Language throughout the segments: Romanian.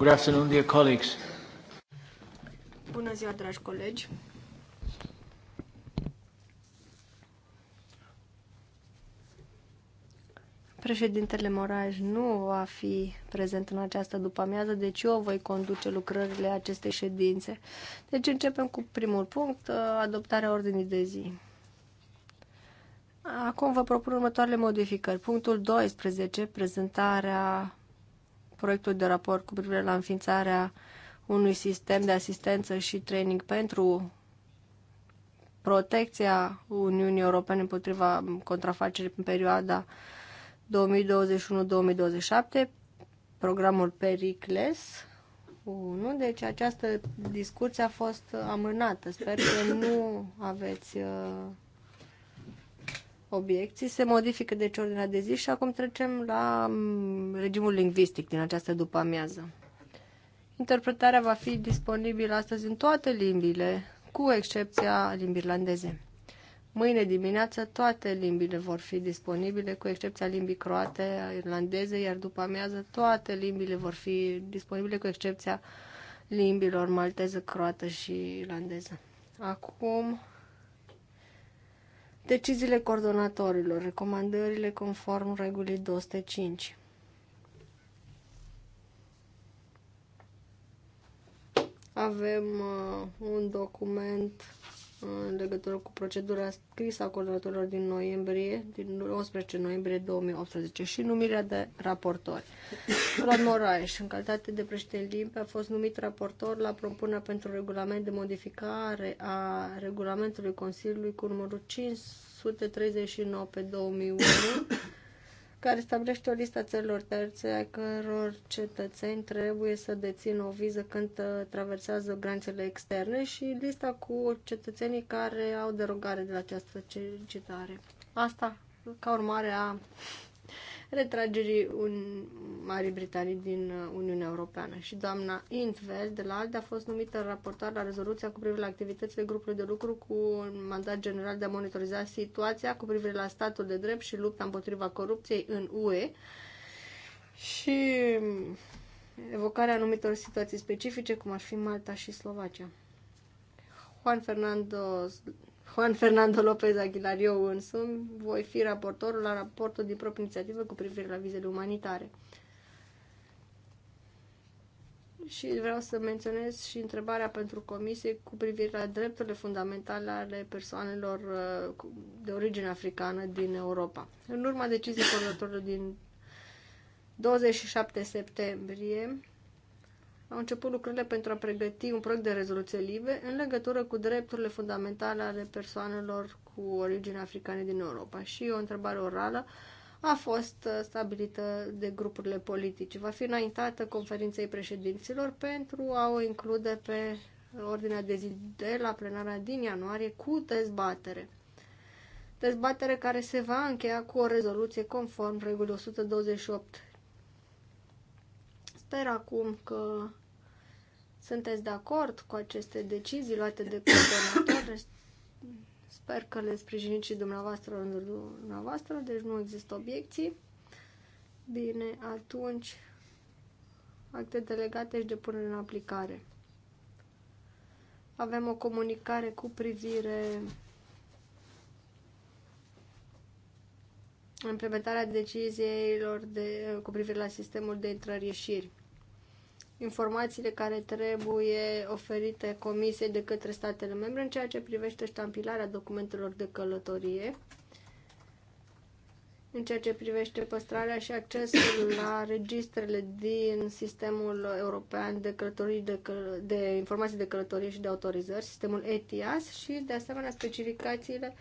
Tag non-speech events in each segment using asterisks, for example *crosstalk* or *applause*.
Good afternoon, dear colleagues. Bună ziua, dragi colegi. Președintele Moraj nu va fi prezent în această după-amiază, deci eu voi conduce lucrările acestei ședințe. Deci începem cu primul punct, adoptarea ordinii de zi. Acum vă propun următoarele modificări. Punctul 12, prezentarea proiectul de raport cu privire la înființarea unui sistem de asistență și training pentru protecția Uniunii Europene împotriva contrafacerii în perioada 2021-2027, programul Pericles 1. Deci această discuție a fost amânată. Sper că nu aveți uh, obiecții. Se modifică deci ordinea de zi și acum trecem la mm, regimul lingvistic din această după-amiază. Interpretarea va fi disponibilă astăzi în toate limbile, cu excepția limbii irlandeze. Mâine dimineață toate limbile vor fi disponibile, cu excepția limbii croate, irlandeze, iar după amiază toate limbile vor fi disponibile, cu excepția limbilor malteză, croată și irlandeză. Acum Deciziile coordonatorilor, recomandările conform regulii 205. Avem uh, un document în legătură cu procedura scrisă a coordonatorilor din noiembrie, din 11 noiembrie 2018 și numirea de raportori. Rod Moraes, în calitate de președinte limpe, a fost numit raportor la propunerea pentru regulament de modificare a regulamentului Consiliului cu numărul 539 pe 2001 care stabilește o listă a țărilor terțe ai căror cetățeni trebuie să dețină o viză când uh, traversează granițele externe și lista cu cetățenii care au derogare de la această cercetare. Asta ca urmare a retragerii un... Marii Britanii din uh, Uniunea Europeană. Și doamna Intveld de la ALDE a fost numită raportoare la rezoluția cu privire la activitățile grupului de lucru cu un mandat general de a monitoriza situația cu privire la statul de drept și lupta împotriva corupției în UE și evocarea anumitor situații specifice, cum ar fi Malta și Slovacia. Juan Fernando Juan Fernando López Aguilar, eu însumi, voi fi raportorul la raportul din proprie inițiativă cu privire la vizele umanitare. Și vreau să menționez și întrebarea pentru comisie cu privire la drepturile fundamentale ale persoanelor uh, de origine africană din Europa. În urma deciziei coordonatorilor din 27 septembrie, au început lucrările pentru a pregăti un proiect de rezoluție live în legătură cu drepturile fundamentale ale persoanelor cu origine africane din Europa. Și o întrebare orală a fost uh, stabilită de grupurile politice. Va fi înaintată conferinței președinților pentru a o include pe ordinea de zi de la plenarea din ianuarie cu dezbatere. Dezbatere care se va încheia cu o rezoluție conform regulii 128 Sper acum că sunteți de acord cu aceste decizii luate de coordonator. Sper că le sprijiniți și dumneavoastră în dumneavoastră, deci nu există obiecții. Bine, atunci acte delegate și de punere în aplicare. Avem o comunicare cu privire implementarea deciziilor de, cu privire la sistemul de intrări-ieșiri informațiile care trebuie oferite comisiei de către statele membre în ceea ce privește ștampilarea documentelor de călătorie, în ceea ce privește păstrarea și accesul la registrele din sistemul european de, călătorii de, căl- de informații de călătorie și de autorizări, sistemul ETIAS și, de asemenea, specificațiile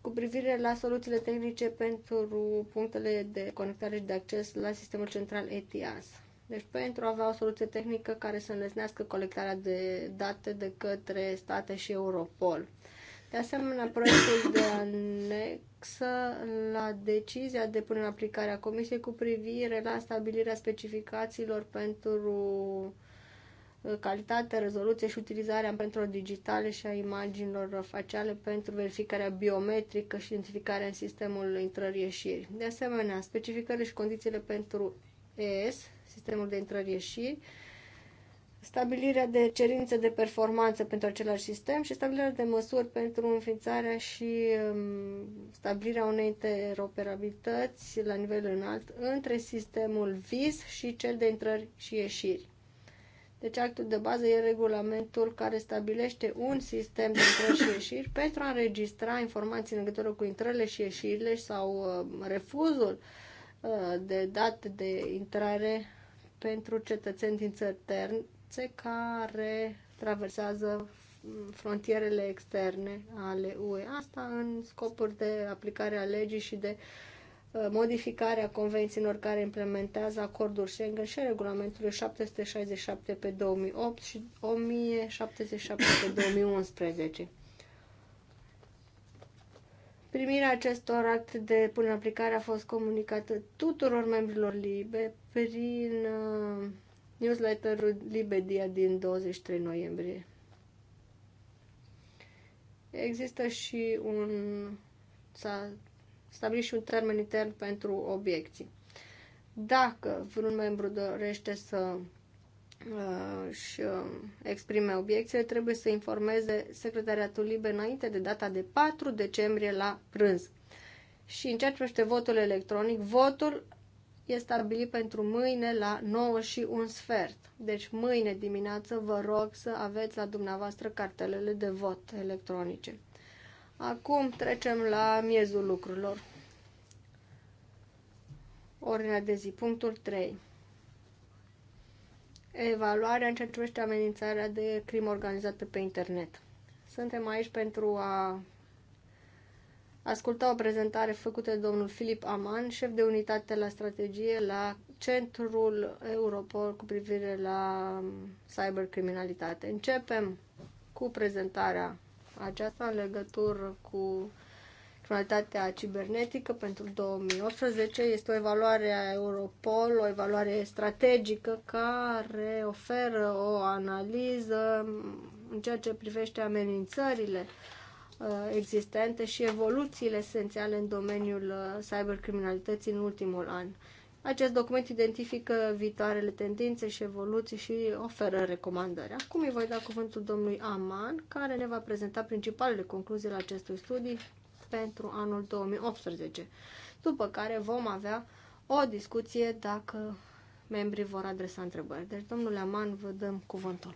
cu privire la soluțiile tehnice pentru punctele de conectare și de acces la sistemul central ETIAS. Deci pentru a avea o soluție tehnică care să înlesnească colectarea de date de către state și Europol. De asemenea, proiectul de anexă la decizia de pune în aplicare a Comisiei cu privire la stabilirea specificațiilor pentru uh, calitate, rezoluție și utilizarea pentru digitale și a imaginilor faciale pentru verificarea biometrică și identificarea în sistemul intrări-ieșiri. De asemenea, specificările și condițiile pentru ES sistemul de intrări-ieșiri, stabilirea de cerințe de performanță pentru același sistem și stabilirea de măsuri pentru înființarea și um, stabilirea unei interoperabilități la nivel înalt între sistemul VIS și cel de intrări și ieșiri. Deci actul de bază e regulamentul care stabilește un sistem de intrări și ieșiri pentru a înregistra informații în legătură cu intrările și ieșirile sau um, refuzul uh, de date de intrare pentru cetățeni din țări terțe care traversează frontierele externe ale UE. Asta în scopuri de aplicare a legii și de uh, modificarea convențiilor care implementează acordul Schengen și regulamentului 767 pe 2008 și 1077 pe 2011. Primirea acestor acte de până aplicare a fost comunicată tuturor membrilor LIBE prin uh, newsletterul Libedia din 23 noiembrie. Există și un... s-a stabilit și un termen intern pentru obiecții. Dacă vreun membru dorește să uh, și uh, exprime obiecțiile, trebuie să informeze secretariatul liber înainte de data de 4 decembrie la prânz. Și în ce votul electronic, votul e stabilit pentru mâine la 9 și un sfert. Deci mâine dimineață vă rog să aveți la dumneavoastră cartelele de vot electronice. Acum trecem la miezul lucrurilor. Ordinea de zi, punctul 3. Evaluarea în ceea ce privește amenințarea de crimă organizată pe internet. Suntem aici pentru a asculta o prezentare făcută de domnul Filip Aman, șef de unitate la strategie la Centrul Europol cu privire la cybercriminalitate. Începem cu prezentarea aceasta în legătură cu criminalitatea cibernetică pentru 2018. Este o evaluare a Europol, o evaluare strategică care oferă o analiză în ceea ce privește amenințările Uh, existente și evoluțiile esențiale în domeniul uh, cybercriminalității în ultimul an. Acest document identifică viitoarele tendințe și evoluții și oferă recomandări. Acum îi voi da cuvântul domnului Aman, care ne va prezenta principalele concluzii la acestui studiu pentru anul 2018, după care vom avea o discuție dacă membrii vor adresa întrebări. Deci, domnule Aman, vă dăm cuvântul.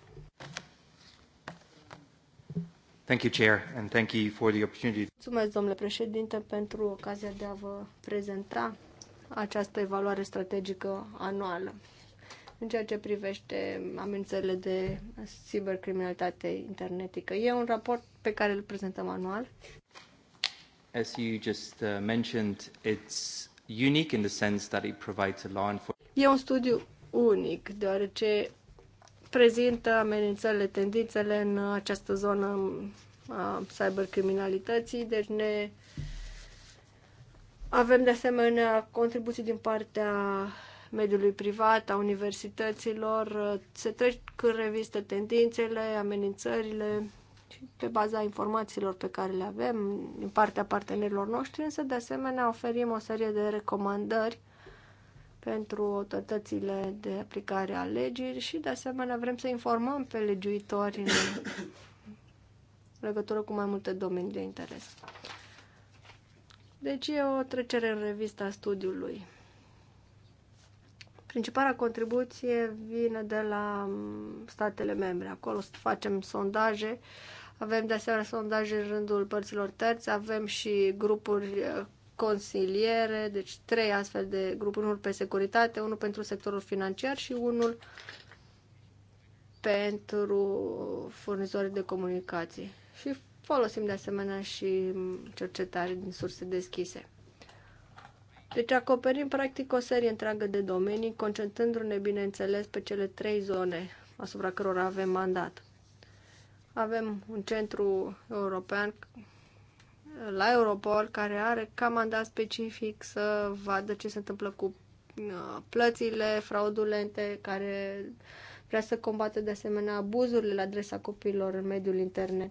Thank you, Chair, and thank you for the opportunity. Mulțumesc, domnule președinte, pentru ocazia de a vă prezenta această evaluare strategică anuală în ceea ce privește amenințările de cibercriminalitate internetică. E un raport pe care îl prezentăm anual. As you just uh, mentioned, it's unique in the sense that it provides a law enforcement. E un studiu unic, deoarece prezintă amenințările, tendințele în această zonă a cybercriminalității, deci ne avem de asemenea contribuții din partea mediului privat, a universităților, se trec în revistă tendințele, amenințările și pe baza informațiilor pe care le avem din partea partenerilor noștri, însă de asemenea oferim o serie de recomandări pentru autoritățile de aplicare a legii și, de asemenea, vrem să informăm pe legiuitori în *coughs* legătură cu mai multe domenii de interes. Deci e o trecere în revista studiului. Principala contribuție vine de la mm, statele membre. Acolo facem sondaje, avem de asemenea sondaje în rândul părților terți, avem și grupuri consiliere, deci trei astfel de grupuri, unul pe securitate, unul pentru sectorul financiar și unul pentru furnizorii de comunicații. Și folosim de asemenea și cercetare din surse deschise. Deci acoperim practic o serie întreagă de domenii, concentrându-ne, bineînțeles, pe cele trei zone asupra cărora avem mandat. Avem un centru european la Europol, care are ca mandat specific să vadă ce se întâmplă cu uh, plățile fraudulente, care vrea să combată de asemenea abuzurile la adresa copiilor în mediul internet.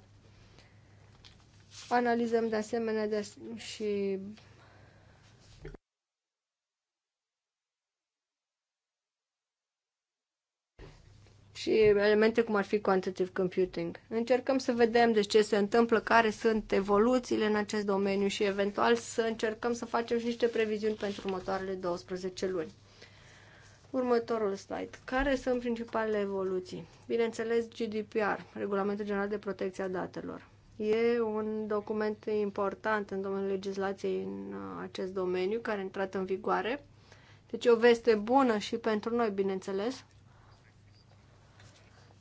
Analizăm de asemenea de și și elemente cum ar fi quantitative computing. Încercăm să vedem de deci, ce se întâmplă, care sunt evoluțiile în acest domeniu și eventual să încercăm să facem și niște previziuni pentru următoarele 12 luni. Următorul slide. Care sunt principalele evoluții? Bineînțeles, GDPR, Regulamentul General de Protecție a Datelor. E un document important în domeniul legislației în uh, acest domeniu, care a intrat în vigoare. Deci o veste bună și pentru noi, bineînțeles.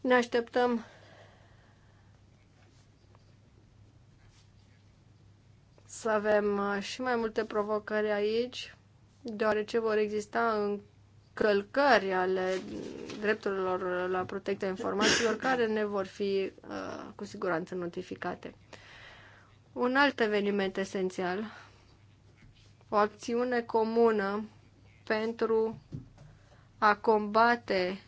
Ne așteptăm să avem uh, și mai multe provocări aici, deoarece vor exista încălcări ale drepturilor la protecția informațiilor care ne vor fi uh, cu siguranță notificate. Un alt eveniment esențial, o acțiune comună pentru a combate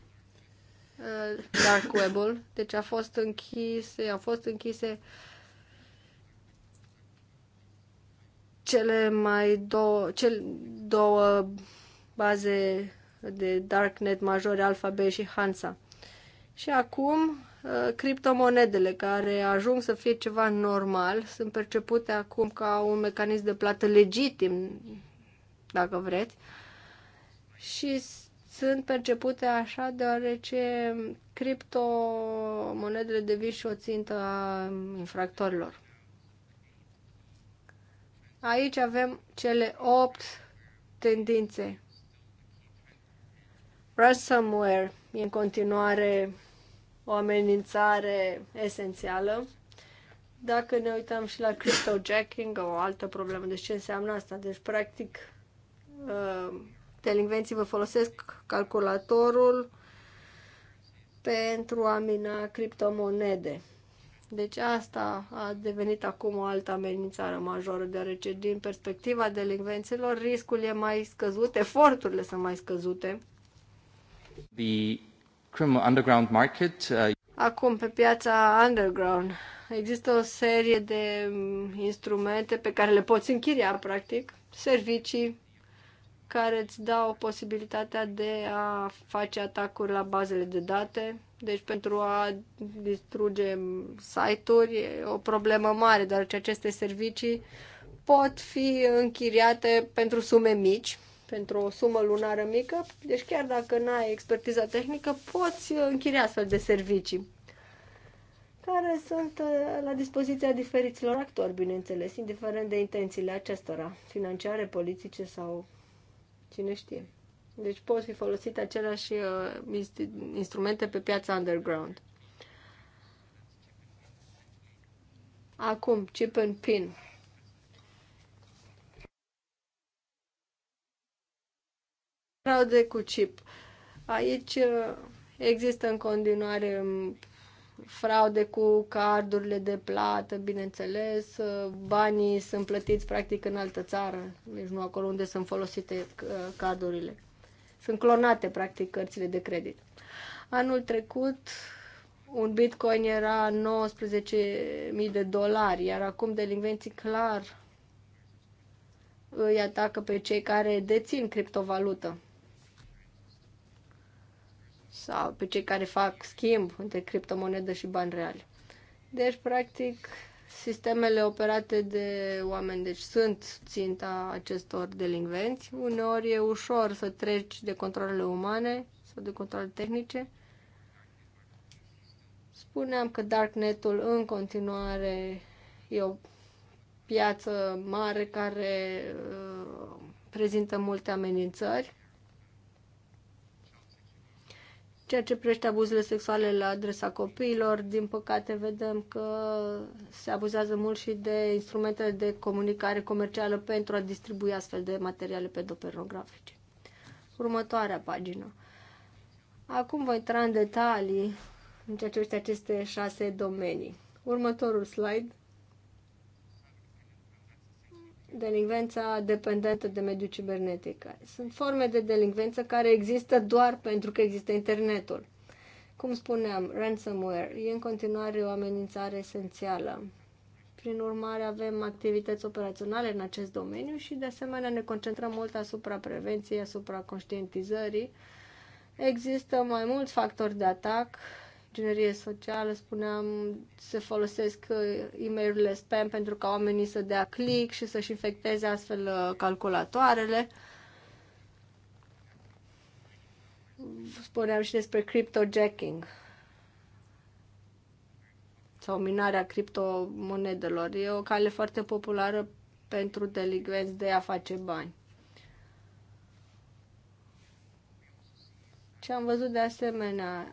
Uh, dark web-ul, deci a fost închise, a fost închise cele mai două, cel, două baze de darknet majore, Alphabet și Hansa. Și acum uh, criptomonedele care ajung să fie ceva normal sunt percepute acum ca un mecanism de plată legitim, dacă vreți, și sunt percepute așa deoarece criptomonedele devin și o țintă a infractorilor. Aici avem cele 8 tendințe. Ransomware e în continuare o amenințare esențială. Dacă ne uităm și la cryptojacking, o altă problemă, deci ce înseamnă asta? Deci, practic, uh, delinvenții vă folosesc calculatorul pentru a mina criptomonede. Deci asta a devenit acum o altă amenințare majoră, deoarece din perspectiva delinvenților riscul e mai scăzut, eforturile sunt mai scăzute. The criminal underground market, uh... Acum, pe piața underground, există o serie de instrumente pe care le poți închiria, practic, servicii care îți dau posibilitatea de a face atacuri la bazele de date. Deci pentru a distruge site-uri e o problemă mare, dar aceste servicii pot fi închiriate pentru sume mici, pentru o sumă lunară mică. Deci chiar dacă nu ai expertiza tehnică, poți închiria astfel de servicii care sunt uh, la dispoziția diferiților actori, bineînțeles, indiferent de intențiile acestora, financiare, politice sau Cine știe? Deci pot fi folosite aceleași uh, instrumente pe piața underground. Acum, chip and pin. Fraude cu chip. Aici uh, există în continuare um, fraude cu cardurile de plată, bineînțeles, uh, banii sunt plătiți practic în altă țară, deci nu acolo unde sunt folosite uh, cardurile. Sunt clonate practic cărțile de credit. Anul trecut un bitcoin era 19.000 de dolari, iar acum delinvenții clar îi atacă pe cei care dețin criptovalută sau pe cei care fac schimb între criptomonedă și bani reali. Deci, practic, sistemele operate de oameni, deci sunt ținta acestor delinvenți. Uneori e ușor să treci de controlele umane sau de controlele tehnice. Spuneam că Darknetul în continuare e o piață mare care uh, prezintă multe amenințări ceea ce privește abuzurile sexuale la adresa copiilor, din păcate vedem că se abuzează mult și de instrumentele de comunicare comercială pentru a distribui astfel de materiale pedopornografice. Următoarea pagină. Acum voi intra în detalii în ceea ce este aceste șase domenii. Următorul slide delinvența dependentă de mediul cibernetic. Sunt forme de delinvență care există doar pentru că există internetul. Cum spuneam, ransomware e în continuare o amenințare esențială. Prin urmare, avem activități operaționale în acest domeniu și, de asemenea, ne concentrăm mult asupra prevenției, asupra conștientizării. Există mai mulți factori de atac inginerie socială, spuneam, se folosesc uh, e mail spam pentru ca oamenii să dea click și să-și infecteze astfel uh, calculatoarele. Spuneam și despre cryptojacking sau minarea criptomonedelor. E o cale foarte populară pentru delinvenți de a face bani. Ce am văzut de asemenea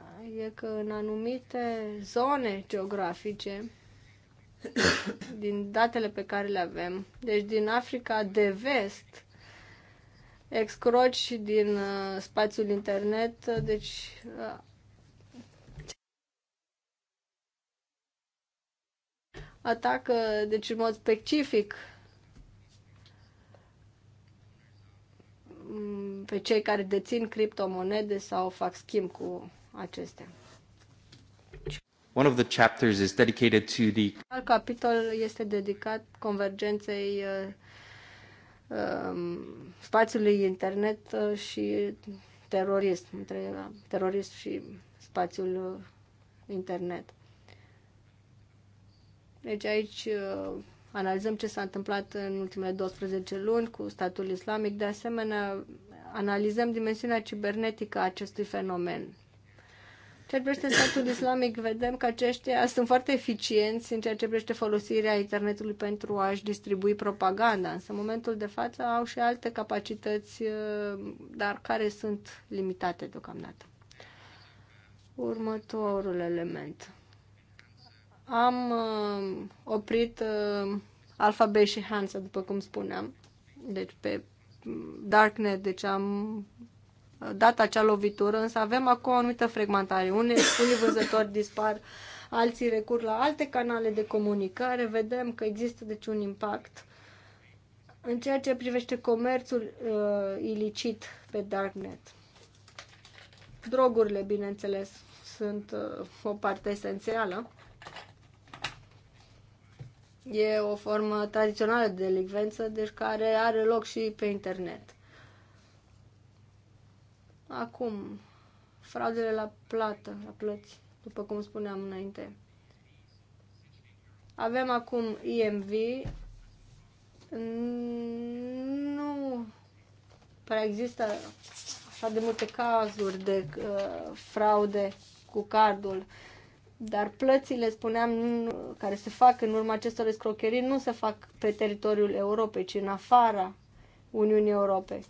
e că în anumite zone geografice, *coughs* din datele pe care le avem, deci din Africa de vest, excroci și din uh, spațiul internet, uh, deci uh, atacă deci în mod specific pe cei care dețin criptomonede sau fac schimb cu acestea. One of the chapters is dedicated to the... Al capitol este dedicat convergenței uh, um, spațiului internet uh, și terorism, între terorism și spațiul uh, internet. Deci aici uh, Analizăm ce s-a întâmplat în ultimele 12 luni cu statul islamic. De asemenea, analizăm dimensiunea cibernetică a acestui fenomen. ce privește statul islamic, vedem că aceștia sunt foarte eficienți în ceea ce privește folosirea internetului pentru a-și distribui propaganda, însă în momentul de față au și alte capacități, uh, dar care sunt limitate deocamdată. Următorul element am uh, oprit uh, Alphabet și Hansa, după cum spuneam. Deci pe mm, Darknet, deci am uh, dat acea lovitură, însă avem acum o anumită fragmentare. Unii, unii vânzători dispar, alții recur la alte canale de comunicare. Vedem că există deci un impact în ceea ce privește comerțul uh, ilicit pe Darknet. Drogurile, bineînțeles, sunt uh, o parte esențială. E o formă tradițională de delicvență, deci care are loc și pe internet. Acum, fraudele la plată, la plăți, după cum spuneam înainte. Avem acum EMV. Nu prea există așa de multe cazuri de uh, fraude cu cardul. Uh, dar plățile, spuneam, care se fac în urma acestor escrocherii nu se fac pe teritoriul Europei, ci în afara Uniunii Europei.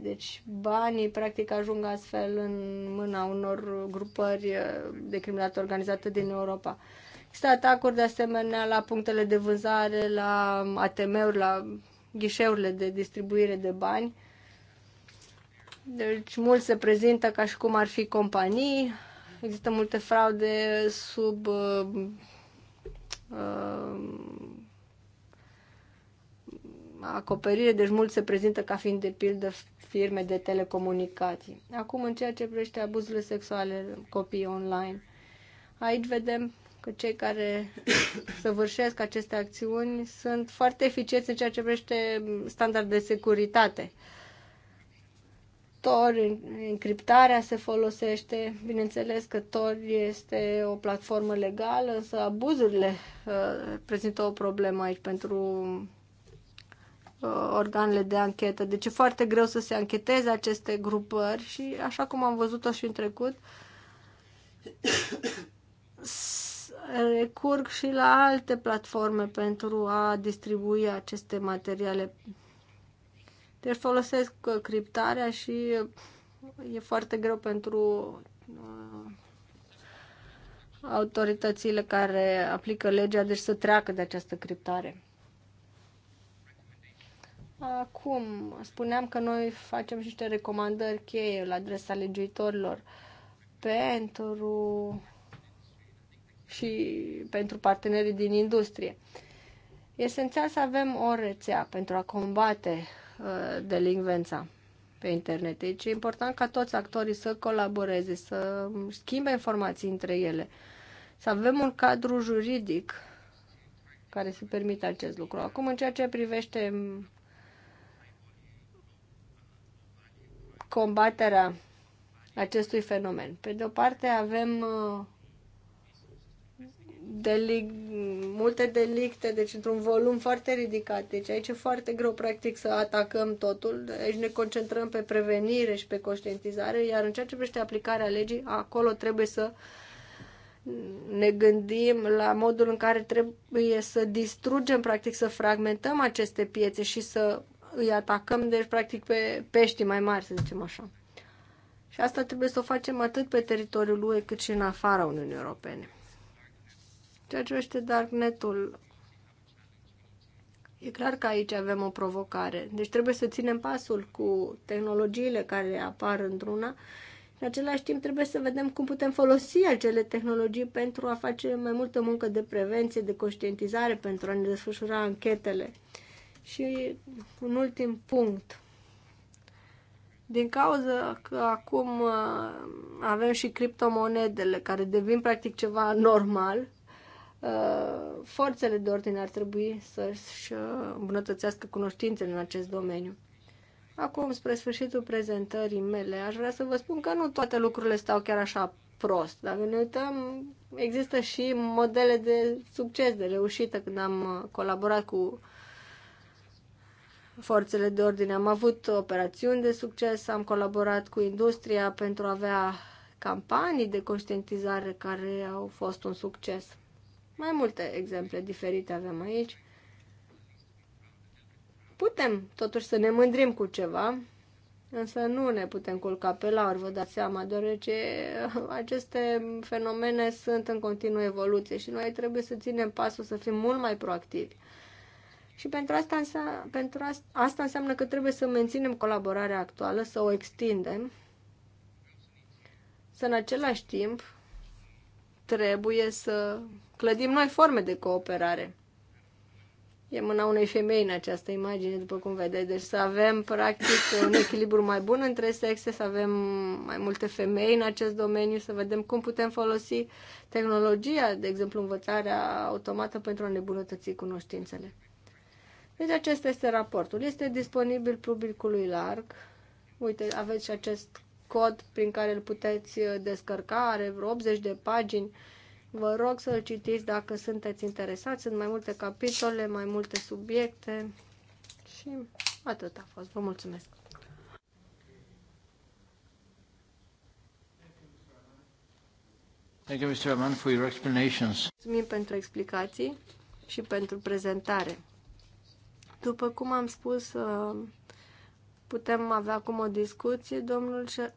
Deci banii practic ajung astfel în mâna unor grupări eh, de criminalitate organizată din Europa. Există atacuri de asemenea la punctele de vânzare, la mm, ATM-uri, la ghișeurile de distribuire de bani. Deci mulți se prezintă ca și cum ar fi companii, Există multe fraude sub uh, uh, acoperire, deci mulți se prezintă ca fiind de pildă firme de telecomunicații. Acum, în ceea ce privește abuzurile sexuale copii online, aici vedem că cei care *coughs* săvârșesc aceste acțiuni sunt foarte eficienți în ceea ce privește standarde de securitate. Uh, Tor, încriptarea se folosește, bineînțeles că Tor este o platformă legală, însă abuzurile uh, prezintă o problemă aici pentru uh, organele de anchetă. Deci e foarte greu să se ancheteze aceste grupări și, așa cum am văzut-o și în trecut, *coughs* recurg și la alte platforme pentru a distribui aceste materiale deci folosesc uh, criptarea și uh, e foarte greu pentru uh, autoritățile care aplică legea, deci să treacă de această criptare. Acum, spuneam că noi facem și niște recomandări cheie la adresa legiuitorilor pentru și pentru partenerii din industrie. E esențial să avem o rețea pentru a combate Uh, delinvența pe internet. Deci e important ca toți actorii să colaboreze, să schimbe informații între ele, să avem un cadru juridic care să permită acest lucru. Acum, în ceea ce privește combaterea acestui fenomen. Pe de o parte avem uh, delic, multe delicte, deci într-un volum foarte ridicat. Deci aici e foarte greu, practic, să atacăm totul. Aici ne concentrăm pe prevenire și pe conștientizare, iar în ceea ce privește aplicarea legii, acolo trebuie să ne gândim la modul în care trebuie să distrugem, practic, să fragmentăm aceste piețe și să îi atacăm, deci, practic, pe pești mai mari, să zicem așa. Și asta trebuie să o facem atât pe teritoriul UE cât și în afara Uniunii Europene. Ceea ce este Darknetul, e clar că aici avem o provocare. Deci trebuie să ținem pasul cu tehnologiile care apar într-una în același timp trebuie să vedem cum putem folosi acele tehnologii pentru a face mai multă muncă de prevenție, de conștientizare, pentru a ne desfășura anchetele. Și un ultim punct. Din cauza că acum uh, avem și criptomonedele care devin practic ceva normal, forțele de ordine ar trebui să-și uh, îmbunătățească cunoștințele în acest domeniu. Acum, spre sfârșitul prezentării mele, aș vrea să vă spun că nu toate lucrurile stau chiar așa prost. Dacă ne uităm, există și modele de succes, de reușită. Când am uh, colaborat cu forțele de ordine, am avut operațiuni de succes, am colaborat cu industria pentru a avea campanii de conștientizare care au fost un succes. Mai multe exemple diferite avem aici. Putem totuși să ne mândrim cu ceva, însă nu ne putem culca pe laur, vă dați seama, deoarece *laughs* aceste fenomene sunt în continuă evoluție și noi trebuie să ținem pasul, să fim mult mai proactivi. Și pentru asta, înseamnă, pentru asta, asta înseamnă că trebuie să menținem colaborarea actuală, să o extindem, să în același timp trebuie să clădim noi forme de cooperare. E mâna unei femei în această imagine, după cum vedeți. Deci să avem, practic, un echilibru mai bun între sexe, să avem mai multe femei în acest domeniu, să vedem cum putem folosi tehnologia, de exemplu, învățarea automată pentru a ne cunoștințele. Deci acesta este raportul. Este disponibil publicului larg. Uite, aveți și acest cod prin care îl puteți uh, descărca, are vreo 80 de pagini. Vă rog să-l citiți dacă sunteți interesați. Sunt mai multe capitole, mai multe subiecte și atât a fost. Vă mulțumesc! Thank you, Mr. Rahman, for your explanations. Mulțumim pentru explicații și pentru prezentare. După cum am spus uh, Putem avea acum o discuție. Domnul uh,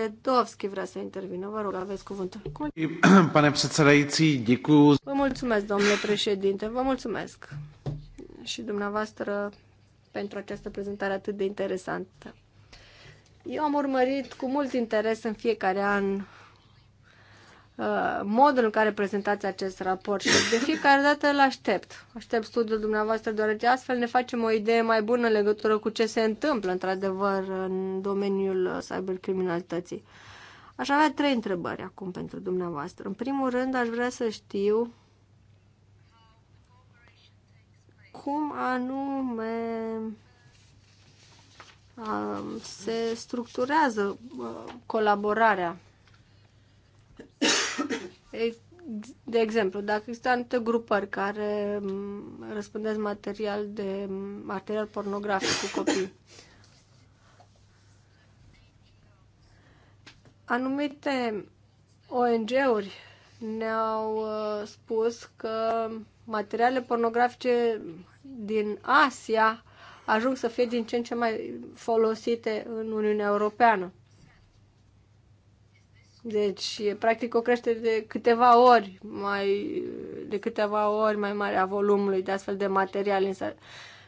Ședovski vrea să intervină. Vă rog, aveți cuvântul. Pane předsedající, děkuju. Vă mulțumesc, domnule președinte. Vă mulțumesc și dumneavoastră pentru această prezentare atât de interesantă. Eu am urmărit cu mult interes în fiecare an modul în care prezentați acest raport și de fiecare dată îl aștept. Aștept studiul dumneavoastră, deoarece astfel ne facem o idee mai bună în legătură cu ce se întâmplă, într-adevăr, în domeniul cybercriminalității. Aș avea trei întrebări acum pentru dumneavoastră. În primul rând, aș vrea să știu cum anume um, se structurează uh, colaborarea de exemplu, dacă există anumite grupări care mm, răspândesc material de mm, material pornografic cu copii, anumite ONG-uri ne-au uh, spus că materiale pornografice din Asia ajung să fie din ce în ce mai folosite în Uniunea Europeană. Deci e practic o creștere de câteva ori mai, de câteva ori mai mare a volumului de astfel de material. Însă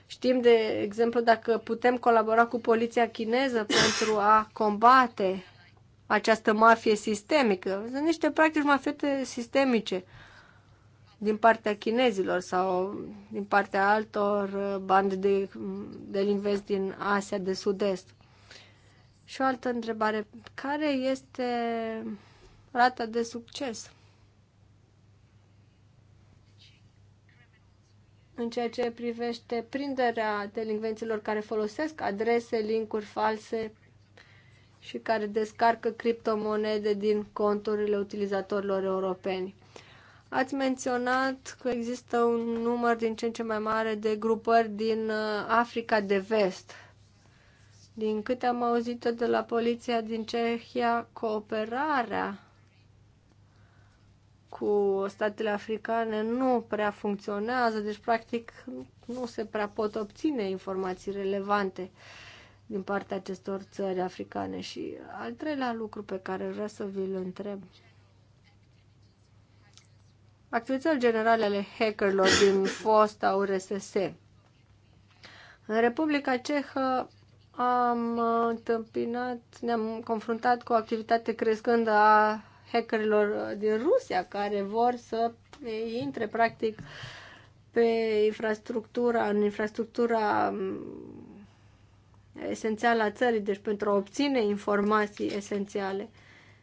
știm, de exemplu, dacă putem colabora cu poliția chineză pentru a combate această mafie sistemică. Sunt niște practici mafiete sistemice din partea chinezilor sau din partea altor bande de delinvenți din Asia de Sud-Est. Și o altă întrebare. Care este rata de succes în ceea ce privește prinderea delinvenților care folosesc adrese, linkuri false și care descarcă criptomonede din conturile utilizatorilor europeni? Ați menționat că există un număr din ce în ce mai mare de grupări din uh, Africa de Vest din câte am auzit de la poliția din Cehia, cooperarea cu statele africane nu prea funcționează, deci practic nu se prea pot obține informații relevante din partea acestor țări africane. Și al treilea lucru pe care vreau să vi-l întreb. Activitățile generale ale hackerilor din fosta URSS. În Republica Cehă am întâmpinat, ne-am confruntat cu o activitate crescândă a hackerilor din Rusia care vor să intre practic pe infrastructura, în infrastructura mm, esențială a țării, deci pentru a obține informații esențiale.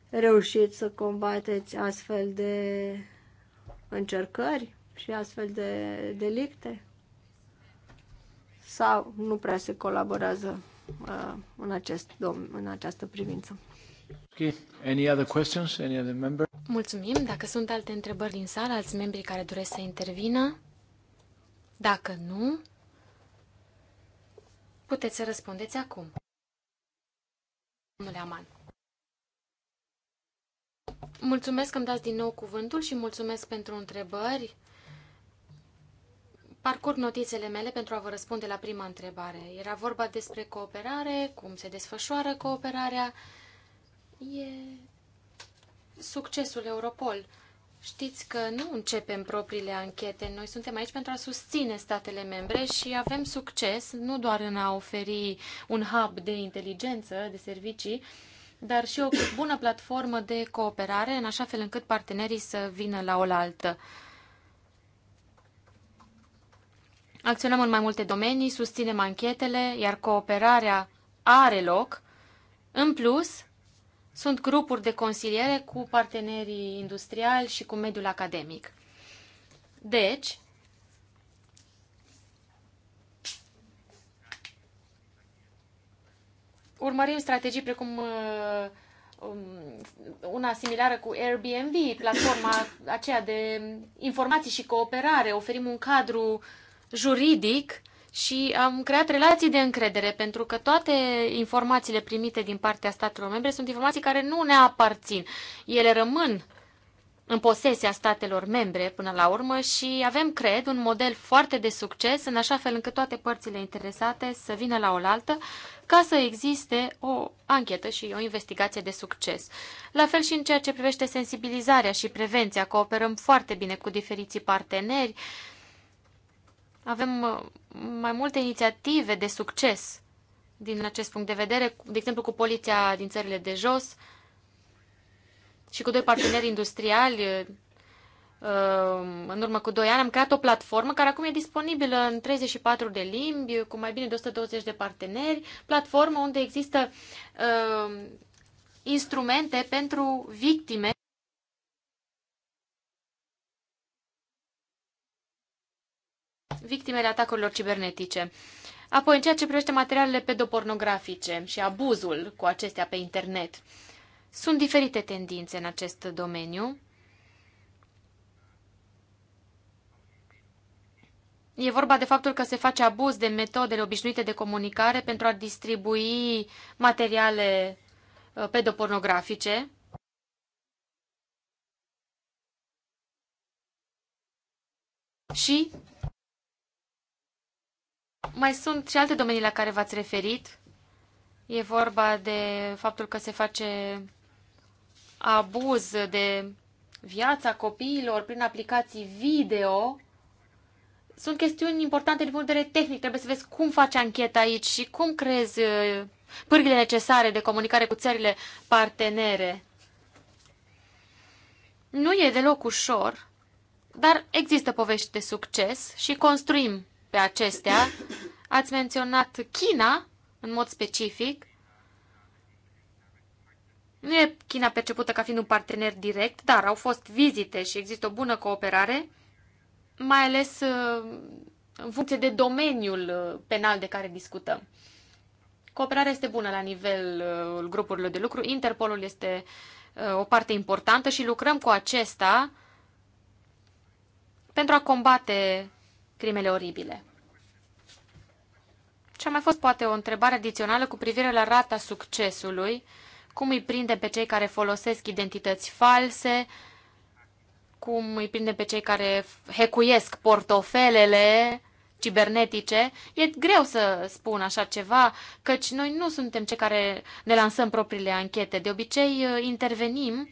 Reușiți să combateți astfel de încercări și astfel de delicte? Sau nu prea se colaborează? uh, în, acest dom- în această privință. Okay. Any other questions? Any other member? Mulțumim. Dacă sunt alte întrebări din sală, alți membri care doresc să intervină, dacă nu, puteți să răspundeți acum. Domnule Aman. Mulțumesc că îmi dați din nou cuvântul și mulțumesc pentru întrebări parcurg notițele mele pentru a vă răspunde la prima întrebare. Era vorba despre cooperare, cum se desfășoară cooperarea. E succesul Europol. Știți că nu începem propriile anchete. Noi suntem aici pentru a susține statele membre și avem succes nu doar în a oferi un hub de inteligență, de servicii, dar și o bună platformă de cooperare, în așa fel încât partenerii să vină la oaltă. Acționăm în mai multe domenii, susținem anchetele, iar cooperarea are loc. În plus, sunt grupuri de consiliere cu partenerii industriali și cu mediul academic. Deci, urmărim strategii precum uh, um, una similară cu Airbnb, platforma aceea de informații și cooperare, oferim un cadru uh, juridic și am creat relații de încredere, pentru că toate informațiile primite din partea statelor membre sunt informații care nu ne aparțin. Ele rămân în posesia statelor membre până la urmă și avem, cred, un model foarte de succes în așa fel încât toate părțile interesate să vină la oaltă ca să existe o anchetă și o investigație de succes. La fel și în ceea ce privește sensibilizarea și prevenția, cooperăm foarte bine cu diferiții parteneri, avem uh, mai multe inițiative de succes din acest punct de vedere, de exemplu cu poliția din țările de jos și cu doi parteneri industriali. Uh, în urmă cu doi ani am creat o platformă care acum e disponibilă în 34 de limbi, cu mai bine de 120 de parteneri, platformă unde există uh, instrumente pentru victime victimele atacurilor cibernetice. Apoi, în ceea ce privește materialele pedopornografice și abuzul cu acestea pe internet, sunt diferite tendințe în acest domeniu. E vorba de faptul că se face abuz de metodele obișnuite de comunicare pentru a distribui materiale uh, pedopornografice. Și mai sunt și alte domenii la care v-ați referit. E vorba de faptul că se face abuz de viața copiilor prin aplicații video. Sunt chestiuni importante din punct de vedere tehnic. Trebuie să vezi cum faci ancheta aici și cum crezi uh, pârghile necesare de comunicare cu țările partenere. Nu e deloc ușor, dar există povești de succes și construim pe acestea. Ați menționat China în mod specific. Nu e China percepută ca fiind un partener direct, dar au fost vizite și există o bună cooperare, mai ales uh, în funcție de domeniul uh, penal de care discutăm. Cooperarea este bună la nivelul uh, grupurilor de lucru. Interpolul este o parte importantă și lucrăm cu acesta pentru a combate crimele oribile. Ce a mai fost poate o întrebare adițională cu privire la rata succesului, cum îi prinde pe cei care folosesc identități false, cum îi prinde pe cei care hecuiesc portofelele cibernetice. E greu să spun așa ceva, căci noi nu suntem cei care ne lansăm propriile anchete. De obicei uh, intervenim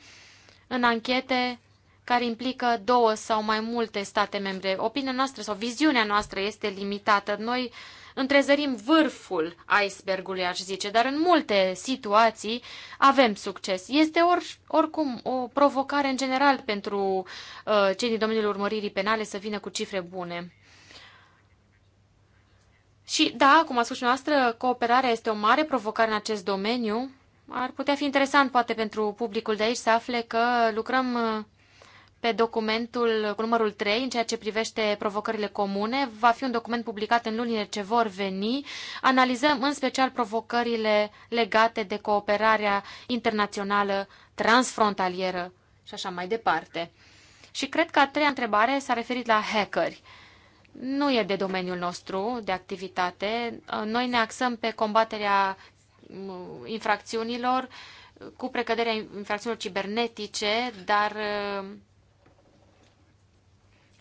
în anchete care implică două sau mai multe state membre. Opinia noastră sau viziunea noastră este limitată. Noi întrezărim vârful icebergului, aș zice, dar în multe situații avem succes. Este or, oricum o provocare în general pentru uh, cei din domeniul urmăririi penale să vină cu cifre bune. Și da, cum a spus și noastră, cooperarea este o mare provocare în acest domeniu. Ar putea fi interesant, poate, pentru publicul de aici să afle că lucrăm uh, pe documentul cu numărul 3 în ceea ce privește provocările comune. Va fi un document publicat în lunile ce vor veni. Analizăm în special provocările legate de cooperarea internațională transfrontalieră și așa mai departe. Și cred că a treia întrebare s-a referit la hackeri. Nu e de domeniul nostru de activitate. Noi ne axăm pe combaterea infracțiunilor cu precăderea infracțiunilor cibernetice, dar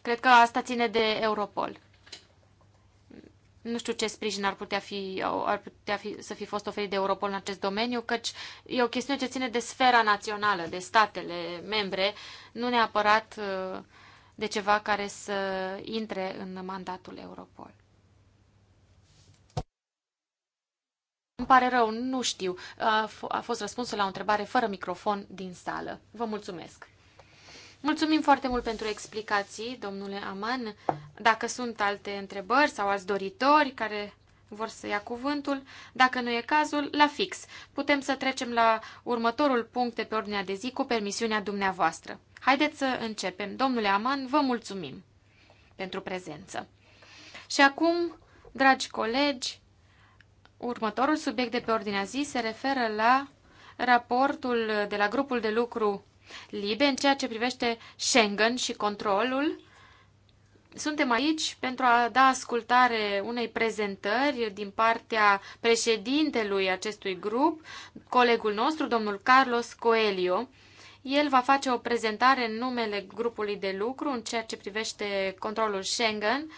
Cred că asta ține de Europol. Nu știu ce sprijin ar putea, fi, ar putea fi, să fi fost oferit de Europol în acest domeniu, căci e o chestiune ce ține de sfera națională, de statele membre, nu neapărat uh, de ceva care să intre în mandatul Europol. Îmi pare rău, nu știu. A, a fost răspunsul la o întrebare fără microfon din sală. Vă mulțumesc. Mulțumim foarte mult pentru explicații, domnule Aman. Dacă sunt alte întrebări sau alți doritori care vor să ia cuvântul, dacă nu e cazul, la fix. Putem să trecem la următorul punct de pe ordinea de zi cu permisiunea dumneavoastră. Haideți să începem. Domnule Aman, vă mulțumim pentru prezență. Și acum, dragi colegi, următorul subiect de pe ordinea zi se referă la raportul de la grupul de lucru libe în ceea ce privește Schengen și controlul. Suntem aici pentru a da ascultare unei prezentări din partea președintelui acestui grup, colegul nostru, domnul Carlos Coelio. El va face o prezentare în numele grupului de lucru în ceea ce privește controlul Schengen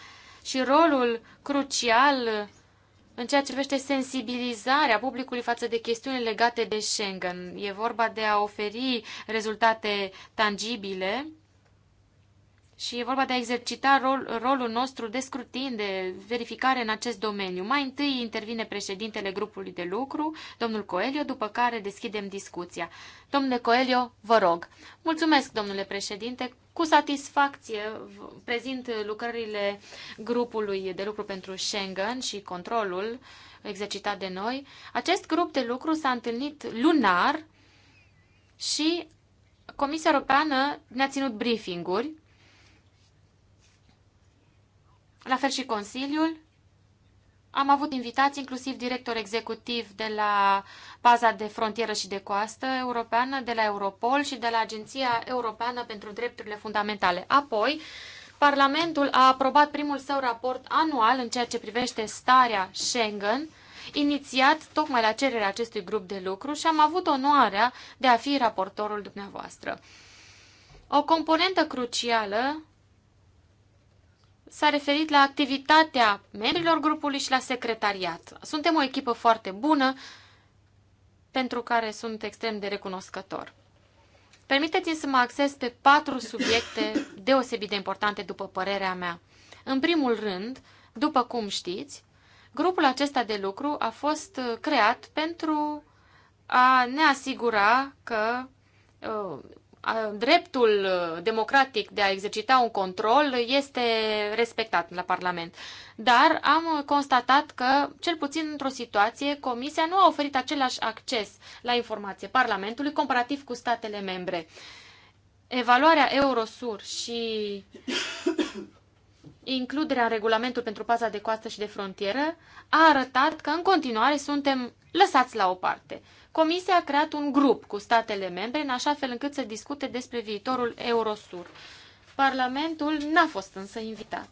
și rolul crucial în ceea ce privește sensibilizarea publicului față de chestiuni legate de Schengen. E vorba de a oferi rezultate tangibile și e vorba de a exercita rol, rolul nostru de scrutin, de verificare în acest domeniu. Mai întâi intervine președintele grupului de lucru, domnul Coelio, după care deschidem discuția. Domnule Coelio, vă rog. Mulțumesc, domnule președinte. Cu satisfacție prezint lucrările grupului de lucru pentru Schengen și controlul exercitat de noi. Acest grup de lucru s-a întâlnit lunar și Comisia Europeană ne-a ținut briefinguri la fel și Consiliul. Am avut invitați, inclusiv director executiv de la baza de frontieră și de coastă europeană, de la Europol și de la Agenția Europeană pentru Drepturile Fundamentale. Apoi, Parlamentul a aprobat primul său raport anual în ceea ce privește starea Schengen, inițiat tocmai la cererea acestui grup de lucru și am avut onoarea de a fi raportorul dumneavoastră. O componentă crucială s-a referit la activitatea membrilor grupului și la secretariat. Suntem o echipă foarte bună, pentru care sunt extrem de recunoscător. Permiteți-mi să mă acces pe patru subiecte deosebit de importante, după părerea mea. În primul rând, după cum știți, grupul acesta de lucru a fost uh, creat pentru a ne asigura că uh, dreptul uh, democratic de a exercita un control este respectat la Parlament. Dar am constatat că, cel puțin într-o situație, Comisia nu a oferit același acces la informație Parlamentului comparativ cu statele membre. Evaluarea Eurosur și includerea în regulamentul pentru paza de coastă și de frontieră a arătat că în continuare suntem lăsați la o parte. Comisia a creat un grup cu statele membre în așa fel încât să discute despre viitorul Eurosur. Parlamentul n-a fost însă invitat.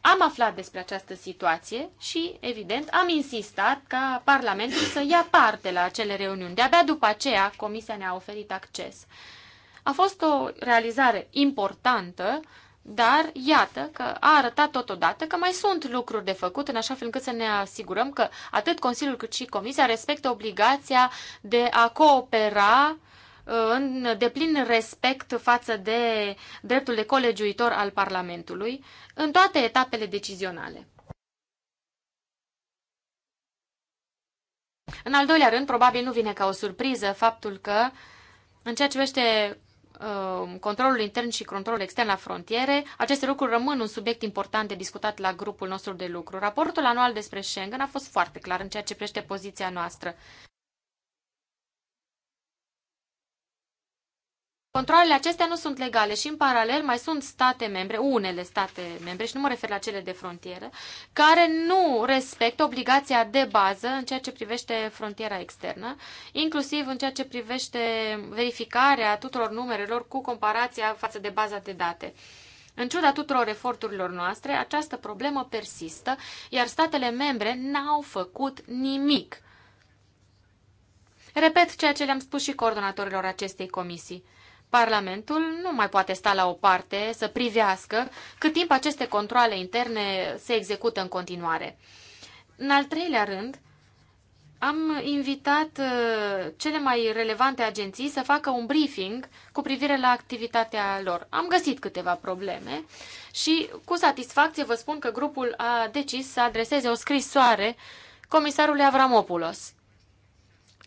Am aflat despre această situație și, evident, am insistat ca Parlamentul să ia parte la acele reuniuni. De-abia după aceea, Comisia ne-a oferit acces. A fost o realizare importantă dar iată că a arătat totodată că mai sunt lucruri de făcut în așa fel încât să ne asigurăm că atât Consiliul cât și Comisia respectă obligația de a coopera uh, în deplin respect față de dreptul de colegiuitor al Parlamentului în toate etapele decizionale. În al doilea rând, probabil nu vine ca o surpriză faptul că, în ceea ce vește Um, controlul intern și controlul extern la frontiere, aceste lucruri rămân un subiect important de discutat la grupul nostru de lucru. Raportul anual despre Schengen a fost foarte clar în ceea ce privește poziția noastră. Controlele acestea nu sunt legale și, în paralel, mai sunt state membre, unele state membre, și nu mă refer la cele de frontieră, care nu respectă obligația de bază în ceea ce privește frontiera externă, inclusiv în ceea ce privește verificarea tuturor numerelor cu comparația față de baza de date. În ciuda tuturor eforturilor noastre, această problemă persistă, iar statele membre n-au făcut nimic. Repet ceea ce le-am spus și coordonatorilor acestei comisii. Parlamentul nu mai poate sta la o parte să privească cât timp aceste controle interne se execută în continuare. În al treilea rând, am invitat uh, cele mai relevante agenții să facă un briefing cu privire la activitatea lor. Am găsit câteva probleme și cu satisfacție vă spun că grupul a decis să adreseze o scrisoare comisarului Avramopoulos.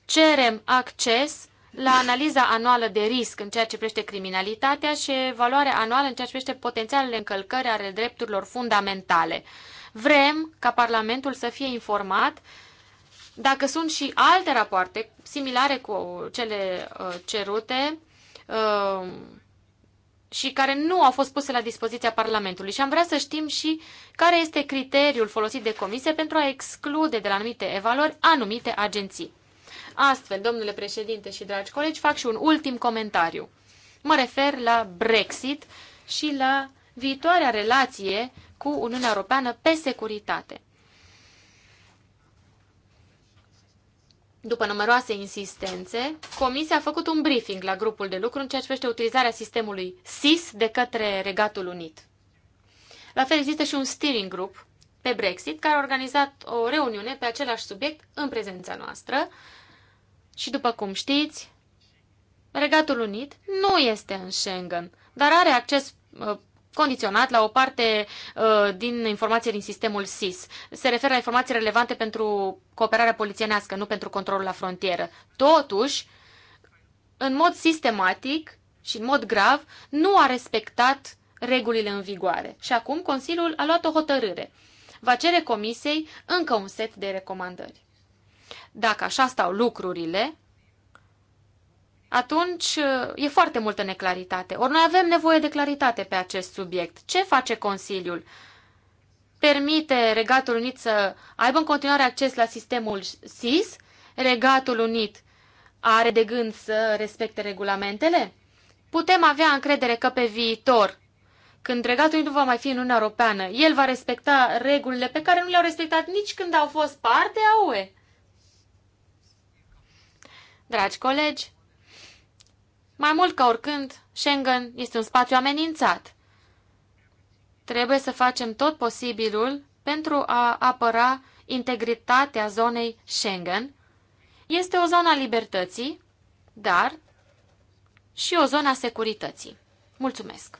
Cerem acces la analiza anuală de risc în ceea ce privește criminalitatea și evaluarea anuală în ceea ce privește potențialele încălcări ale drepturilor fundamentale. Vrem ca Parlamentul să fie informat dacă sunt și alte rapoarte similare cu cele uh, cerute uh, și care nu au fost puse la dispoziția Parlamentului și am vrea să știm și care este criteriul folosit de comisie pentru a exclude de la anumite evaluări anumite agenții. Astfel, domnule președinte și dragi colegi, fac și un ultim comentariu. Mă refer la Brexit și la viitoarea relație cu Uniunea Europeană pe securitate. După numeroase insistențe, Comisia a făcut un briefing la grupul de lucru în ceea ce privește utilizarea sistemului SIS de către Regatul Unit. La fel există și un steering group pe Brexit, care a organizat o reuniune pe același subiect în prezența noastră și după cum știți, Regatul Unit nu este în Schengen, dar are acces uh, condiționat la o parte uh, din informații din sistemul SIS. Se referă la informații relevante pentru cooperarea polițienească, nu pentru controlul la frontieră. Totuși, în mod sistematic și în mod grav, nu a respectat regulile în vigoare. Și acum Consiliul a luat o hotărâre. Va cere Comisiei încă un set de recomandări. Dacă așa stau lucrurile, atunci uh, e foarte multă neclaritate. Ori noi avem nevoie de claritate pe acest subiect. Ce face Consiliul? Permite Regatul Unit să aibă în continuare acces la sistemul SIS? Regatul Unit are de gând să respecte regulamentele? Putem avea încredere că pe viitor, când Regatul Unit nu va mai fi în Uniunea Europeană, el va respecta regulile pe care nu le-au respectat nici când au fost parte a UE. Dragi colegi, mai mult ca oricând, Schengen este un spațiu amenințat. Trebuie să facem tot posibilul pentru a apăra integritatea zonei Schengen. Este o zonă a libertății, dar și o zonă a securității. Mulțumesc!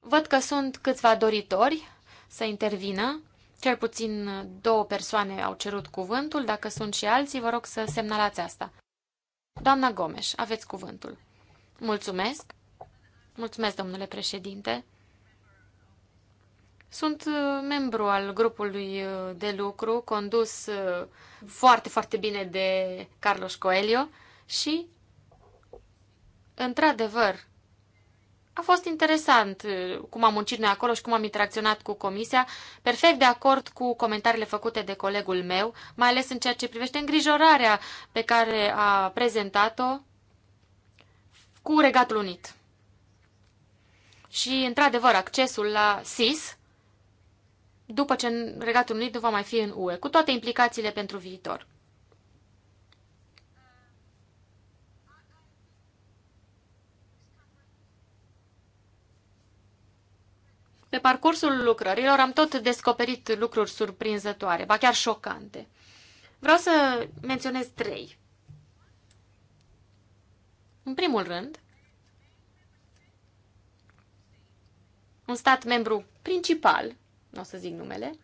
Văd că sunt câțiva doritori să intervină. Cel puțin două persoane au cerut cuvântul. Dacă sunt și alții, vă rog să semnalați asta. Doamna Gomes, aveți cuvântul. Mulțumesc. Mulțumesc, domnule președinte. Sunt uh, membru al grupului uh, de lucru condus uh, foarte, foarte bine de Carlos Coelho și, într-adevăr, a fost interesant uh, cum am muncit noi acolo și cum am interacționat cu comisia, perfect de acord cu comentariile făcute de colegul meu, mai ales în ceea ce privește îngrijorarea pe care a prezentat-o cu Regatul Unit. Și, într-adevăr, accesul la SIS, după ce Regatul Unit nu va mai fi în UE, cu toate implicațiile pentru viitor. Pe parcursul lucrărilor am tot descoperit lucruri surprinzătoare, ba chiar șocante. Vreau să menționez trei. În primul rând, un stat membru principal, nu o să zic numele,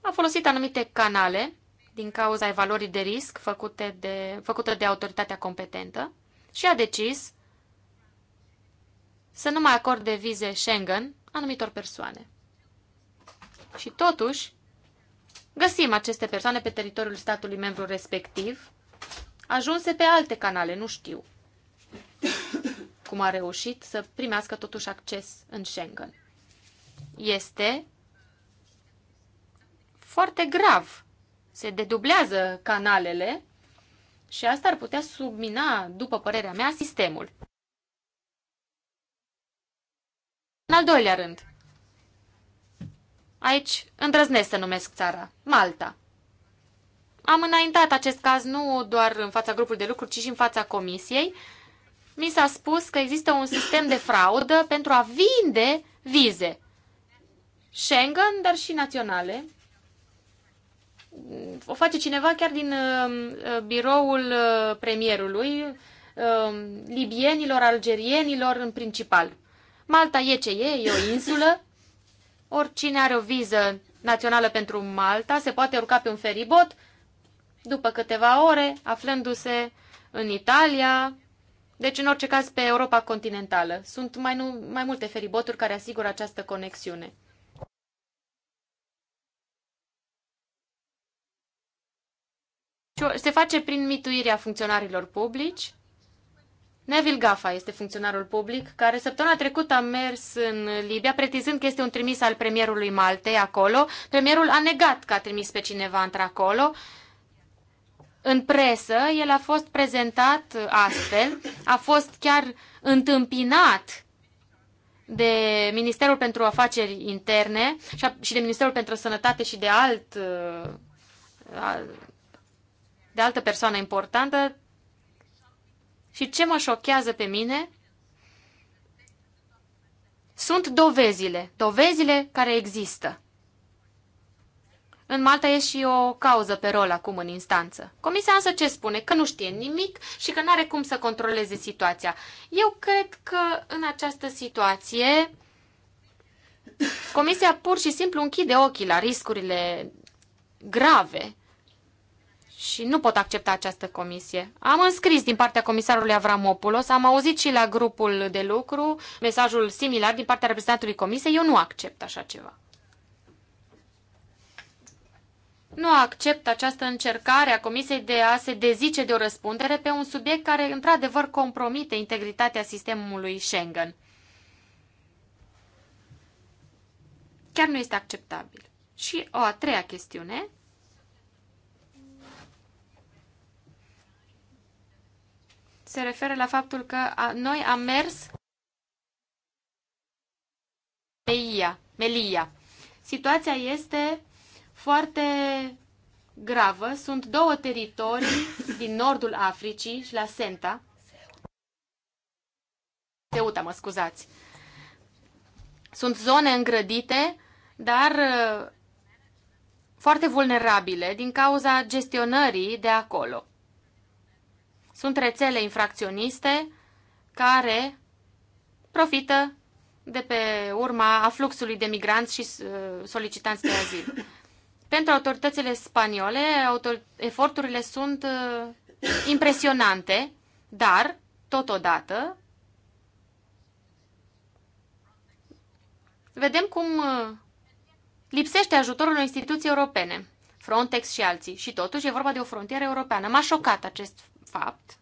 a folosit anumite canale din cauza evaluării de risc făcute de, făcută de autoritatea competentă și a decis să nu mai acorde vize Schengen anumitor persoane. Și totuși, găsim aceste persoane pe teritoriul statului membru respectiv, ajunse pe alte canale, nu știu *coughs* cum a reușit să primească totuși acces în Schengen. Este foarte grav. Se dedublează canalele și asta ar putea submina, după părerea mea, sistemul. În al doilea rând, aici îndrăznesc să numesc țara, Malta. Am înaintat acest caz nu doar în fața grupului de lucru, ci și în fața comisiei. Mi s-a spus că există un sistem de fraudă pentru a vinde vize. Schengen, dar și naționale. O face cineva chiar din uh, biroul uh, premierului, uh, libienilor, algerienilor în principal. Malta e ce e, e o insulă. Oricine are o viză națională pentru Malta se poate urca pe un feribot. După câteva ore, aflându-se în Italia, deci în orice caz pe Europa continentală. Sunt mai, nu, mai multe feriboturi care asigură această conexiune. Se face prin mituirea funcționarilor publici, Neville Gaffa este funcționarul public care săptămâna trecută a mers în Libia pretizând că este un trimis al premierului Maltei acolo. Premierul a negat că a trimis pe cineva într-acolo. În presă, el a fost prezentat astfel, a fost chiar întâmpinat de Ministerul pentru Afaceri Interne și de Ministerul pentru Sănătate și de alt uh, de altă persoană importantă, și ce mă șochează pe mine sunt dovezile, dovezile care există. În Malta e și o cauză pe rol acum în instanță. Comisia însă ce spune? Că nu știe nimic și că nu are cum să controleze situația. Eu cred că în această situație Comisia pur și simplu închide ochii la riscurile grave și nu pot accepta această comisie. Am înscris din partea comisarului Avramopoulos, am auzit și la grupul de lucru mesajul similar din partea reprezentantului comisiei, eu nu accept așa ceva. Nu accept această încercare a Comisiei de a se dezice de o răspundere pe un subiect care într-adevăr compromite integritatea sistemului Schengen. Chiar nu este acceptabil. Și o a treia chestiune se referă la faptul că a, noi am mers Meia, Melia. Situația este foarte gravă. Sunt două teritorii din nordul Africii și la Senta. Ceuta, mă scuzați. Sunt zone îngrădite, dar uh, foarte vulnerabile din cauza gestionării de acolo. Sunt rețele infracționiste care profită de pe urma a fluxului de migranți și uh, solicitanți de azil. Pentru autoritățile spaniole, autor eforturile sunt uh, impresionante, dar, totodată, vedem cum uh, lipsește ajutorul unor instituții europene, Frontex și alții, și totuși e vorba de o frontieră europeană. M-a șocat acest fapt,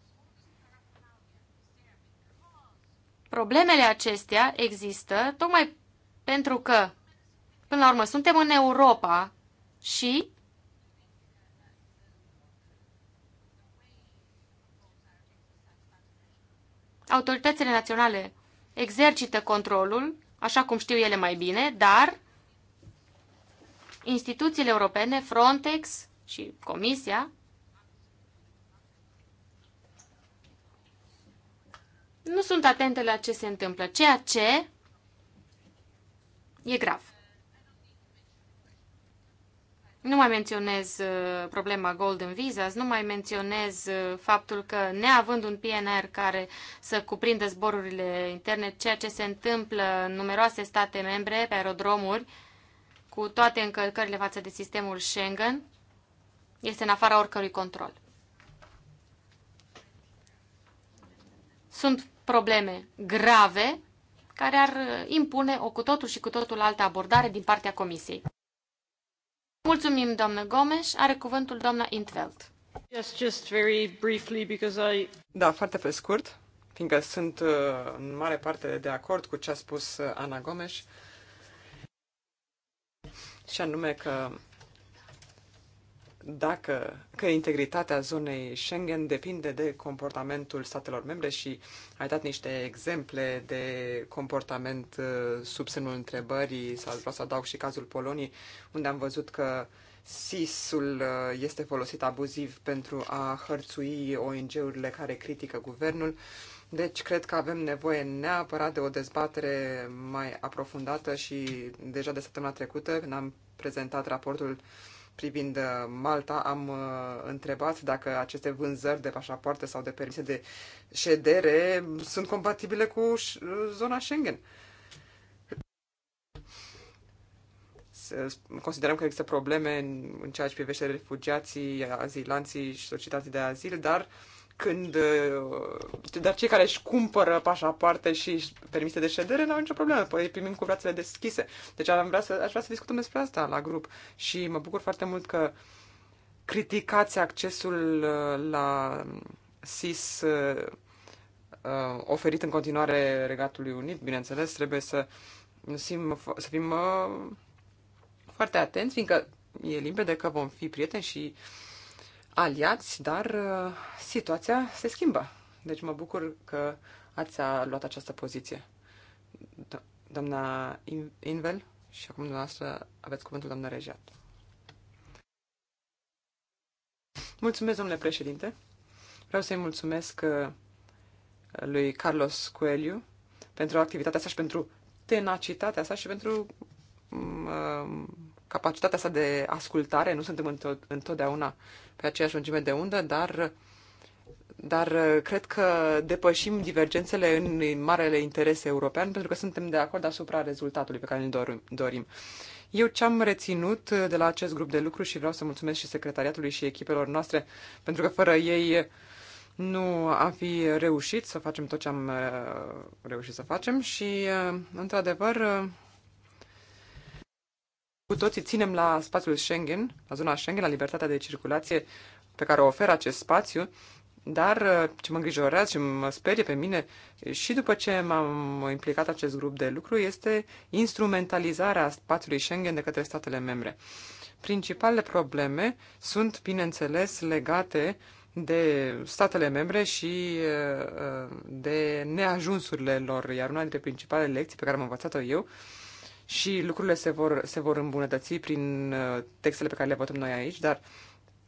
problemele acestea există tocmai pentru că, până la urmă, suntem în Europa și autoritățile naționale exercită controlul, așa cum știu ele mai bine, dar instituțiile europene, Frontex și Comisia, nu sunt atente la ce se întâmplă, ceea ce e grav. Nu mai menționez uh, problema Golden Visas, nu mai menționez uh, faptul că neavând un PNR care să cuprindă zborurile interne, ceea ce se întâmplă în numeroase state membre pe aerodromuri, cu toate încălcările față de sistemul Schengen, este în afara oricărui control. Sunt probleme grave care ar uh, impune o cu totul și cu totul altă abordare din partea Comisiei. Mulțumim, doamnă Gomes. Are cuvântul doamna Intveld. Yes, just very briefly because I... Da, foarte pe scurt, fiindcă sunt uh, în mare parte de acord cu ce a spus uh, Ana Gomes, și anume că dacă, că integritatea zonei Schengen depinde de comportamentul statelor membre și ai dat niște exemple de comportament uh, sub semnul întrebării, sau vreau să adaug și cazul Poloniei, unde am văzut că SIS-ul uh, este folosit abuziv pentru a hărțui ONG-urile care critică guvernul. Deci cred că avem nevoie neapărat de o dezbatere mai aprofundată și deja de săptămâna trecută, când am prezentat raportul uh, privind uh, Malta, am uh, întrebat dacă aceste vânzări de pașapoarte sau de permise de ședere sunt compatibile cu zona Schengen. Considerăm că există probleme în ceea ce privește refugiații, azilanții și societatea de azil, dar uh, când, uh, dar cei care își cumpără pașapoarte și permise de ședere n-au nicio problemă, păi primim cu brațele deschise. Deci am vrea să, aș vrea să discutăm despre asta la grup și mă bucur foarte mult că criticați accesul uh, la SIS uh, oferit în continuare Regatului Unit, bineînțeles, trebuie să, sim, să fim foarte atenți, fiindcă e limpede că vom fi prieteni și uh, aliați, dar uh, situația se schimbă. Deci mă bucur că ați luat această poziție. Do- doamna Invel și acum dumneavoastră aveți cuvântul doamna Regiat. Mulțumesc, domnule președinte. Vreau să-i mulțumesc uh, lui Carlos Coelho pentru activitatea sa și pentru tenacitatea sa și pentru mm, uh, capacitatea asta de ascultare, nu suntem întotdeauna pe aceeași lungime de undă, dar, dar uh, cred că depășim divergențele în marele interes european pentru că suntem de acord asupra rezultatului pe care îl dorim. Eu ce am reținut uh, de la acest grup de lucru și vreau să mulțumesc și secretariatului și echipelor noastre, pentru că fără ei nu am fi reușit să facem tot ce am uh, reușit să facem și, într-adevăr, cu toții ținem la spațiul Schengen, la zona Schengen, la libertatea de circulație pe care o oferă acest spațiu, dar uh, ce mă îngrijorează, ce mă sperie pe mine și după ce m-am implicat acest grup de lucru este instrumentalizarea spațiului Schengen de către statele membre. Principalele probleme sunt, bineînțeles, legate de statele membre și uh, uh, de neajunsurile lor, iar una dintre principalele lecții pe care am învățat-o eu și lucrurile se vor, se vor îmbunătăți prin uh, textele pe care le votăm noi aici, dar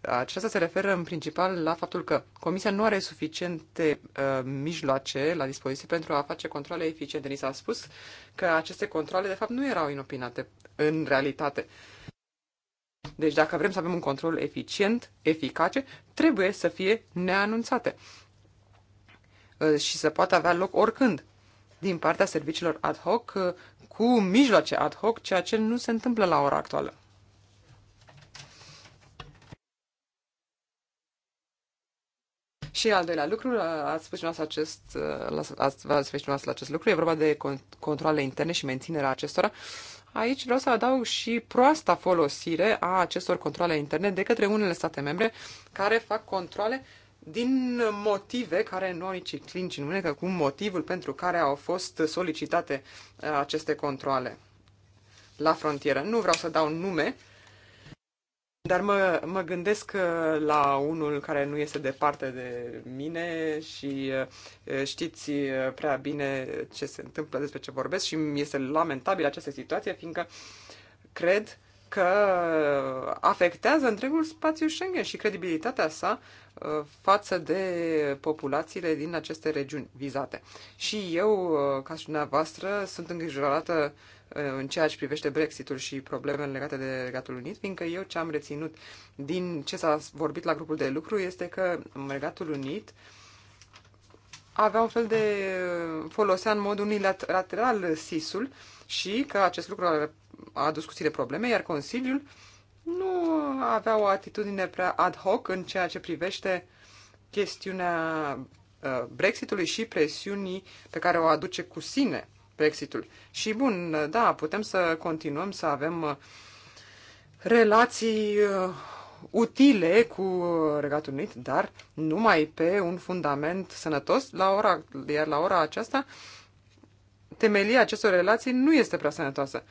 aceasta se referă în principal la faptul că Comisia nu are suficiente uh, mijloace la dispoziție pentru a face controle eficiente. Ni s-a spus că aceste controle, de fapt, nu erau inopinate în realitate. Deci, dacă vrem să avem un control eficient, eficace, trebuie să fie neanunțate uh, și să poată avea loc oricând din partea serviciilor ad hoc uh, cu mijloace ad hoc, ceea ce nu se întâmplă la ora actuală. Și al doilea lucru, ați spus dumneavoastră acest, uh, ați, ați spus dumneavoastră acest lucru, e vorba de controle interne și menținerea acestora. Aici vreau să adaug și proasta folosire a acestor controle interne de către unele state membre care fac controle uh, din motive care noi ciclinci că cu motivul pentru care au fost solicitate uh, aceste controle la frontieră. Nu vreau să dau nume, dar mă, mă gândesc uh, la unul care nu este departe de mine și uh, știți prea bine ce se întâmplă, despre ce vorbesc și mi este lamentabil această situație, fiindcă cred că afectează întregul spațiu Schengen și credibilitatea sa uh, față de populațiile din aceste regiuni vizate. Și eu, uh, ca și dumneavoastră, sunt îngrijorată uh, în ceea ce privește Brexitul și problemele legate de Regatul Unit, fiindcă eu ce am reținut din ce s-a vorbit la grupul de lucru este că Regatul Unit avea un fel de folosea în mod unilateral SIS-ul și că acest lucru ar a adus cu sine probleme, iar Consiliul nu avea o atitudine prea ad hoc în ceea ce privește chestiunea uh, Brexitului și presiunii pe care o aduce cu sine Brexitul. Și bun, da, putem să continuăm să avem uh, relații uh, utile cu Regatul Unit, dar numai pe un fundament sănătos, la ora, iar la ora aceasta temelia acestor relații nu este prea sănătoasă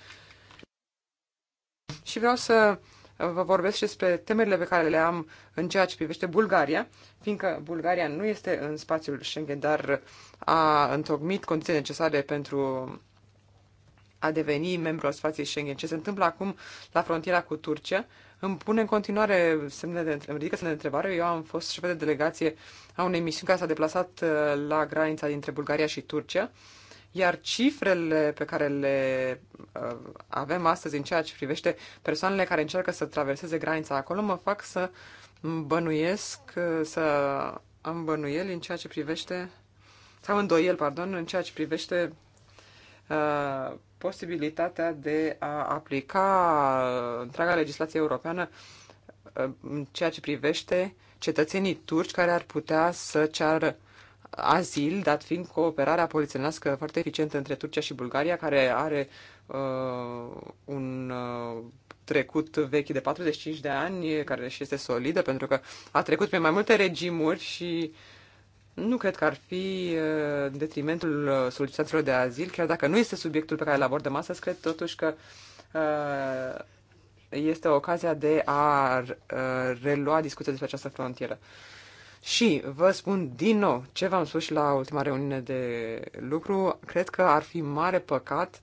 și vreau să vă vorbesc și despre temerile pe care le am în ceea ce privește Bulgaria, fiindcă Bulgaria nu este în spațiul Schengen, dar a întocmit condițiile necesare pentru a deveni membru al spației Schengen. Ce se întâmplă acum la frontiera cu Turcia îmi pune în continuare semne de, îmi ridică semne de întrebare. Eu am fost șef de delegație a unei misiuni care s-a deplasat uh, la granița dintre Bulgaria și Turcia iar cifrele pe care le uh, avem astăzi în ceea ce privește persoanele care încearcă să traverseze granița acolo mă fac să bănuiesc, uh, să am bănuieli în ceea ce privește, sau îndoiel, pardon, în ceea ce privește uh, posibilitatea de a aplica întreaga legislație europeană uh, în ceea ce privește cetățenii turci care ar putea să ceară azil, dat fiind cooperarea polițienească foarte eficientă între Turcia și Bulgaria, care are uh, un uh, trecut vechi de 45 de ani, care și este solidă, pentru că a trecut pe mai multe regimuri și nu cred că ar fi uh, în uh, detrimentul solicitanților de azil, chiar dacă nu este subiectul pe care îl abordăm astăzi, cred totuși că uh, este ocazia de a uh, relua discuția despre această frontieră. Și vă spun din nou ce v-am spus și la ultima reuniune de lucru, cred că ar fi mare păcat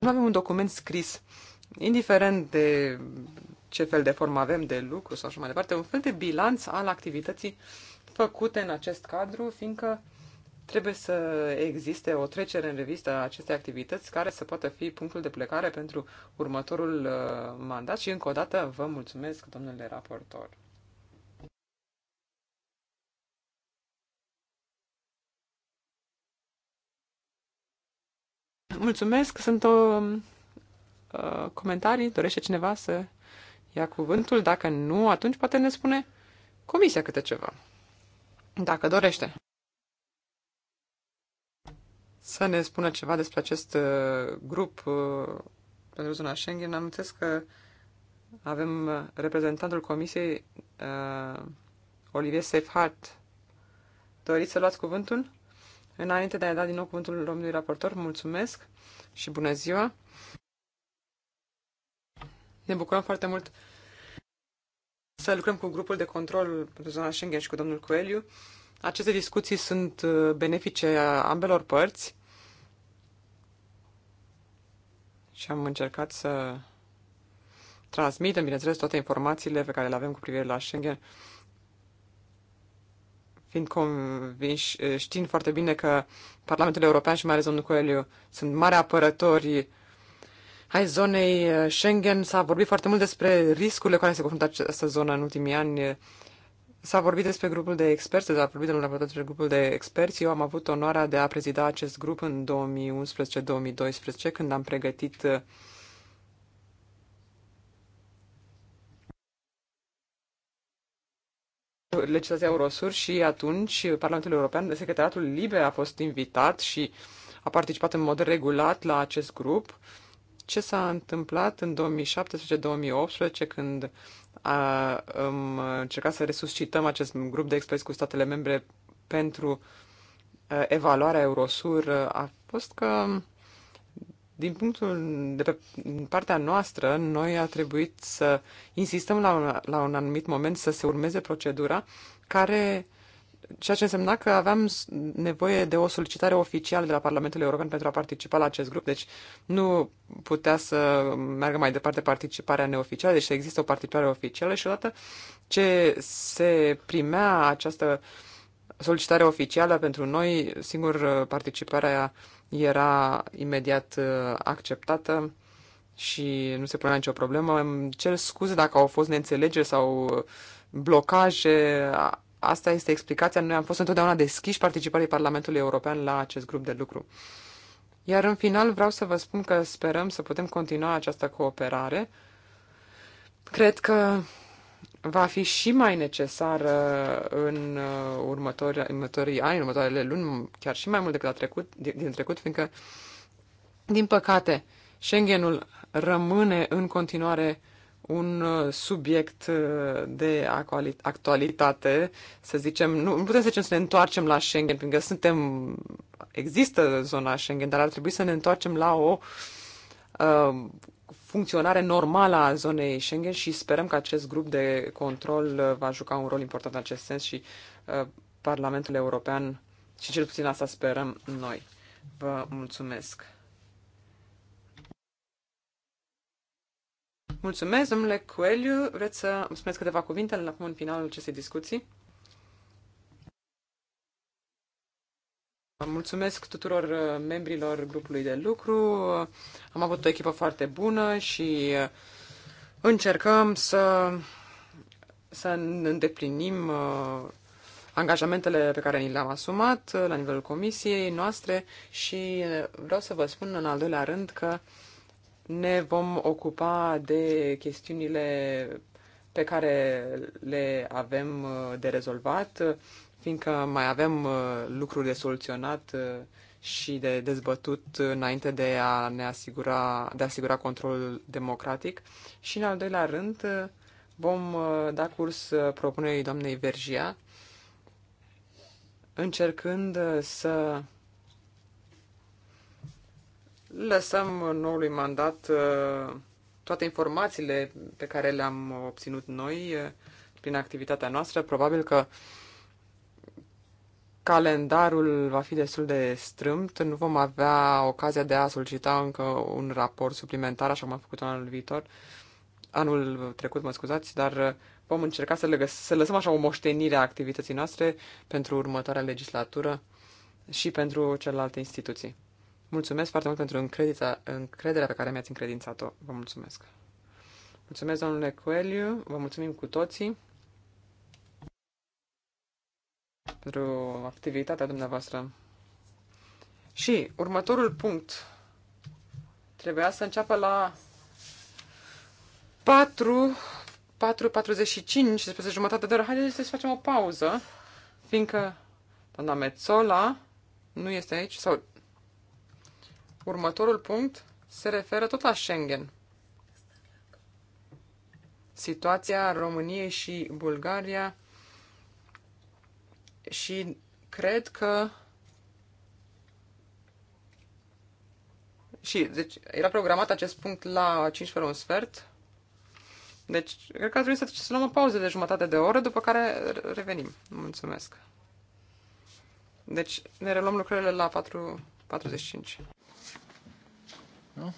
nu avem un document scris, indiferent de ce fel de formă avem de lucru sau așa mai departe, un fel de bilanț al activității făcute în acest cadru, fiindcă trebuie să existe o trecere în revistă a acestei activități care să poată fi punctul de plecare pentru următorul uh, mandat și încă o dată vă mulțumesc, domnule raportor. Mulțumesc, sunt o, uh, comentarii, dorește cineva să ia cuvântul? Dacă nu, atunci poate ne spune comisia câte ceva, dacă dorește. Să ne spună ceva despre acest uh, grup uh, pentru zona Schengen. Am înțeles că avem uh, reprezentantul comisiei, uh, Olivier Seifhardt. Doriți să luați cuvântul? Înainte de a da din nou cuvântul domnului raportor, mulțumesc și bună ziua! Ne bucurăm foarte mult să lucrăm cu grupul de control pentru zona Schengen și cu domnul Coeliu. Aceste discuții sunt uh, benefice ambelor părți și am încercat să transmitem, bineînțeles, toate informațiile pe care le avem cu privire la Schengen fiind convinși, știind foarte bine că Parlamentul European și mai ales domnul Coeliu sunt mari apărători ai zonei Schengen. S-a vorbit foarte mult despre riscurile cu care se confruntă această zonă în ultimii ani. S-a vorbit despre grupul de experți, s-a vorbit domnul raportor despre grupul de experți. Eu am avut onoarea de a prezida acest grup în 2011-2012, când am pregătit legislația Eurosur și atunci Parlamentul European, Secretariatul Libe a fost invitat și a participat în mod regulat la acest grup. Ce s-a întâmplat în 2017-2018 când a, am încercat să resuscităm acest grup de experți cu statele membre pentru evaluarea Eurosur a fost că din punctul de pe partea noastră, noi a trebuit să insistăm la un, la un anumit moment să se urmeze procedura care ceea ce însemna că aveam nevoie de o solicitare oficială de la Parlamentul European pentru a participa la acest grup, deci nu putea să meargă mai departe participarea neoficială, deci există o participare oficială și odată ce se primea această uh, solicitare oficială pentru noi, singur uh, participarea era imediat uh, acceptată și nu se punea nicio problemă. Îmi cer scuze dacă au fost neînțelegeri sau blocaje. Asta este explicația. Noi am fost întotdeauna deschiși participării Parlamentului European la acest grup de lucru. Iar în final vreau să vă spun că sperăm să putem continua această cooperare. Cred că va fi și mai necesară uh, în următorii, ani, în următoarele luni, chiar și mai mult decât la trecut, din, din trecut, fiindcă, din păcate, Schengenul rămâne în continuare un uh, subiect uh, de actualitate, să zicem, nu, nu putem să zicem să ne întoarcem la Schengen, pentru că suntem, există zona Schengen, dar ar trebui să ne întoarcem la o uh, funcționare normală a zonei Schengen și sperăm că acest grup de control uh, va juca un rol important în acest sens și uh, Parlamentul European și cel puțin asta sperăm noi. Vă mulțumesc! Mulțumesc, domnule Coeliu. Vreți să spuneți câteva cuvinte acum în finalul acestei discuții? Mulțumesc tuturor uh, membrilor grupului de lucru. Uh, am avut o echipă foarte bună și uh, încercăm să, să îndeplinim angajamentele pe care ni le-am asumat la nivelul comisiei noastre și vreau să vă spun în al doilea rând că ne vom ocupa de chestiunile pe care le avem de rezolvat fiindcă mai avem uh, lucruri de soluționat uh, și de dezbătut înainte de a ne asigura, de a asigura controlul democratic. Și în al doilea rând uh, vom da curs propunerii doamnei Vergia, încercând să lăsăm noului mandat toate informațiile pe care le-am obținut noi prin activitatea noastră. Probabil că uh, Calendarul va fi destul de strâmt, nu vom avea ocazia de a solicita încă un raport suplimentar, așa cum am făcut anul viitor, anul trecut, mă scuzați, dar uh, vom încerca să, le să lăsăm așa o moștenire a activității noastre pentru următoarea legislatură și pentru celelalte instituții. Mulțumesc foarte mult pentru încrederea pe care mi-ați încredințat-o. Vă mulțumesc. Mulțumesc, domnule Coeliu, vă mulțumim cu toții. pentru activitatea dumneavoastră. Și următorul punct trebuia să înceapă la 4, 4 45, despre jumătate de oră. Haideți să facem o pauză, fiindcă doamna Mețola nu este aici. Sau... Următorul punct se referă tot la Schengen. Situația României și Bulgaria și cred că Și, deci, era programat acest punct la 5 fără un sfert. Deci, cred că ar trebui să, să luăm o pauză de jumătate de oră, după care revenim. Mulțumesc. Deci, ne reluăm lucrările la 4.45. Nu? No?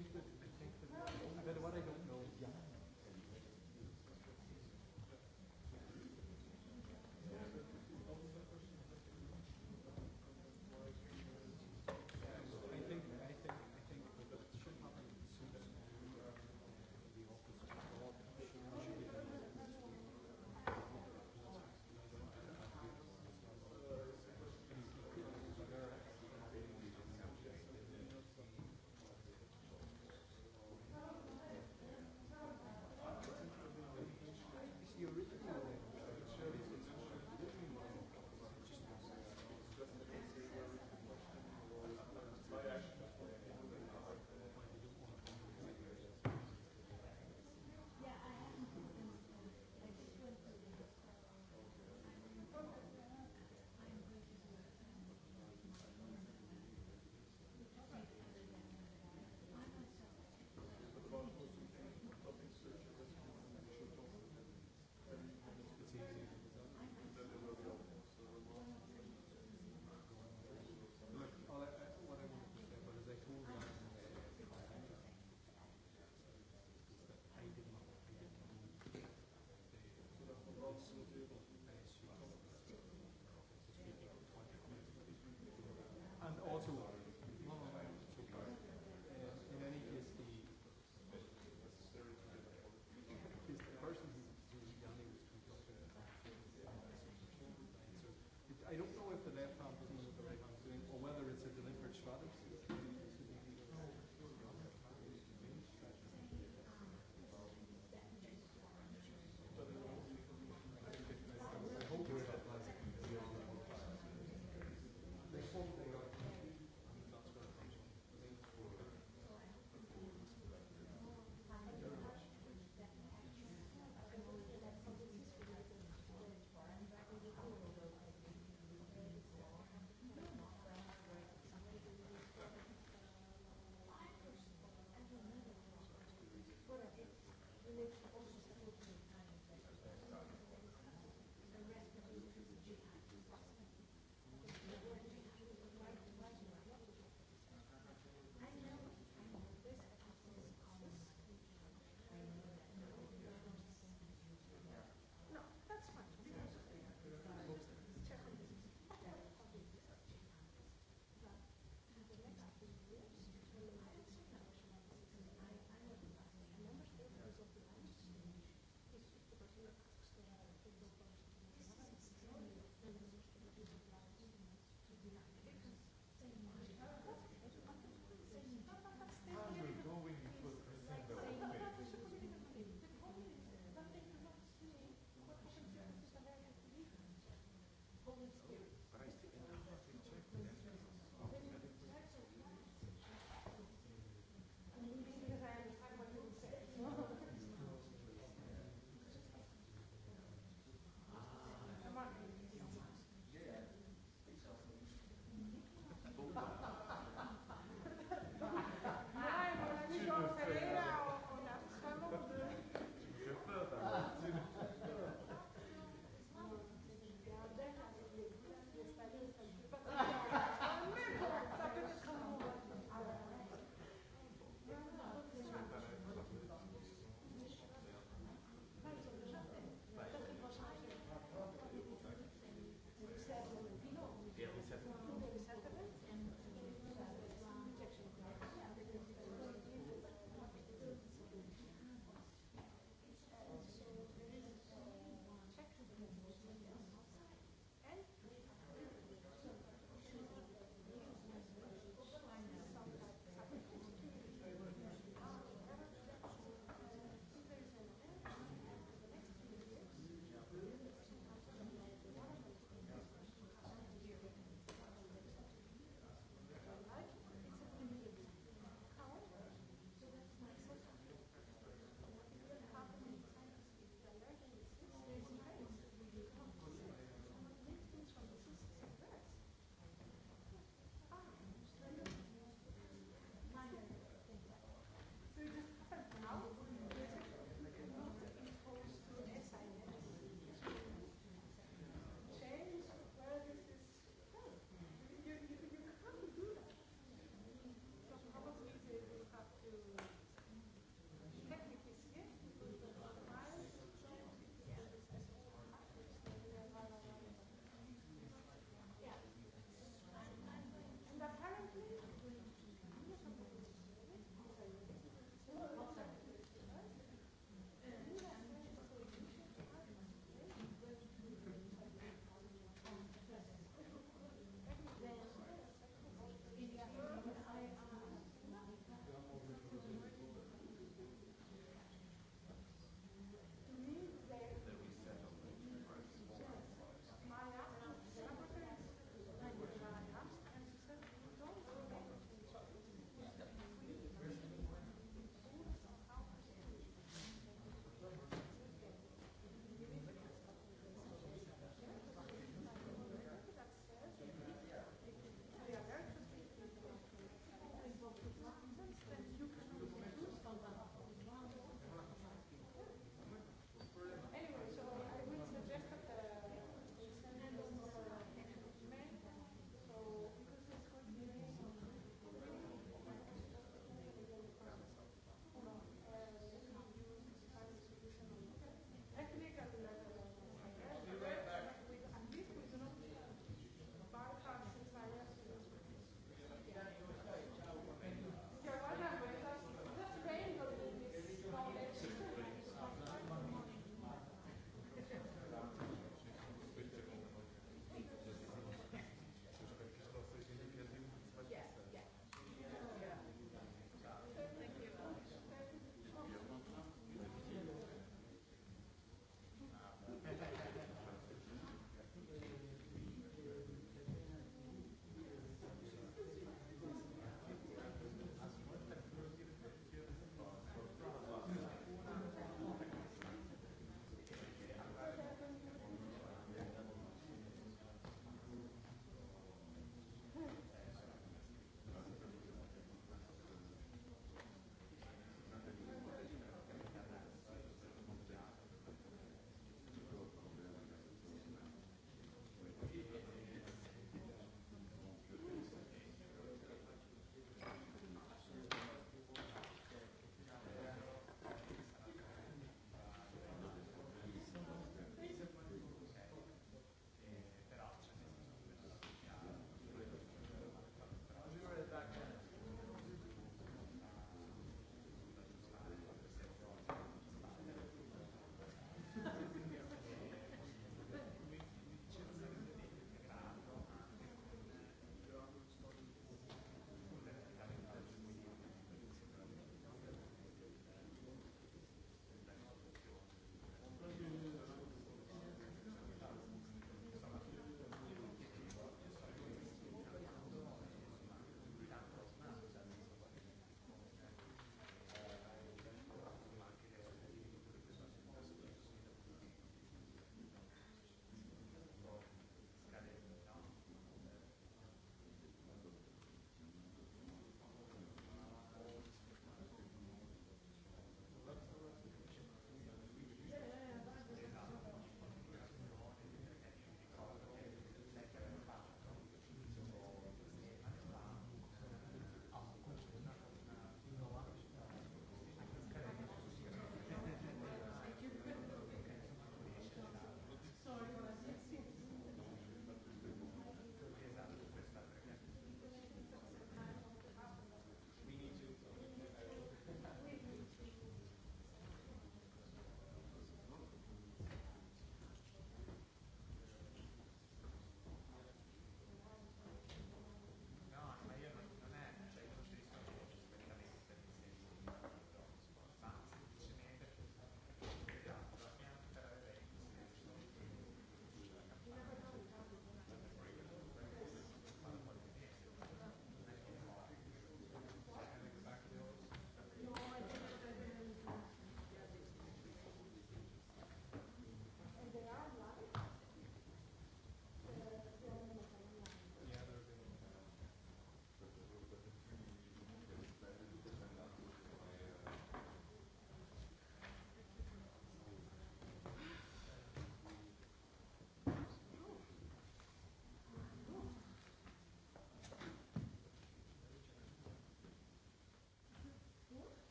English, but Auto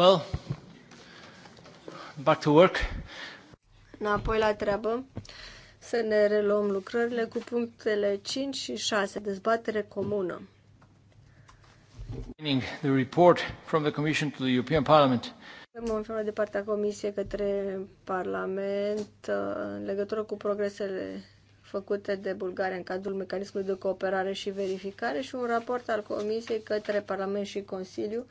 Well, back to work. Înapoi la treabă. Să ne reluăm lucrările cu punctele 5 și 6, dezbatere comună. The report from the Commission to the European Parliament. Avem o de partea Comisiei către Parlament uh, în legătură cu progresele făcute de Bulgaria în cadrul mecanismului de cooperare și verificare și un raport al Comisiei către Parlament și Consiliu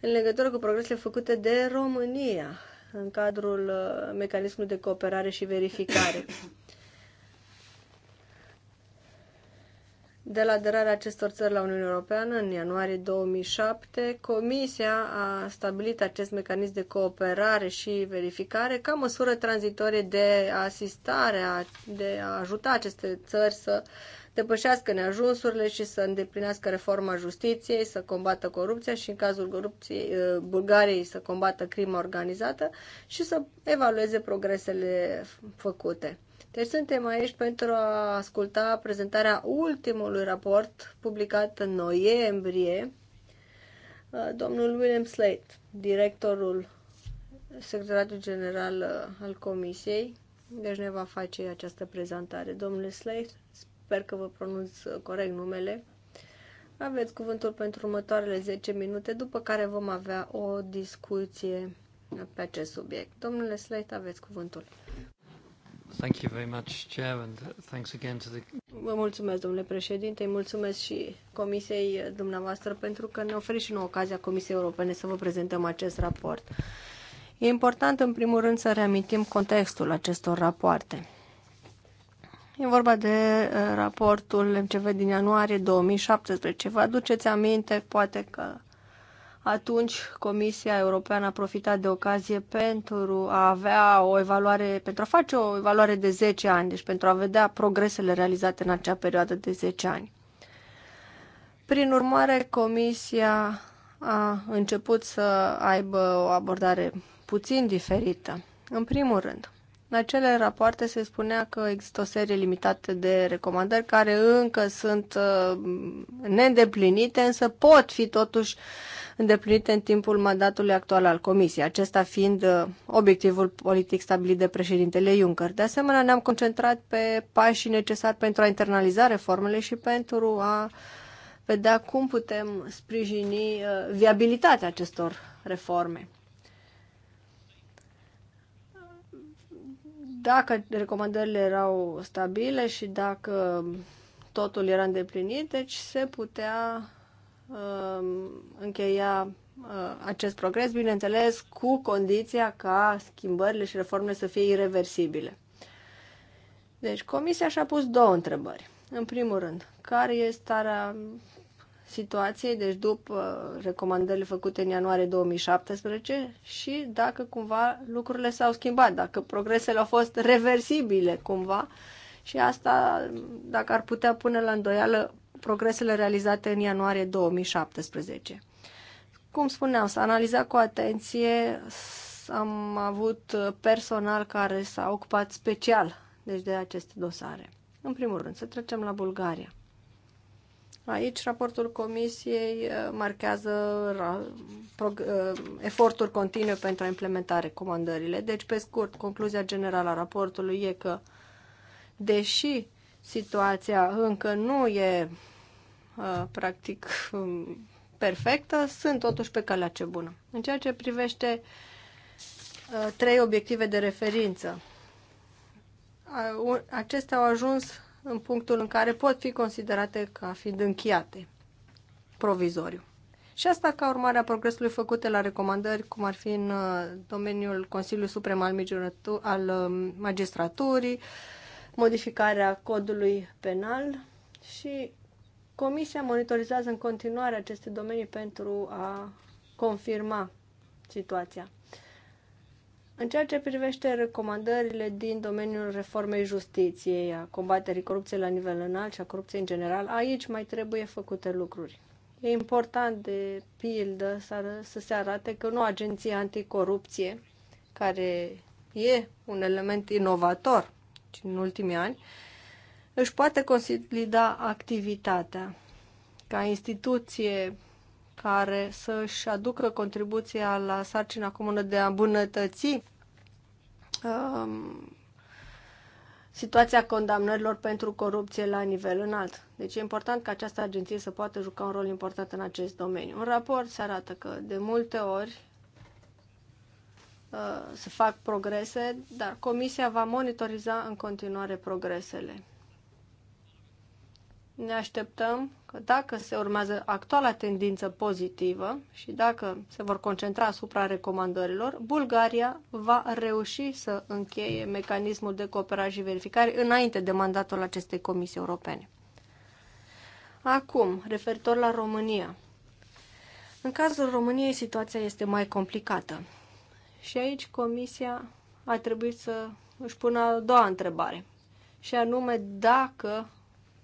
în legătură cu progresele făcute de România în cadrul uh, mecanismului de cooperare și verificare. De la aderarea acestor țări la Uniunea Europeană, în ianuarie 2007, Comisia a stabilit acest mecanism de cooperare și verificare ca măsură tranzitorie de asistare, de a ajuta aceste țări să uh, depășească neajunsurile și să îndeplinească reforma justiției, să combată corupția și în cazul corupției uh, Bulgariei să combată crima organizată și să evalueze progresele făcute. Deci suntem aici pentru a asculta prezentarea ultimului raport publicat în noiembrie, uh, domnul William Slate, directorul secretariatul general uh, al comisiei, deci ne va face această prezentare. Domnule Slate, sper că vă pronunț uh, corect numele. Aveți cuvântul pentru următoarele 10 minute, după care vom avea o discuție pe acest subiect. Domnule Slate, aveți cuvântul. Thank you very much, Chair, and thanks again to the... Vă mulțumesc, domnule președinte, îi mulțumesc și Comisiei dumneavoastră pentru că ne oferi și nouă ocazia Comisiei Europene să vă prezentăm acest raport. E important, în primul rând, să reamintim contextul acestor rapoarte. E vorba de uh, raportul MCV din ianuarie 2017. Vă aduceți aminte, poate că atunci Comisia Europeană a profitat de ocazie pentru a avea o evaluare, pentru a face o evaluare de 10 ani, deci pentru a vedea progresele realizate în acea perioadă de 10 ani. Prin urmare, Comisia a început să aibă o abordare puțin diferită. În primul rând, în acele rapoarte se spunea că există o serie limitată de recomandări care încă sunt uh, neîndeplinite, însă pot fi totuși îndeplinite în timpul mandatului actual al Comisiei, acesta fiind uh, obiectivul politic stabilit de președintele Juncker. De asemenea, ne-am concentrat pe pașii necesari pentru a internaliza reformele și pentru a vedea cum putem sprijini uh, viabilitatea acestor reforme. Dacă recomandările erau stabile și dacă totul era îndeplinit, deci se putea uh, încheia uh, acest progres, bineînțeles, cu condiția ca schimbările și reformele să fie irreversibile. Deci, comisia și-a pus două întrebări. În primul rând, care este starea situației, deci după recomandările făcute în ianuarie 2017 și dacă cumva lucrurile s-au schimbat, dacă progresele au fost reversibile cumva și asta dacă ar putea pune la îndoială progresele realizate în ianuarie 2017. Cum spuneam, s-a analizat cu atenție, am avut personal care s-a ocupat special deci de aceste dosare. În primul rând, să trecem la Bulgaria. Aici raportul comisiei uh, marchează uh, eforturi continue pentru a implementa recomandările. Deci, pe scurt, concluzia generală a raportului e că, deși situația încă nu e uh, practic um, perfectă, sunt totuși pe calea ce bună. În ceea ce privește trei obiective de referință, acestea au ajuns în punctul în care pot fi considerate ca fiind încheiate provizoriu. Și asta ca urmare a progresului făcute la recomandări, cum ar fi în uh, domeniul Consiliului Suprem al, al um, Magistraturii, modificarea codului penal și Comisia monitorizează în continuare aceste domenii pentru a confirma situația. În ceea ce privește recomandările din domeniul reformei justiției, a combaterii corupției la nivel înalt și a corupției în general, aici mai trebuie făcute lucruri. E important, de pildă, să, să se arate că nu agenția anticorupție, care e un element inovator în ultimii ani, își poate consolida activitatea ca instituție care să-și aducă contribuția la sarcina comună de a îmbunătăți um, situația condamnărilor pentru corupție la nivel înalt. Deci e important ca această agenție să poată juca un rol important în acest domeniu. Un raport se arată că de multe ori uh, se fac progrese, dar Comisia va monitoriza în continuare progresele ne așteptăm că dacă se urmează actuala tendință pozitivă și dacă se vor concentra asupra recomandărilor, Bulgaria va reuși să încheie mecanismul de cooperare și verificare înainte de mandatul acestei comisii europene. Acum, referitor la România. În cazul României, situația este mai complicată. Și aici Comisia a trebuit să își pună a doua întrebare, și anume dacă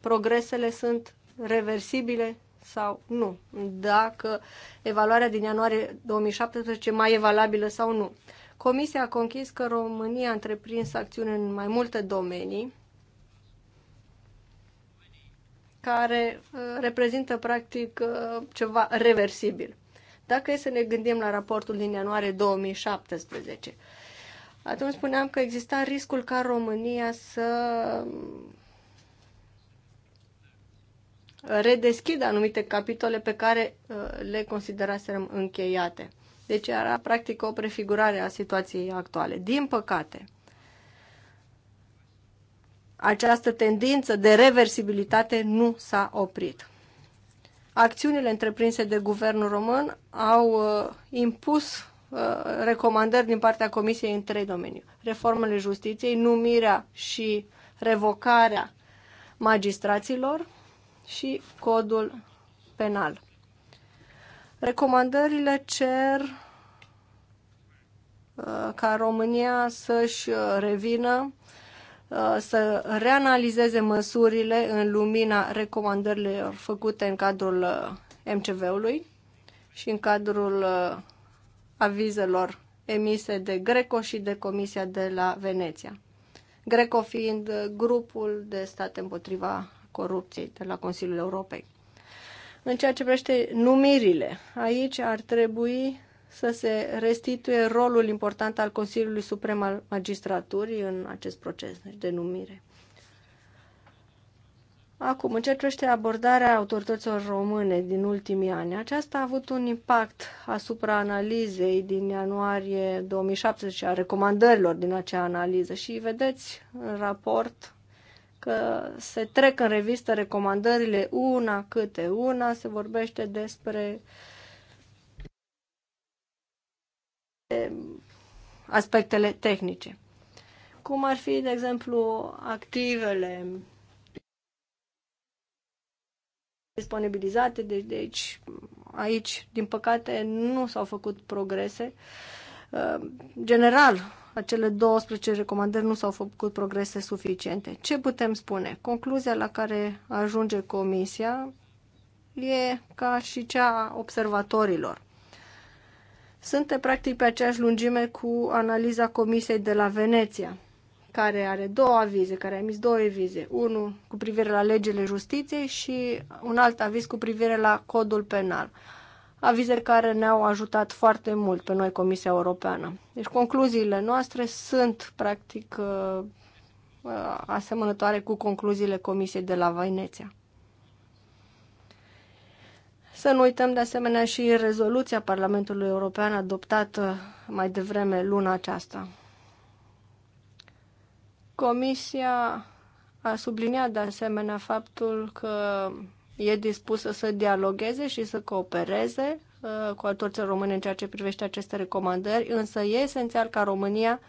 progresele sunt reversibile sau nu, dacă evaluarea din ianuarie 2017 mai e valabilă sau nu. Comisia a conchis că România a întreprins acțiuni în mai multe domenii care uh, reprezintă practic uh, ceva reversibil. Dacă e să ne gândim la raportul din ianuarie 2017, atunci spuneam că exista riscul ca România să redeschid anumite capitole pe care uh, le consideraserăm încheiate. Deci era practic o prefigurare a situației actuale. Din păcate, această tendință de reversibilitate nu s-a oprit. Acțiunile întreprinse de guvernul român au uh, impus uh, recomandări din partea Comisiei în trei domenii. Reformele justiției, numirea și revocarea magistraților, și codul penal. Recomandările cer uh, ca România să-și uh, revină, uh, să reanalizeze măsurile în lumina recomandărilor făcute în cadrul MCV-ului și în cadrul avizelor emise de Greco și de Comisia de la Veneția. Greco fiind grupul de state împotriva corupției de la Consiliul Europei. În ceea ce privește numirile, aici ar trebui să se restituie rolul important al Consiliului Suprem al Magistraturii în acest proces de numire. Acum, în ce privește abordarea autorităților române din ultimii ani, aceasta a avut un impact asupra analizei din ianuarie 2017 și a recomandărilor din acea analiză. Și vedeți în raport că se trec în revistă recomandările una câte una, se vorbește despre aspectele tehnice. Cum ar fi, de exemplu, activele disponibilizate, deci, deci aici, din păcate, nu s-au făcut progrese. General, acele 12 recomandări nu s-au făcut progrese suficiente. Ce putem spune? Concluzia la care ajunge comisia e ca și cea observatorilor. Suntem practic pe aceeași lungime cu analiza comisiei de la Veneția, care are două avize, care a emis două avize, unul cu privire la legile justiției și un alt aviz cu privire la codul penal avize care ne-au ajutat foarte mult pe noi, Comisia Europeană. Deci concluziile noastre sunt practic uh, uh, asemănătoare cu concluziile Comisiei de la Vainețea. Să nu uităm de asemenea și rezoluția Parlamentului European adoptată mai devreme luna aceasta. Comisia a subliniat de asemenea faptul că e dispusă să dialogueze și să coopereze uh, cu autoritățile române în ceea ce privește aceste recomandări, însă e esențial ca România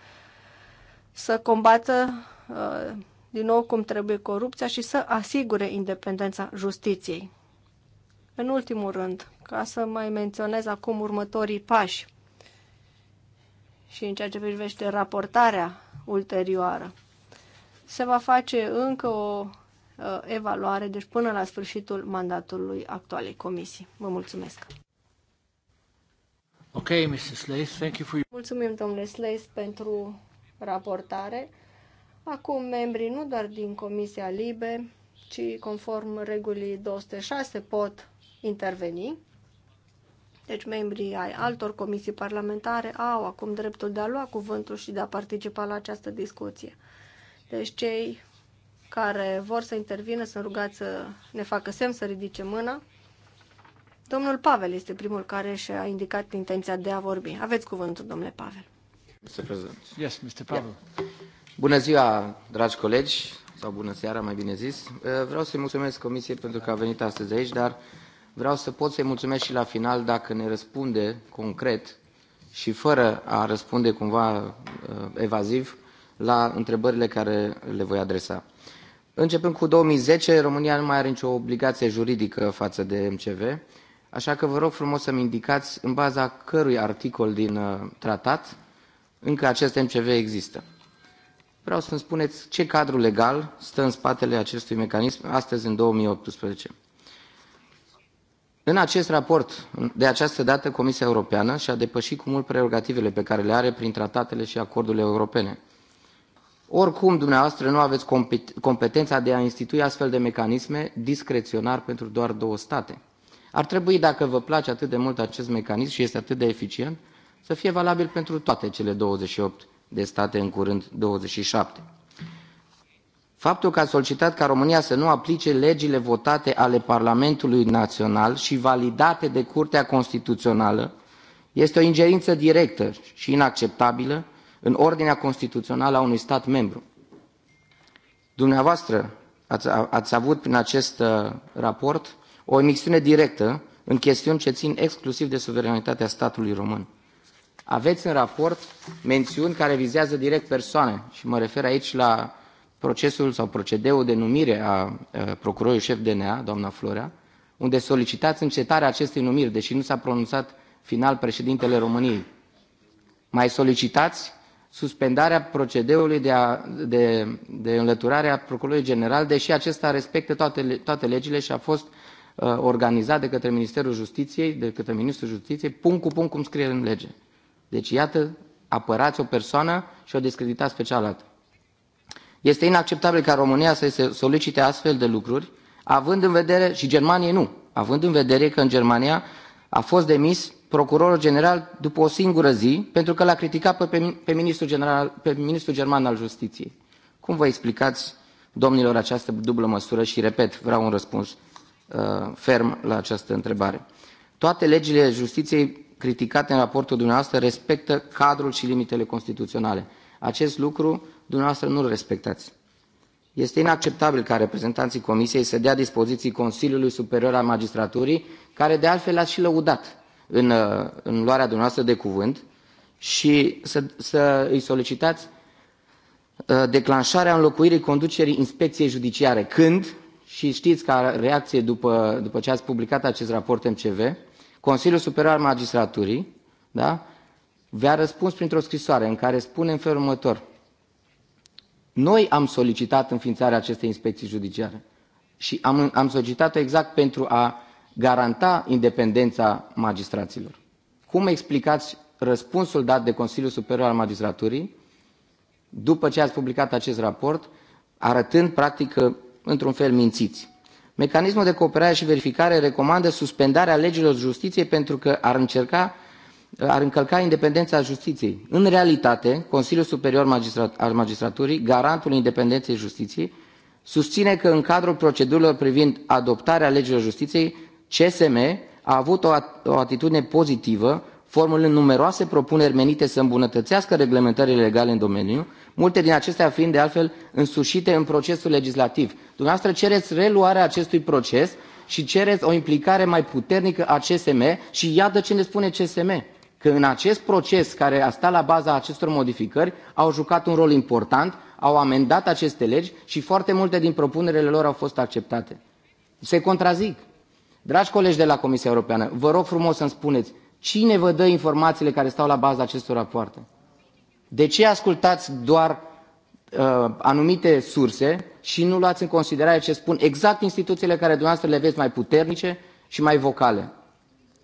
să combată uh, din nou cum trebuie corupția și să asigure independența justiției. În ultimul rând, ca să mai menționez acum următorii pași și în ceea ce privește raportarea ulterioară, se va face încă o Uh, evaluare, deci până la sfârșitul mandatului actualei comisii. Vă mulțumesc! Okay, Mrs. Lace, thank you for... Mulțumim, domnule Slays, pentru raportare. Acum, membrii nu doar din Comisia Libe, ci conform regulii 206 pot interveni. Deci membrii ai altor comisii parlamentare au acum dreptul de a lua cuvântul și de a participa la această discuție. Deci cei care vor să intervină sunt rugați să ne facă semn să ridice mâna. Domnul Pavel este primul care și-a indicat intenția de a vorbi. Aveți cuvântul, domnule Pavel. Mr. prezent. Yes, Mr. Pavel. Yeah. Bună ziua, dragi colegi, sau bună seara, mai bine zis. Uh, vreau să-i mulțumesc Comisiei pentru că a venit astăzi aici, dar vreau să pot să-i mulțumesc și la final dacă ne răspunde concret și fără a răspunde cumva uh, evaziv la întrebările care le voi adresa. Începând cu 2010, România nu mai are nicio obligație juridică față de MCV, așa că vă rog frumos să-mi indicați în baza cărui articol din uh, tratat încă acest MCV există. Vreau să-mi spuneți ce cadru legal stă în spatele acestui mecanism astăzi în 2018. În acest raport, de această dată, Comisia Europeană și-a depășit cu mult prerogativele pe care le are prin tratatele și acordurile europene – oricum, dumneavoastră nu aveți competența de a institui astfel de mecanisme discreționar pentru doar două state. Ar trebui, dacă vă place atât de mult acest mecanism și este atât de eficient, să fie valabil pentru toate cele 28 de state, în curând 27. Faptul că a solicitat ca România să nu aplice legile votate ale Parlamentului Național și validate de Curtea Constituțională este o ingerință directă și inacceptabilă în ordinea constituțională a unui stat membru. Dumneavoastră ați, ați avut prin acest uh, raport o emisiune directă în chestiuni ce țin exclusiv de suveranitatea statului român. Aveți în raport mențiuni care vizează direct persoane și mă refer aici la procesul sau procedeul de numire a uh, procurorului șef DNA, doamna Florea, unde solicitați încetarea acestei numiri, deși nu s-a pronunțat final președintele României. Mai solicitați suspendarea procedeului de, a, de, de înlăturare a procurorului general, deși acesta respectă toate, toate legile și a fost uh, organizat de către Ministerul Justiției, de către Ministrul Justiției, punct cu punct cum scrie în lege. Deci, iată, apărați o persoană și o discreditați pe cealaltă. Este inacceptabil ca România să se solicite astfel de lucruri, având în vedere, și Germaniei nu, având în vedere că în Germania a fost demis Procurorul general după o singură zi pentru că l-a criticat pe, pe, ministrul general, pe ministrul german al justiției. Cum vă explicați, domnilor, această dublă măsură? Și, repet, vreau un răspuns uh, ferm la această întrebare. Toate legile justiției criticate în raportul dumneavoastră respectă cadrul și limitele constituționale. Acest lucru dumneavoastră nu-l respectați. Este inacceptabil ca reprezentanții Comisiei să dea dispoziții Consiliului Superior al Magistraturii, care de altfel l-ați și lăudat în, uh, în luarea dumneavoastră de cuvânt și să, să îi solicitați uh, declanșarea înlocuirii conducerii inspecției judiciare. Când, și știți ca reacție după, după ce ați publicat acest raport MCV, Consiliul Superior al Magistraturii da, v-a răspuns printr-o scrisoare în care spune în felul următor. Noi am solicitat înființarea acestei inspecții judiciare și am, am solicitat-o exact pentru a garanta independența magistraților. Cum explicați răspunsul dat de Consiliul Superior al Magistraturii după ce ați publicat acest raport, arătând practic că, într-un fel, mințiți? Mecanismul de cooperare și verificare recomandă suspendarea legilor justiției pentru că ar încerca ar încălca independența justiției. În realitate, Consiliul Superior al Magistraturii, garantul independenței justiției, susține că în cadrul procedurilor privind adoptarea legilor justiției CSM a avut o, at o atitudine pozitivă, formulând numeroase propuneri menite să îmbunătățească reglementările legale în domeniu, multe din acestea fiind de altfel însușite în procesul legislativ. Dumneavoastră cereți reluarea acestui proces și cereți o implicare mai puternică a CSM și iată ce ne spune CSM că în acest proces care a stat la baza acestor modificări au jucat un rol important, au amendat aceste legi și foarte multe din propunerile lor au fost acceptate. Se contrazic. Dragi colegi de la Comisia Europeană, vă rog frumos să-mi spuneți cine vă dă informațiile care stau la baza acestor rapoarte. De ce ascultați doar uh, anumite surse și nu luați în considerare ce spun exact instituțiile care dumneavoastră le veți mai puternice și mai vocale?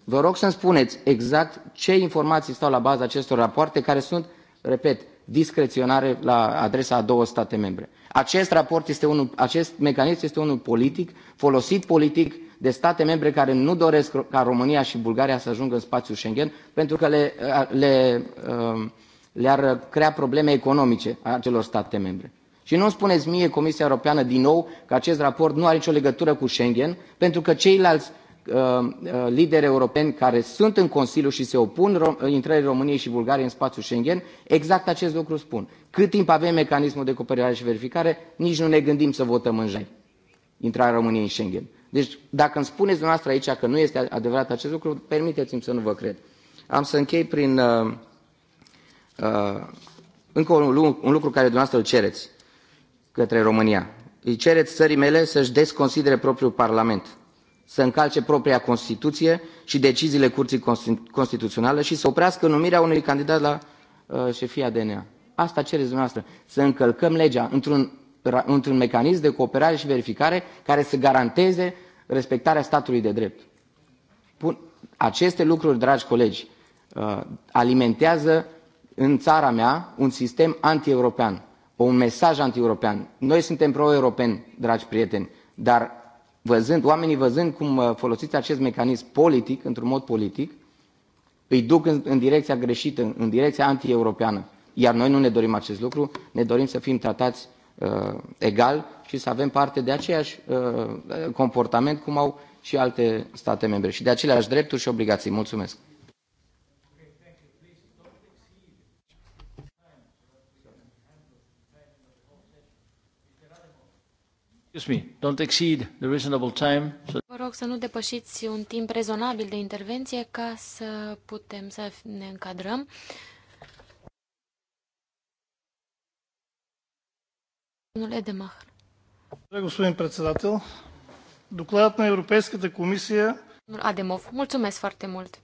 Vă rog să-mi spuneți exact ce informații stau la baza acestor rapoarte care sunt, repet, discreționare la adresa a două state membre. Acest raport este unul, acest mecanism este unul politic, folosit politic, de state membre care nu doresc ca România și Bulgaria să ajungă în spațiul Schengen pentru că le, le, um, le-ar crea probleme economice acelor state membre. Și nu spuneți mie, Comisia Europeană, din nou, că acest raport nu are nicio legătură cu Schengen, pentru că ceilalți um, uh, lideri europeni care sunt în Consiliu și se opun uh, intrării României și Bulgariei în spațiul Schengen, exact acest lucru spun. Cât timp avem mecanismul de cooperare și verificare, nici nu ne gândim să votăm în jai intrarea României în Schengen. Deci, dacă îmi spuneți dumneavoastră aici că nu este adevărat acest lucru, permiteți-mi să nu vă cred. Am să închei prin uh, uh, încă un, un lucru care dumneavoastră îl cereți către România. Îi cereți țării mele să-și desconsidere propriul Parlament, să încalce propria Constituție și deciziile Curții Constituționale și să oprească numirea unui candidat la uh, șefia DNA. Asta cereți dumneavoastră, să încălcăm legea într-un într un mecanism de cooperare și verificare care să garanteze respectarea statului de drept. Aceste lucruri, dragi colegi, uh, alimentează în țara mea un sistem antieuropean, un mesaj antieuropean. Noi suntem pro-europeni, dragi prieteni, dar văzând, oamenii văzând cum uh, folosiți acest mecanism politic, într-un mod politic, îi duc în, în direcția greșită, în direcția antieuropeană. Iar noi nu ne dorim acest lucru, ne dorim să fim tratați Uh, egal și să avem parte de aceeași uh, comportament cum au și alte state membre și de aceleași drepturi și obligații. Mulțumesc! Excuse me, don't exceed the reasonable time. Vă rog să nu depășiți un timp rezonabil de intervenție ca să putem să ne încadrăm. Domnule Господин председател, докладът на Европейската комисия... Ademov, mulțumesc foarte mult.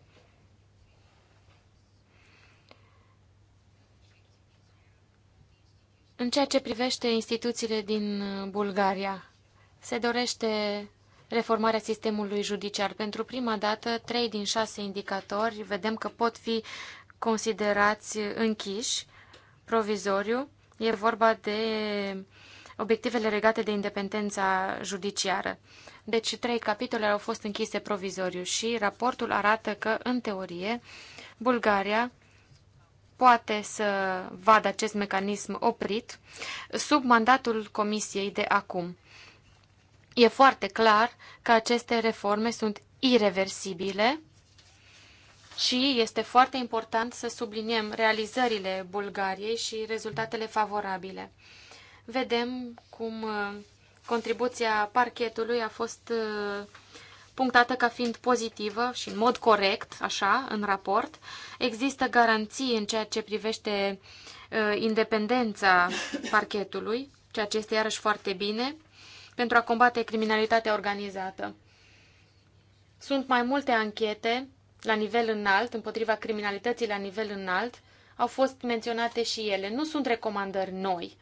În ceea ce privește instituțiile din uh, Bulgaria, se dorește reformarea sistemului judiciar. Pentru prima dată, trei din șase indicatori vedem că pot fi considerați închiși, provizoriu. E vorba de obiectivele legate de independența judiciară. Deci trei capitole au fost închise provizoriu și raportul arată că, în teorie, Bulgaria poate să vadă acest mecanism oprit sub mandatul Comisiei de acum. E foarte clar că aceste reforme sunt irreversibile și este foarte important să subliniem realizările Bulgariei și rezultatele favorabile vedem cum uh, contribuția parchetului a fost uh, punctată ca fiind pozitivă și în mod corect, așa, în raport. Există garanții în ceea ce privește uh, independența parchetului, ceea ce este iarăși foarte bine, pentru a combate criminalitatea organizată. Sunt mai multe anchete la nivel înalt, împotriva criminalității la nivel înalt, au fost menționate și ele. Nu sunt recomandări noi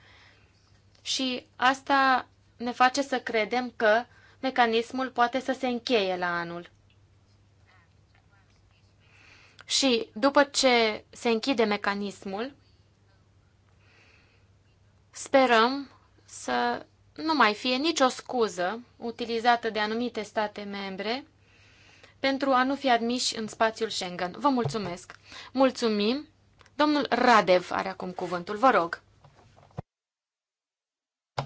și asta ne face să credem că mecanismul poate să se încheie la anul. Și după ce se închide mecanismul, sperăm să nu mai fie nicio scuză utilizată de anumite state membre pentru a nu fi admiși în spațiul Schengen. Vă mulțumesc! Mulțumim! Domnul Radev are acum cuvântul, vă rog!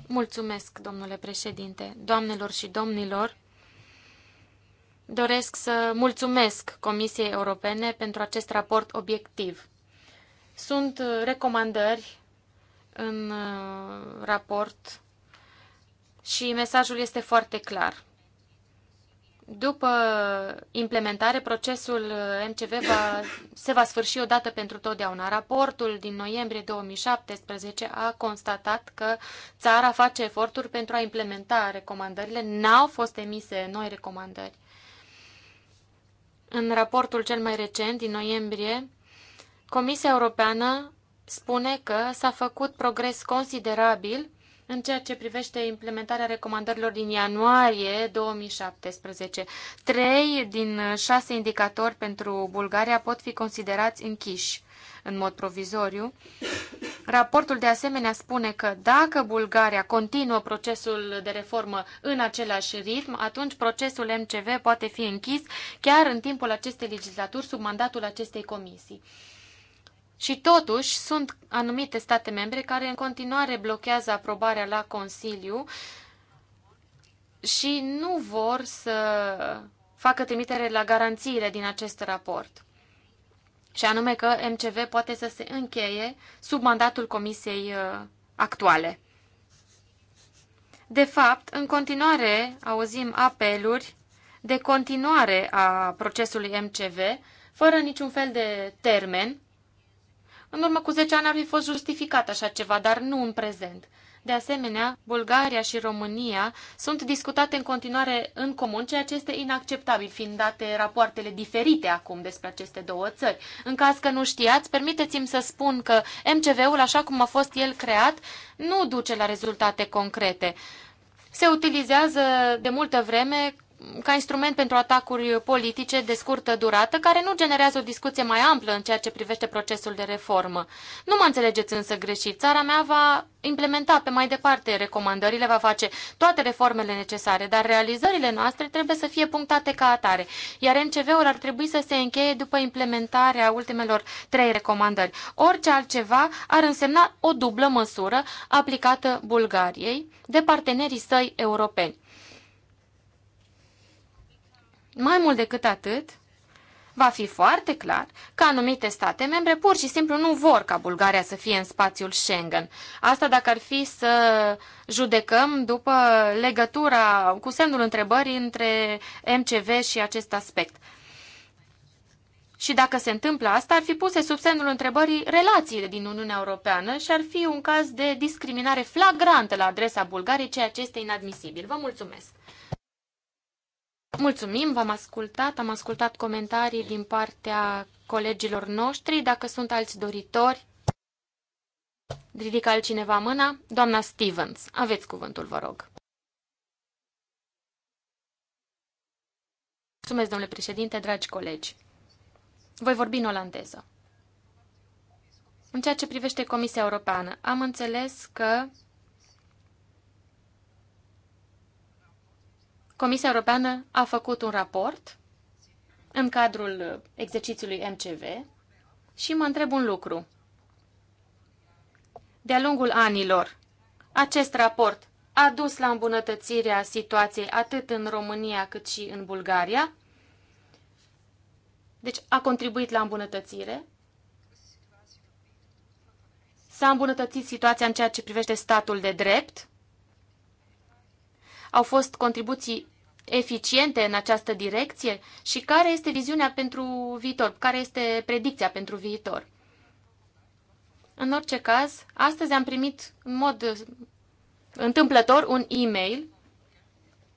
Mulțumesc, domnule președinte, doamnelor și domnilor. Doresc să mulțumesc Comisiei Europene pentru acest raport obiectiv. Sunt uh, recomandări în uh, raport și mesajul este foarte clar. După implementare, procesul eh, MCV va, se va sfârși odată pentru totdeauna. Raportul din noiembrie 2017 a constatat că țara face eforturi pentru a implementa recomandările. N-au fost emise noi recomandări. În raportul cel mai recent, din noiembrie, Comisia Europeană spune că s-a făcut progres considerabil în ceea ce privește implementarea recomandărilor din ianuarie 2017. Trei din șase indicatori pentru Bulgaria pot fi considerați închiși în mod provizoriu. Raportul de asemenea spune că dacă Bulgaria continuă procesul de reformă în același ritm, atunci procesul MCV poate fi închis chiar în timpul acestei legislaturi sub mandatul acestei comisii. Și totuși sunt anumite state membre care în continuare blochează aprobarea la Consiliu și nu vor să facă trimitere la garanțiile din acest raport. Și anume că MCV poate să se încheie sub mandatul comisiei uh, actuale. De fapt, în continuare auzim apeluri de continuare a procesului MCV, fără niciun fel de termen, în urmă cu 10 ani ar fi fost justificat așa ceva, dar nu în prezent. De asemenea, Bulgaria și România sunt discutate în continuare în comun, ceea ce este inacceptabil, fiind date rapoartele diferite acum despre aceste două țări. În caz că nu știați, permiteți-mi să spun că MCV-ul, așa cum a fost el creat, nu duce la rezultate concrete. Se utilizează de multă vreme ca instrument pentru atacuri politice de scurtă durată, care nu generează o discuție mai amplă în ceea ce privește procesul de reformă. Nu mă înțelegeți însă greșit. Țara mea va implementa pe mai departe recomandările, va face toate reformele necesare, dar realizările noastre trebuie să fie punctate ca atare, iar MCV-ul ar trebui să se încheie după implementarea ultimelor trei recomandări. Orice altceva ar însemna o dublă măsură aplicată Bulgariei de partenerii săi europeni. Mai mult decât atât, va fi foarte clar că anumite state membre pur și simplu nu vor ca Bulgaria să fie în spațiul Schengen. Asta dacă ar fi să judecăm după legătura cu semnul întrebării între MCV și acest aspect. Și dacă se întâmplă asta, ar fi puse sub semnul întrebării relațiile din Uniunea Europeană și ar fi un caz de discriminare flagrantă la adresa Bulgariei, ceea ce este inadmisibil. Vă mulțumesc! Mulțumim, v-am ascultat, am ascultat comentarii din partea colegilor noștri. Dacă sunt alți doritori, ridică altcineva mâna. Doamna Stevens, aveți cuvântul, vă rog. Mulțumesc, domnule președinte, dragi colegi. Voi vorbi în olandeză. În ceea ce privește Comisia Europeană, am înțeles că Comisia Europeană a făcut un raport în cadrul exercițiului MCV și mă întreb un lucru. De-a lungul anilor, acest raport a dus la îmbunătățirea situației atât în România cât și în Bulgaria. Deci a contribuit la îmbunătățire. S-a îmbunătățit situația în ceea ce privește statul de drept. Au fost contribuții eficiente în această direcție și care este viziunea pentru viitor, care este predicția pentru viitor. În orice caz, astăzi am primit în mod întâmplător un e-mail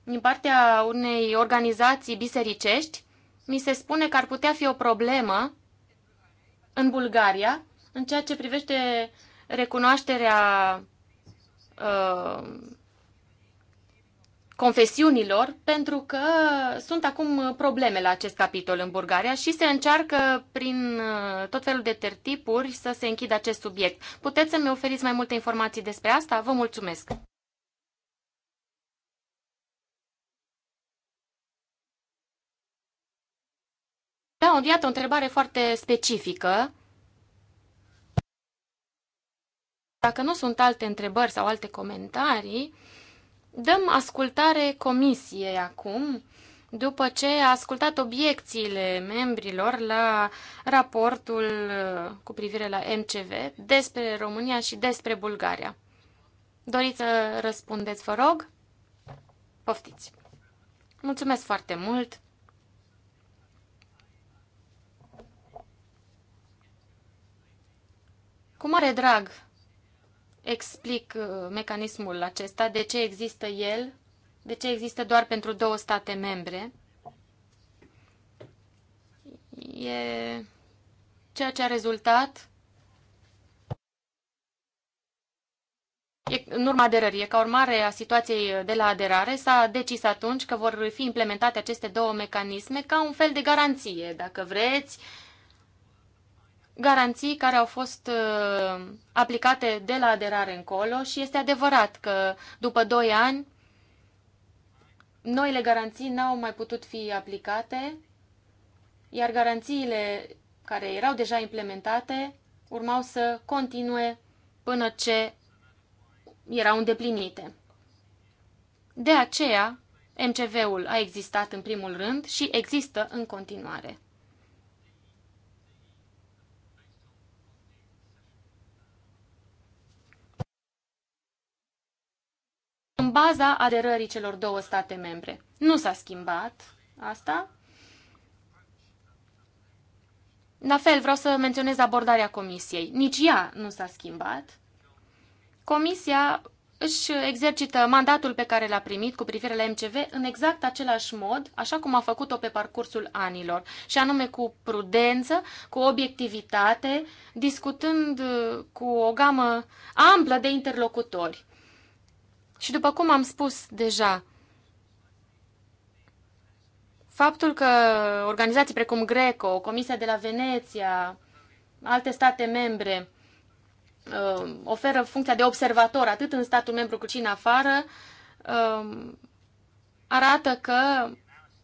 din partea unei organizații bisericești. Mi se spune că ar putea fi o problemă în Bulgaria în ceea ce privește recunoașterea uh, confesiunilor, pentru că sunt acum probleme la acest capitol în Bulgaria și se încearcă prin uh, tot felul de tertipuri să se închidă acest subiect. Puteți să-mi oferiți mai multe informații despre asta? Vă mulțumesc! Da, iată o întrebare foarte specifică. Dacă nu sunt alte întrebări sau alte comentarii, Dăm ascultare comisiei acum, după ce a ascultat obiecțiile membrilor la raportul uh, cu privire la MCV despre România și despre Bulgaria. Doriți să răspundeți, vă rog? Poftiți! Mulțumesc foarte mult! Cu mare drag explic uh, mecanismul acesta, de ce există el, de ce există doar pentru două state membre. E ceea ce a rezultat În urma aderării, ca urmare a situației de la aderare, s-a decis atunci că vor fi implementate aceste două mecanisme ca un fel de garanție, dacă vreți, garanții care au fost uh, aplicate de la aderare încolo și este adevărat că după 2 ani noile garanții n-au mai putut fi aplicate, iar garanțiile care erau deja implementate urmau să continue până ce erau îndeplinite. De aceea, MCV-ul a existat în primul rând și există în continuare. baza aderării celor două state membre. Nu s-a schimbat asta. La fel, vreau să menționez abordarea Comisiei. Nici ea nu s-a schimbat. Comisia își exercită mandatul pe care l-a primit cu privire la MCV în exact același mod, așa cum a făcut-o pe parcursul anilor, și anume cu prudență, cu obiectivitate, discutând uh, cu o gamă amplă de interlocutori. Și după cum am spus deja, faptul că organizații precum Greco, Comisia de la Veneția, alte state membre uh, oferă funcția de observator atât în statul membru cât și în afară, um, arată că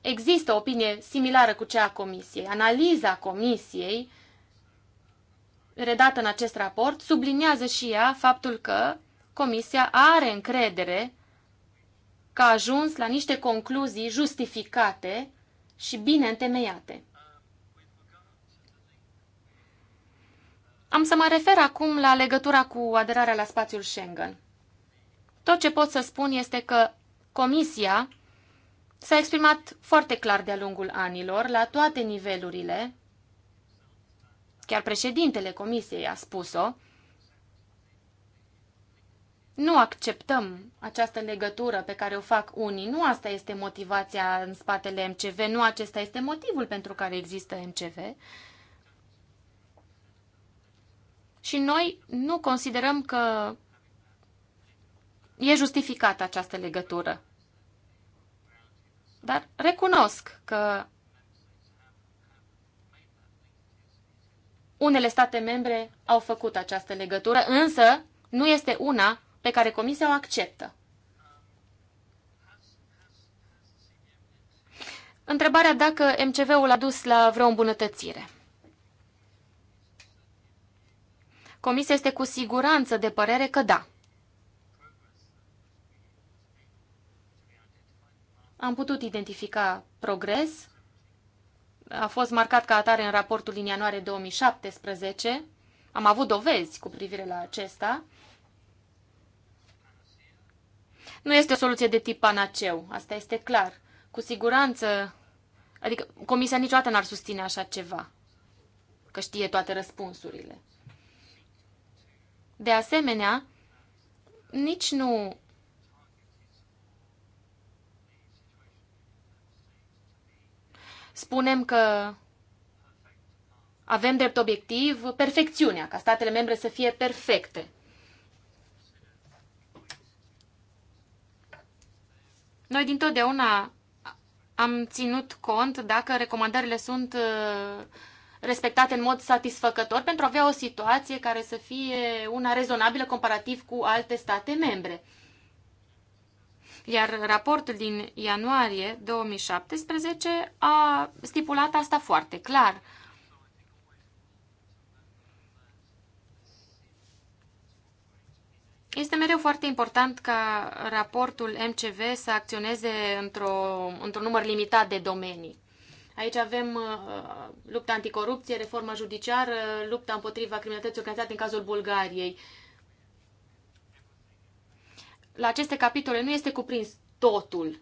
există o opinie similară cu cea a Comisiei. Analiza Comisiei redată în acest raport subliniază și ea faptul că Comisia are încredere că a ajuns la niște concluzii justificate și bine întemeiate. Am să mă refer acum la legătura cu aderarea la spațiul Schengen. Tot ce pot să spun este că Comisia s-a exprimat foarte clar de-a lungul anilor, la toate nivelurile, chiar președintele Comisiei a spus-o, nu acceptăm această legătură pe care o fac unii. Nu asta este motivația în spatele MCV, nu acesta este motivul pentru care există MCV. Și noi nu considerăm că e justificată această legătură. Dar recunosc că unele state membre au făcut această legătură, însă nu este una pe care Comisia o acceptă. Întrebarea dacă MCV-ul a dus la vreo îmbunătățire. Comisia este cu siguranță de părere că da. Am putut identifica progres. A fost marcat ca atare în raportul din ianuarie 2017. Am avut dovezi cu privire la acesta. Nu este o soluție de tip panaceu, asta este clar. Cu siguranță, adică Comisia niciodată n-ar susține așa ceva, că știe toate răspunsurile. De asemenea, nici nu spunem că avem drept obiectiv perfecțiunea, ca statele membre să fie perfecte. Noi dintotdeauna am ținut cont dacă recomandările sunt uh, respectate în mod satisfăcător pentru a avea o situație care să fie una rezonabilă comparativ cu alte state membre. Iar raportul din ianuarie 2017 a stipulat asta foarte clar. Este mereu foarte important ca raportul MCV să acționeze într-un într număr limitat de domenii. Aici avem uh, uh, lupta anticorupție, reforma judiciară, lupta împotriva criminalității organizate în cazul Bulgariei. La aceste capitole nu este cuprins totul.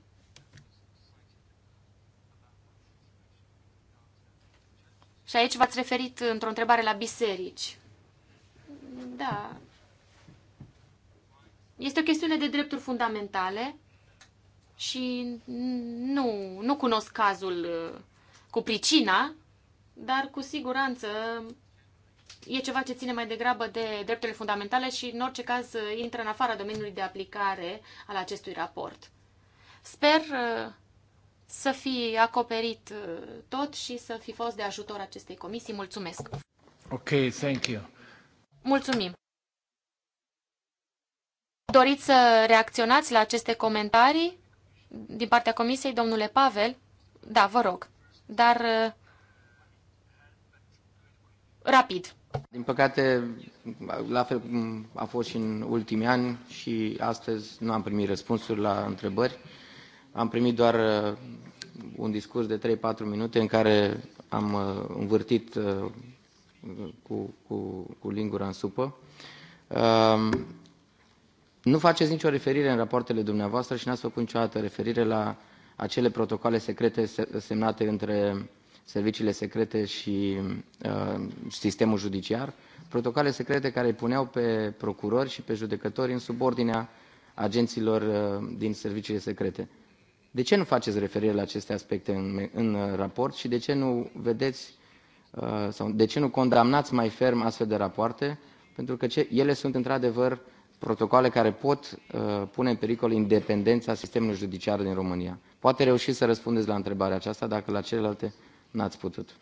Și aici v-ați referit într-o întrebare la biserici. Da, este o chestiune de drepturi fundamentale și nu, nu cunosc cazul uh, cu pricina, dar cu siguranță e ceva ce ține mai degrabă de drepturile fundamentale și, în orice caz, uh, intră în afara domeniului de aplicare al acestui raport. Sper uh, să fi acoperit tot și să fi fost de ajutor acestei comisii. Mulțumesc! Ok, thank you! Mulțumim! Doriți să reacționați la aceste comentarii din partea Comisiei, domnule Pavel? Da, vă rog, dar uh, rapid. Din păcate, la fel cum a fost și în ultimii ani și astăzi nu am primit răspunsuri la întrebări. Am primit doar uh, un discurs de 3-4 minute în care am uh, învârtit cu, cu, cu lingura în supă nu faceți nicio referire în rapoartele dumneavoastră și n-ați făcut niciodată referire la acele protocoale secrete semnate între serviciile secrete și uh, sistemul judiciar, protocoale secrete care îi puneau pe procurori și pe judecători în subordinea agenților uh, din serviciile secrete. De ce nu faceți referire la aceste aspecte în, în uh, raport și de ce nu vedeți uh, sau de ce nu condamnați mai ferm astfel de rapoarte? Pentru că ce, ele sunt într-adevăr protocoale care pot uh, pune în pericol independența sistemului judiciar din România. Poate reușiți să răspundeți la întrebarea aceasta dacă la celelalte n-ați putut.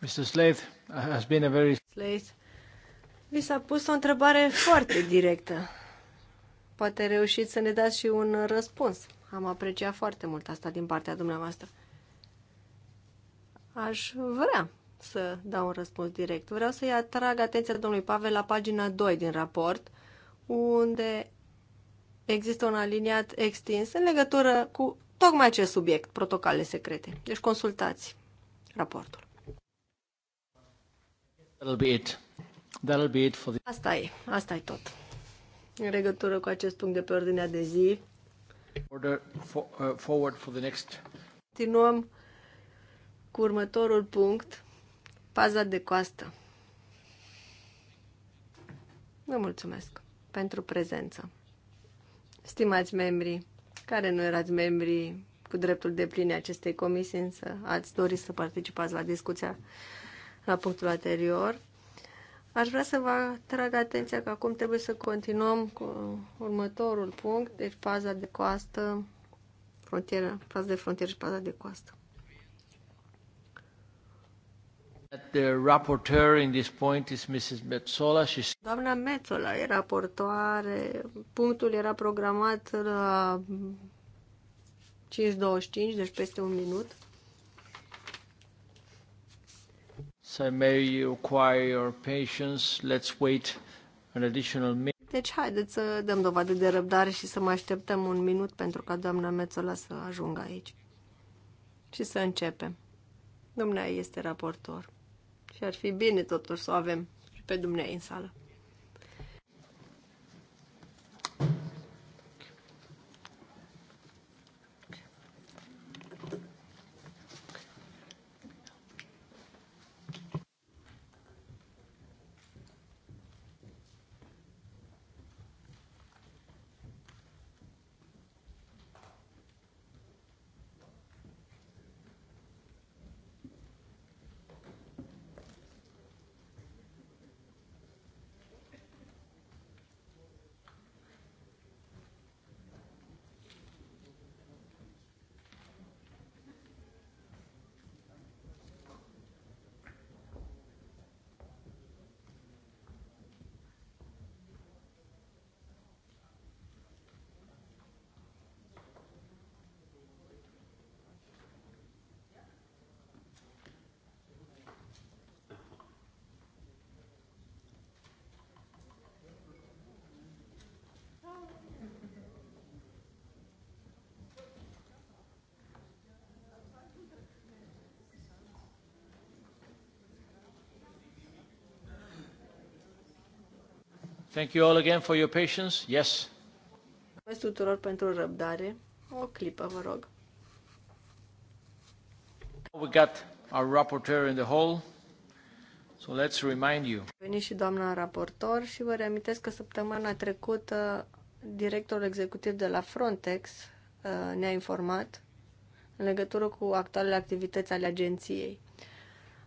Mr. Slade, uh, has been a very... Slade, vi s-a pus o întrebare foarte directă. Poate reușiți să ne dați și un răspuns. Am apreciat foarte mult asta din partea dumneavoastră. Aș vrea să dau un răspuns direct. Vreau să-i atrag atenția domnului Pavel la pagina 2 din raport, unde există un aliniat extins în legătură cu tocmai acest subiect, protocoale secrete. Deci consultați raportul. That'll be it. That'll be it for the... Asta e, asta e tot. În legătură cu acest punct de pe ordinea de zi. Order for, uh, for the next. Continuăm cu următorul punct paza de coastă. Vă mulțumesc pentru prezență. Stimați membrii care nu erați membrii cu dreptul de pline acestei comisii, însă ați dorit să participați la discuția la punctul anterior, aș vrea să vă atrag atenția că acum trebuie să continuăm cu următorul punct, deci faza de coastă, frontieră, faza de frontieră și faza de coastă. The rapporteur in this point is Mrs. Metzola. Doamna Metzola e raportoare. Punctul era programat la 5.25, deci peste un minut. So may you acquire your patience. Let's wait an additional minute. Deci haideți să dăm dovadă de răbdare și să mai așteptăm un minut pentru ca doamna Metzola să ajungă aici. Și să începem. Dumnea este raportor. Și ar fi bine totuși să o avem și pe dumneai în sală. Thank you all again for your patience. Yes. Mulțumesc tuturor pentru răbdare. O clipă, vă rog. We got our rapporteur in the hall. So let's remind you. Veni și doamna raportor și vă reamintesc că săptămâna trecută directorul executiv de la Frontex uh, ne-a informat în legătură cu actualele activități ale agenției.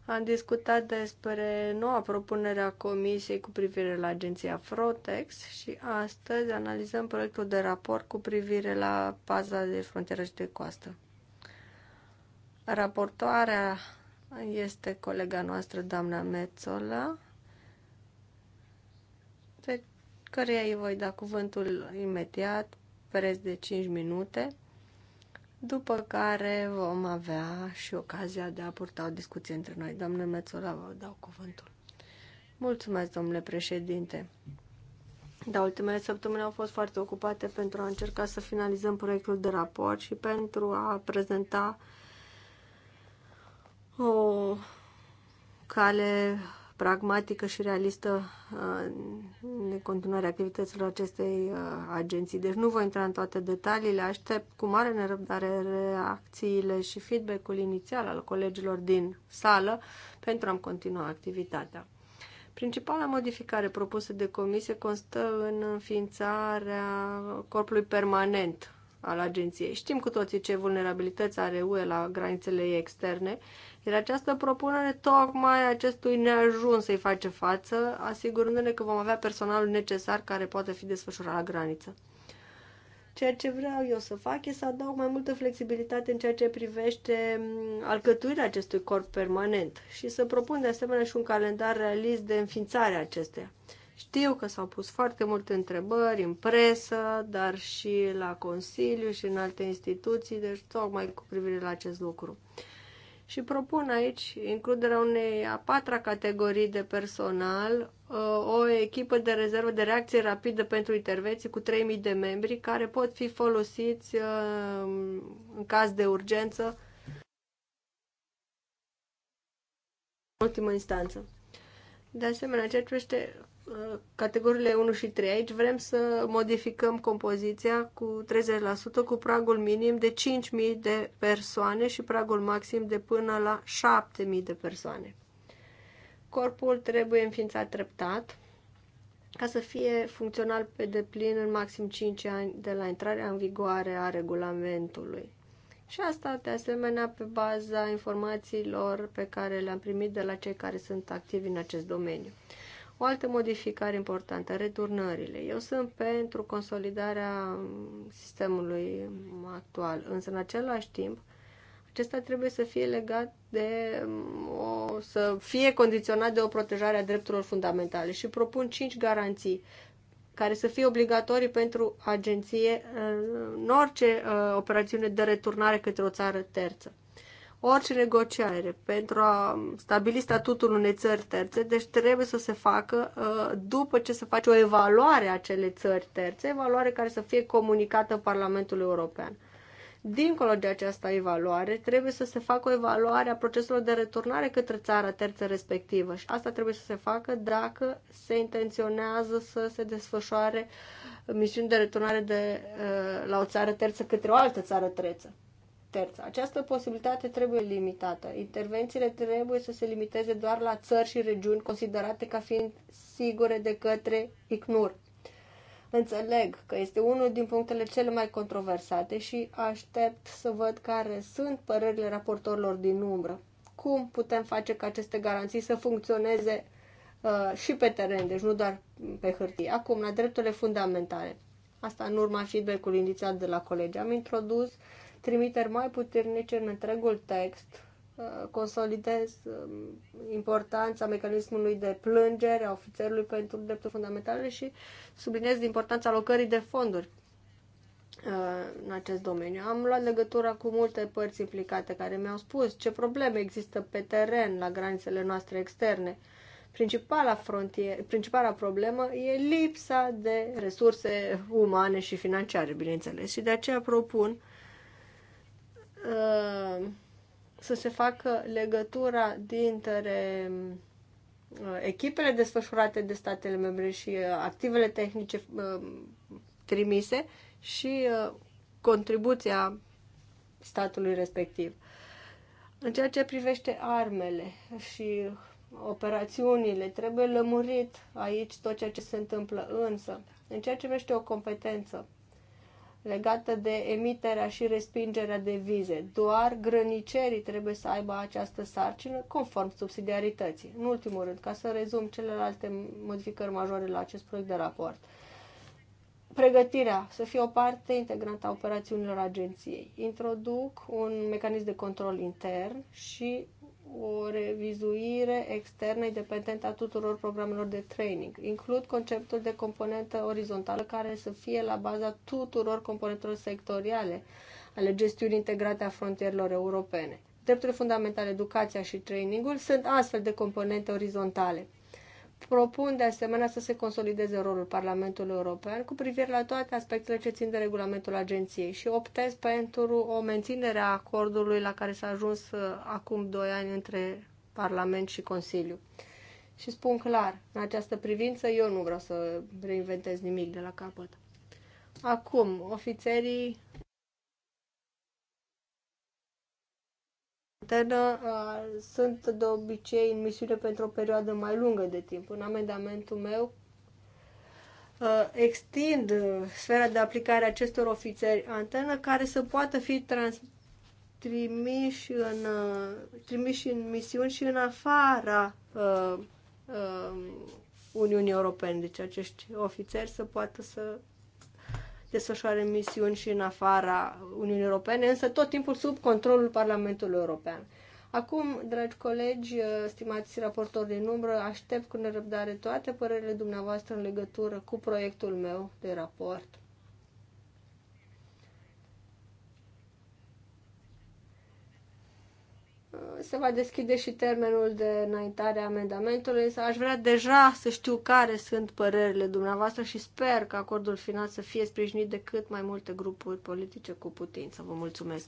Am discutat despre noua propunere a Comisiei cu privire la agenția Frontex și astăzi analizăm proiectul de raport cu privire la paza de frontieră și de coastă. Raportoarea este colega noastră, doamna Metzola, pe căreia îi voi da cuvântul imediat, preț de 5 minute după care vom avea și ocazia de a purta o discuție între noi. Doamne Mețola, vă dau cuvântul. Mulțumesc, domnule președinte. Da, ultimele săptămâni au fost foarte ocupate pentru a încerca să finalizăm proiectul de raport și pentru a prezenta o cale pragmatică și realistă uh, în continuare activităților acestei uh, agenții. Deci nu voi intra în toate detaliile, aștept cu mare nerăbdare reacțiile și feedback-ul inițial al colegilor din sală pentru a-mi continua activitatea. Principala modificare propusă de comisie constă în înființarea corpului permanent al agenției. Știm cu toții ce vulnerabilități are UE la granițele externe iar această propunere tocmai acestui neajuns să-i face față, asigurându-ne că vom avea personalul necesar care poate fi desfășurat la graniță. Ceea ce vreau eu să fac e să adaug mai multă flexibilitate în ceea ce privește alcătuirea acestui corp permanent și să propun de asemenea și un calendar realist de înființare acesteia. Știu că s-au pus foarte multe întrebări în presă, dar și la Consiliu și în alte instituții, deci tocmai cu privire la acest lucru și propun aici includerea unei a patra categorii de personal, uh, o echipă de rezervă de reacție rapidă pentru intervenții cu 3000 de membri care pot fi folosiți uh, în caz de urgență în ultimă instanță. De asemenea, ceea ce Uh, categoriile 1 și 3, aici vrem să modificăm compoziția cu 30% cu pragul minim de 5.000 de persoane și pragul maxim de până la 7.000 de persoane. Corpul trebuie înființat treptat ca să fie funcțional pe deplin în maxim 5 ani de la intrarea în vigoare a regulamentului. Și asta, de asemenea, pe baza informațiilor pe care le-am primit de la cei care sunt activi în acest domeniu. O altă modificare importantă, returnările. Eu sunt pentru consolidarea sistemului actual, însă în același timp acesta trebuie să fie legat de o, să fie condiționat de o protejare a drepturilor fundamentale și propun cinci garanții care să fie obligatorii pentru agenție în orice uh, operațiune de returnare către o țară terță orice negociere pentru a stabili statutul unei țări terțe, deci trebuie să se facă uh, după ce se face o evaluare a acelei țări terțe, evaluare care să fie comunicată Parlamentului European. Dincolo de această evaluare, trebuie să se facă o evaluare a proceselor de returnare către țara terță respectivă și asta trebuie să se facă dacă se intenționează să se desfășoare misiuni de returnare de, uh, la o țară terță către o altă țară terță terță. Această posibilitate trebuie limitată. Intervențiile trebuie să se limiteze doar la țări și regiuni considerate ca fiind sigure de către ICNUR. Înțeleg că este unul din punctele cele mai controversate și aștept să văd care sunt părerile raportorilor din umbră. Cum putem face ca aceste garanții să funcționeze uh, și pe teren, deci nu doar pe hârtie. Acum, la drepturile fundamentale. Asta în urma feedback-ului inițiat de la colegi. Am introdus trimiteri mai puternice în întregul text, uh, consolidez um, importanța mecanismului de plângere a ofițerului pentru drepturi fundamentale și subliniez importanța alocării de fonduri uh, în acest domeniu. Am luat legătura cu multe părți implicate care mi-au spus ce probleme există pe teren la granițele noastre externe. Principala, frontier, principala problemă e lipsa de resurse umane și financiare, bineînțeles, și de aceea propun uh, Uh, să se facă legătura dintre uh, echipele desfășurate de statele membre și uh, activele tehnice trimise și contribuția statului respectiv. În ceea ce privește armele și operațiunile, trebuie lămurit aici tot ceea ce se întâmplă, însă, în ceea ce privește o competență legată de emiterea și respingerea de vize. Doar grănicerii trebuie să aibă această sarcină conform subsidiarității. În ultimul rând, ca să rezum celelalte modificări majore la acest proiect de raport pregătirea să fie o parte integrantă a operațiunilor agenției. Introduc un mecanism de control intern și o revizuire externă independentă a tuturor programelor de training. Includ conceptul de componentă orizontală care să fie la baza tuturor componentelor sectoriale ale gestiunii integrate a frontierelor europene. Drepturile fundamentale, educația și trainingul sunt astfel de componente orizontale propun de asemenea să se consolideze rolul Parlamentului European cu privire la toate aspectele ce țin de regulamentul agenției și optez pentru o menținere a acordului la care s-a ajuns uh, acum doi ani între Parlament și Consiliu. Și spun clar, în această privință eu nu vreau să reinventez nimic de la capăt. Acum, ofițerii internă uh, sunt de obicei în misiune pentru o perioadă mai lungă de timp. În amendamentul meu uh, extind sfera de aplicare a acestor ofițeri antenă care să poată fi trans- trimiși, în, uh, trimiși în misiuni și în afara uh, uh, Uniunii Europene. Deci acești ofițeri să poată să desfășoare misiuni și în afara Uniunii Europene, însă tot timpul sub controlul Parlamentului European. Acum, dragi colegi, uh, stimați raportori din umbră, aștept cu nerăbdare toate părerile dumneavoastră în legătură cu proiectul meu de raport. se va deschide și termenul de înaintare a amendamentului, aș vrea deja să știu care sunt părerile dumneavoastră și sper că acordul final să fie sprijinit de cât mai multe grupuri politice cu putință. Vă mulțumesc!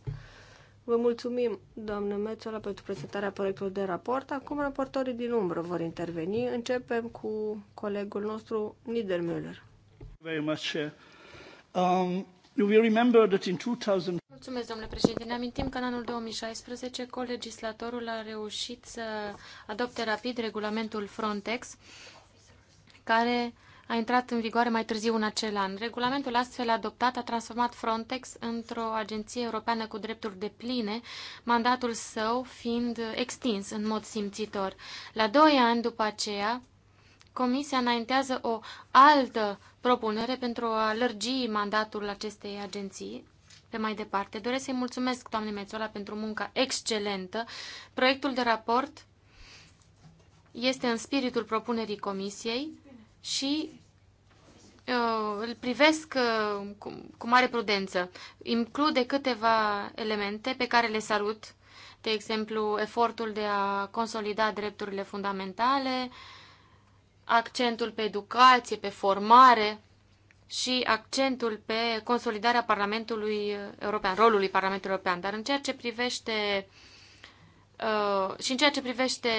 Vă mulțumim, doamnă Mețola, pentru prezentarea proiectului de raport. Acum raportorii din umbră vor interveni. Începem cu colegul nostru, Niedermüller. Very much. Um, We remember that in 2000... Mulțumesc, domnule președinte. Ne amintim că în anul 2016 colegislatorul a reușit să adopte rapid regulamentul Frontex, care a intrat în vigoare mai târziu în acel an. Regulamentul astfel adoptat a transformat Frontex într-o agenție europeană cu drepturi de pline, mandatul său fiind extins în mod simțitor. La doi ani după aceea, Comisia înaintează o altă propunere pentru a lărgi mandatul acestei agenții pe mai departe. Doresc să-i mulțumesc, doamne Mețola, pentru munca excelentă. Proiectul de raport este în spiritul propunerii Comisiei și uh, îl privesc uh, cu mare prudență. Include câteva elemente pe care le salut, de exemplu, efortul de a consolida drepturile fundamentale, uh, accentul pe educație, pe formare și accentul pe consolidarea Parlamentului European, rolului Parlamentului European. Dar în ceea ce privește uh, și în ceea ce privește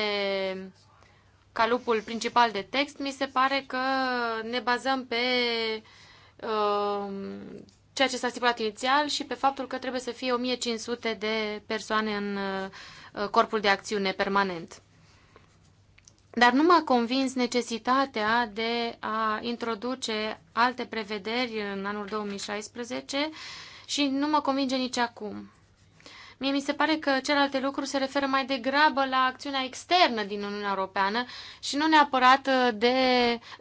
calupul principal de text, mi se pare că ne bazăm pe uh, ceea ce s-a stipulat inițial și pe faptul că trebuie să fie 1500 de persoane în uh, corpul de acțiune permanent. Dar nu m-a convins necesitatea de a introduce alte prevederi în anul 2016 și nu mă convinge nici acum. Mie mi se pare că celelalte lucruri se referă mai degrabă la acțiunea externă din Uniunea Europeană și nu neapărat de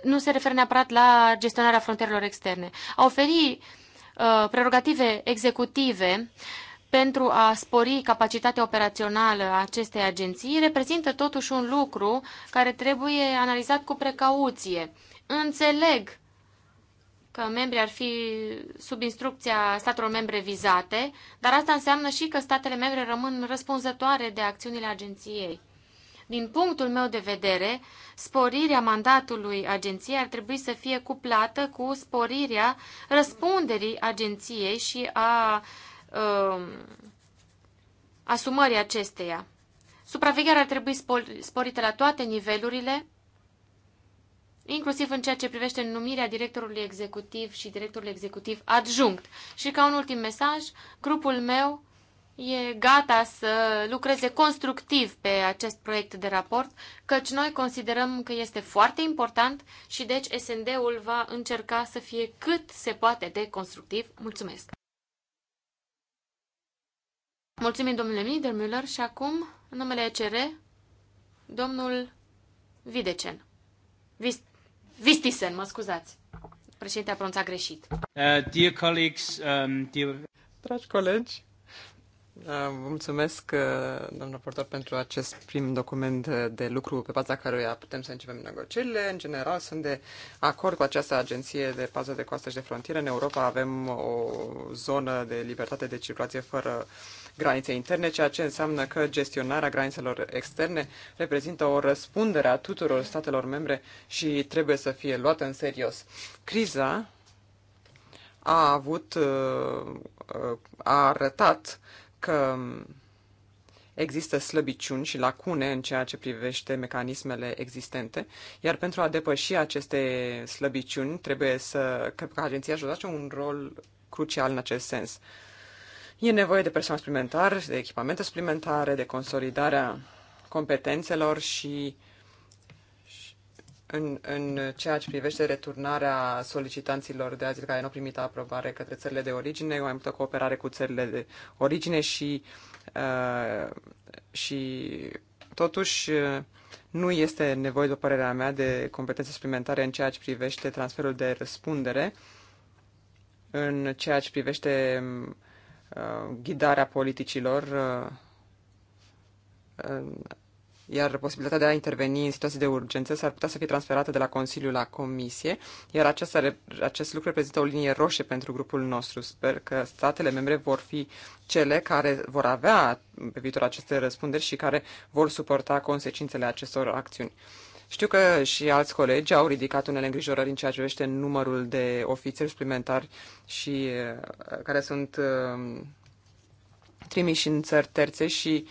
nu se referă neapărat la gestionarea frontierelor externe. A oferi uh, prerogative executive uh, pentru a spori capacitatea operațională a acestei agenții reprezintă totuși un lucru care trebuie analizat cu precauție. Înțeleg că membrii ar fi sub instrucția statelor membre vizate, dar asta înseamnă și că statele membre rămân răspunzătoare de acțiunile agenției. Din punctul meu de vedere, sporirea mandatului agenției ar trebui să fie cuplată cu sporirea răspunderii agenției și a uh, asumării acesteia. Supravegherea ar trebui sporită la toate nivelurile, inclusiv în ceea ce privește numirea directorului executiv și directorului executiv adjunct. Și ca un ultim mesaj, grupul meu e gata să lucreze constructiv pe acest proiect de raport, căci noi considerăm că este foarte important și deci SND-ul va încerca să fie cât se poate de constructiv. Mulțumesc! Mulțumim, domnule Niedermüller, și acum, în numele ECR, domnul Videcen. Vist Vistisen, mă scuzați. Președinte a pronunțat greșit. Uh, dear colleagues, um, dear... Dragi colegi, uh, Vă mulțumesc, uh, domnul raportor, pentru acest prim document de lucru pe baza căruia putem să începem negocierile. În general, sunt de acord cu această agenție de pază de coastă și de frontieră. În Europa avem o zonă de libertate de circulație fără uh, granițe interne, ceea ce înseamnă că gestionarea granițelor externe reprezintă o răspundere a tuturor statelor membre și trebuie să fie luată în serios. Criza a avut, uh, uh, a arătat că există slăbiciuni și lacune în ceea ce privește mecanismele existente, iar pentru a depăși aceste slăbiciuni trebuie să, că agenția joace un rol crucial în acest sens. E nevoie de persoane suplimentare, de echipamente suplimentare, de consolidarea competențelor și în, în ceea ce privește returnarea solicitanților de azil care nu au primit aprobare către țările de origine, mai multă cooperare cu țările de origine și, uh, și totuși uh, nu este nevoie, după părerea mea, de competențe suplimentare în ceea ce privește transferul de răspundere, în ceea ce privește uh, Uh, ghidarea politicilor, uh, iar posibilitatea de a interveni în situații de urgență s-ar putea să fie transferată de la Consiliu la Comisie, iar acest, acest lucru reprezintă o linie roșie pentru grupul nostru. Sper că statele membre vor fi cele care vor avea pe viitor aceste răspunderi și care vor suporta consecințele acestor acțiuni. Știu că și alți colegi au ridicat unele îngrijorări în ceea ce privește numărul de ofițeri suplimentari și uh, care sunt uh, trimiși în țări terțe și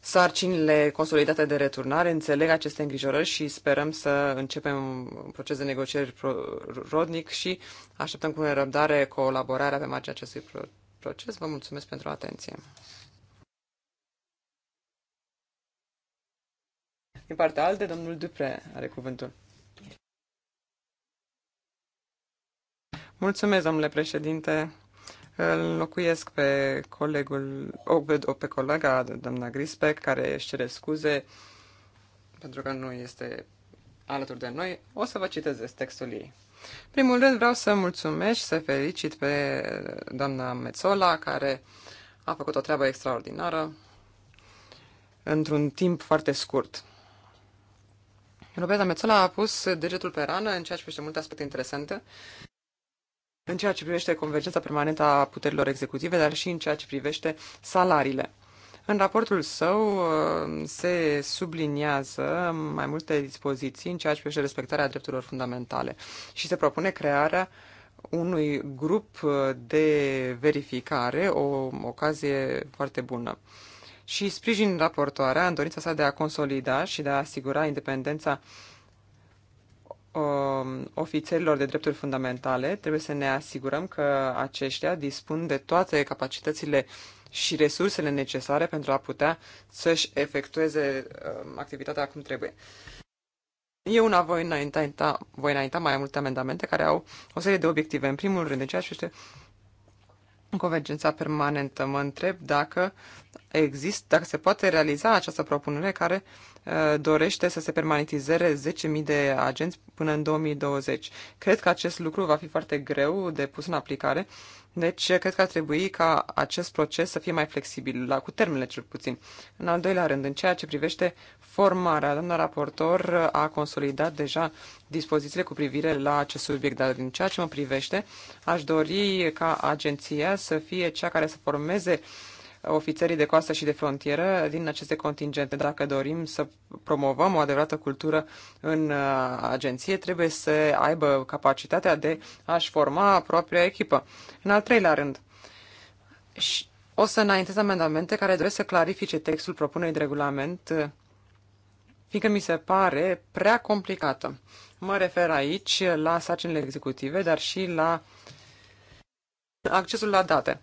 sarcinile consolidate de returnare. Înțeleg aceste îngrijorări și sperăm să începem un proces de negocieri rodnic și așteptăm cu nerăbdare colaborarea pe marginea acestui proces. Vă mulțumesc pentru atenție. Din partea alte, domnul Dupre are cuvântul. Mulțumesc, domnule președinte. Îl locuiesc pe colegul, o, o, pe colega, doamna Grispec, care își cere scuze pentru că nu este alături de noi. O să vă citez textul ei. Primul rând vreau să mulțumesc și să felicit pe doamna Mețola, care a făcut o treabă extraordinară într-un timp foarte scurt. Roberta Mețola a pus degetul pe rană în ceea ce privește multe aspecte interesante, în ceea ce privește convergența permanentă a puterilor executive, dar și în ceea ce privește salariile. În raportul său uh, se subliniază mai multe dispoziții în ceea ce privește respectarea drepturilor fundamentale și se propune crearea unui grup de verificare, o ocazie foarte bună și sprijin raportoarea în dorința sa de a consolida și de a asigura independența um, ofițerilor de drepturi fundamentale, trebuie să ne asigurăm că aceștia dispun de toate capacitățile și resursele necesare pentru a putea să-și efectueze um, activitatea cum trebuie. Eu una voi înainta, voi înainta mai multe amendamente care au o serie de obiective. În primul rând, în ceea ce este convergența permanentă. Mă întreb dacă există, dacă se poate realiza această propunere care uh, dorește să se permanentizeze 10.000 de agenți până în 2020. Cred că acest lucru va fi foarte greu de pus în aplicare, deci cred că ar trebui ca acest proces să fie mai flexibil, la, cu termenele cel puțin. În al doilea rând, în ceea ce privește formarea. Doamna raportor a consolidat deja dispozițiile cu privire la acest subiect, dar din ceea ce mă privește, aș dori ca agenția să fie cea care să formeze ofițerii de coastă și de frontieră din aceste contingente. Dacă dorim să promovăm o adevărată cultură în uh, agenție, trebuie să aibă capacitatea de a-și forma propria echipă. În al treilea rând, o să înaintez amendamente care doresc să clarifice textul propunerii de regulament uh, fiindcă mi se pare prea complicată. Mă refer aici la sarcinile executive, dar și la accesul la date.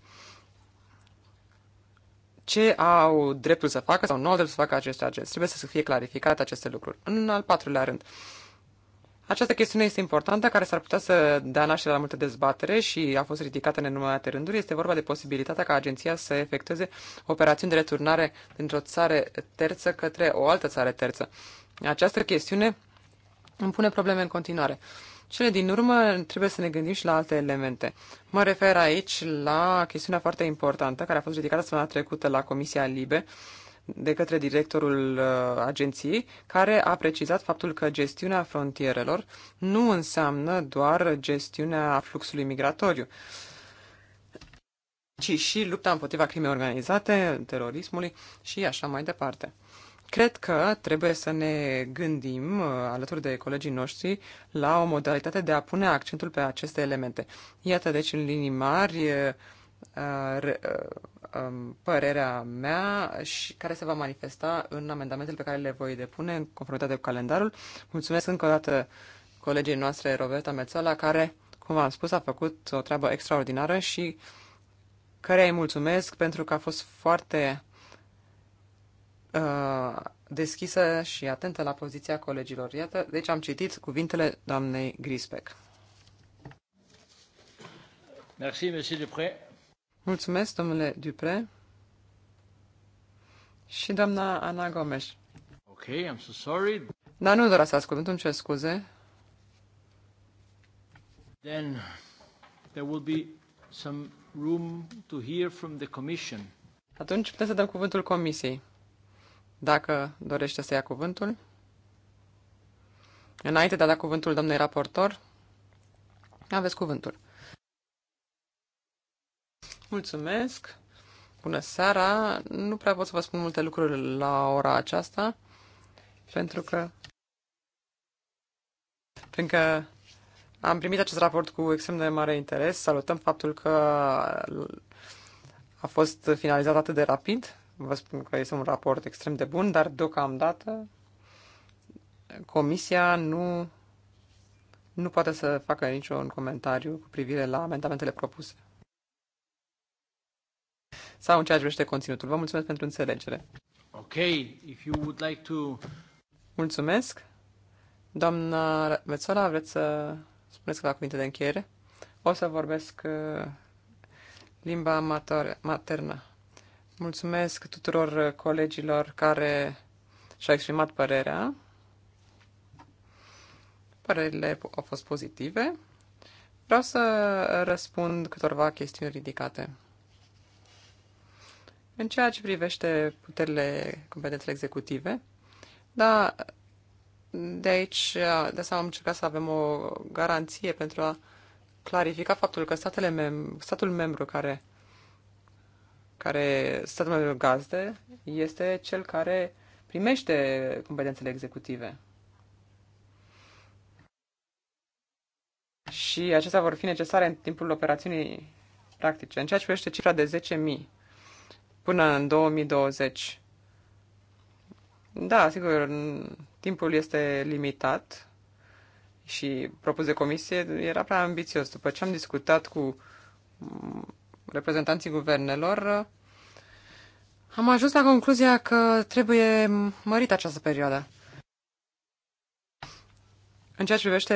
Ce au dreptul să facă sau nu au dreptul să facă acest agenți? Trebuie să fie clarificate aceste lucruri. În al patrulea rând, uh, această chestiune este importantă, care s-ar putea să dea naștere la multe dezbatere și a fost ridicată în nenumărate rânduri. Este vorba de posibilitatea ca agenția să efectueze operațiuni de returnare dintr-o țară terță către o altă țară terță. Această chestiune îmi pune probleme în continuare. Cele din urmă trebuie să ne gândim și la alte elemente. Mă refer aici la chestiunea foarte importantă care a fost ridicată săptămâna trecută la Comisia Libe, de către directorul uh, agenției, care a precizat faptul că gestiunea frontierelor nu înseamnă doar gestiunea fluxului migratoriu, ci și lupta împotriva crimei organizate, terorismului și așa mai departe. Cred că trebuie să ne gândim, uh, alături de colegii noștri, la o modalitate de a pune accentul pe aceste elemente. Iată, deci, în linii mari, uh, Um, părerea mea și care se va manifesta în amendamentele pe care le voi depune în conformitate cu calendarul. Mulțumesc încă o dată colegii noastre Roberta Mețola, care, cum v-am spus, a făcut o treabă extraordinară și care îi mulțumesc pentru că a fost foarte uh, deschisă și atentă la poziția colegilor. Iată, deci am citit cuvintele doamnei Grispec. Merci, monsieur Dupré. Mulțumesc, domnule Dupre. Și doamna Ana Gomes. Ok, I'm so sorry. Dar nu doar să ascult, îmi cer scuze. Then there will be some room to hear from the commission. Atunci puteți să dăm cuvântul comisiei. Dacă dorește să ia cuvântul. Înainte de a da cuvântul domnului raportor, aveți cuvântul. Mulțumesc! Bună seara! Nu prea pot să vă spun multe lucruri la ora aceasta, pentru că... Pentru că am primit acest raport cu extrem de mare interes. Salutăm faptul că a fost finalizat atât de rapid. Vă spun că este un raport extrem de bun, dar deocamdată Comisia nu, nu poate să facă niciun comentariu cu privire la amendamentele propuse sau în ceea ce privește conținutul. Vă mulțumesc pentru înțelegere. Ok, if you would like to... Mulțumesc. Doamna Vețola, vreți să spuneți câteva cuvinte de încheiere? O să vorbesc uh, limba mater- maternă. Mulțumesc tuturor uh, colegilor care și-au exprimat părerea. Părerile au fost pozitive. Vreau să răspund câtorva chestiuni ridicate. În ceea ce privește puterile, competențele executive, da, de aici, de asta am încercat să avem o garanție pentru a clarifica faptul că statele mem- statul membru care, care statul membru gazde este cel care primește competențele executive. Și acestea vor fi necesare în timpul operațiunii practice. În ceea ce privește cifra de 10.000, până în 2020. Da, sigur, timpul este limitat și propus de comisie era prea ambițios. După ce am discutat cu reprezentanții guvernelor, am ajuns la concluzia că trebuie mărită această perioadă. În ceea ce privește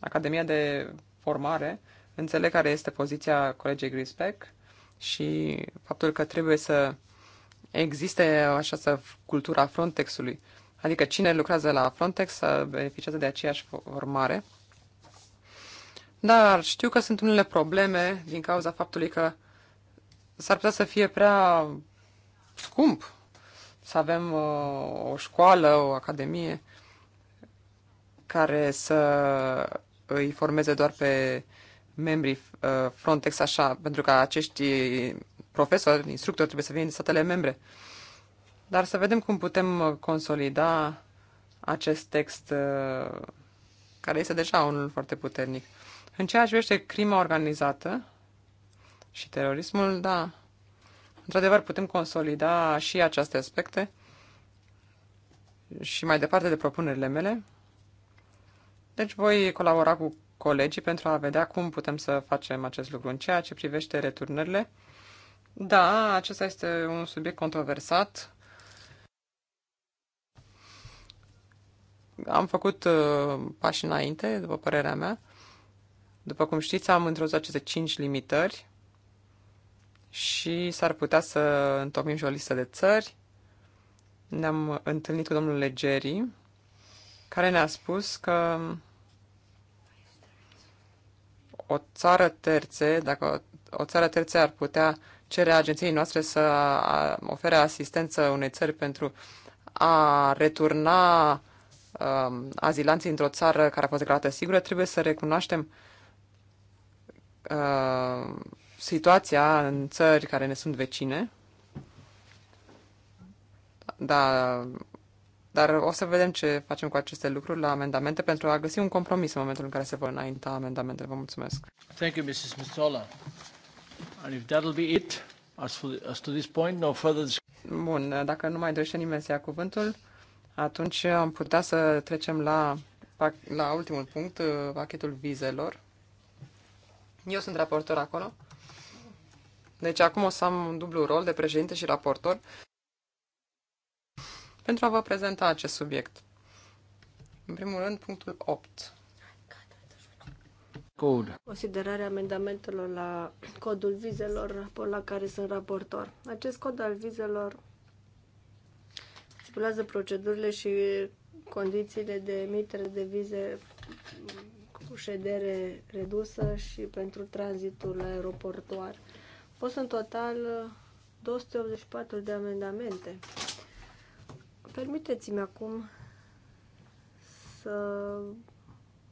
Academia de Formare, înțeleg care este poziția colegii Grispec și faptul că trebuie să existe așa să cultura Frontexului. Adică cine lucrează la Frontex să beneficiază de aceeași formare. Dar știu că sunt unele probleme din cauza faptului că s-ar putea să fie prea scump să avem uh, o școală, o academie care să îi formeze doar pe membrii uh, Frontex așa, pentru că acești profesori, instructori trebuie să vină din statele membre. Dar să vedem cum putem uh, consolida acest text uh, care este deja unul foarte puternic. În ceea ce privește crima organizată și terorismul, da, într-adevăr putem consolida și aceste aspecte și mai departe de propunerile mele. Deci voi colabora cu colegii pentru a vedea cum putem să facem acest lucru. În ceea ce privește returnările, da, acesta este un subiect controversat. Am făcut uh, pași înainte, după părerea mea. După cum știți, am introdus aceste 5 limitări și s-ar putea să întocmim și o listă de țări. Ne-am întâlnit cu domnul Legeri, care ne-a spus că o țară terțe, dacă o, o țară terțe ar putea cere agenției noastre să ofere asistență unei țări pentru a returna um, azilanții într-o țară care a fost declarată sigură, trebuie să recunoaștem uh, situația în țări care ne sunt vecine. Da, dar o să vedem ce facem cu aceste lucruri la amendamente pentru a găsi un compromis în momentul în care se vor înainta amendamentele. Vă mulțumesc. Thank you, Mrs. Mitzola. And if that'll be it, as, for, as to this point, no further Bun, dacă nu mai dorește nimeni să ia cuvântul, atunci am putea să trecem la, la ultimul punct, uh, pachetul vizelor. Eu sunt raportor acolo. Deci acum o să am un dublu rol de președinte și raportor pentru a vă prezenta acest subiect. În primul rând, punctul 8. Code. Considerarea amendamentelor la codul vizelor la care sunt raportor. Acest cod al vizelor stipulează procedurile și condițiile de emitere de vize cu ședere redusă și pentru tranzitul aeroportuar. Au fost în total 284 de amendamente Permiteți-mi acum să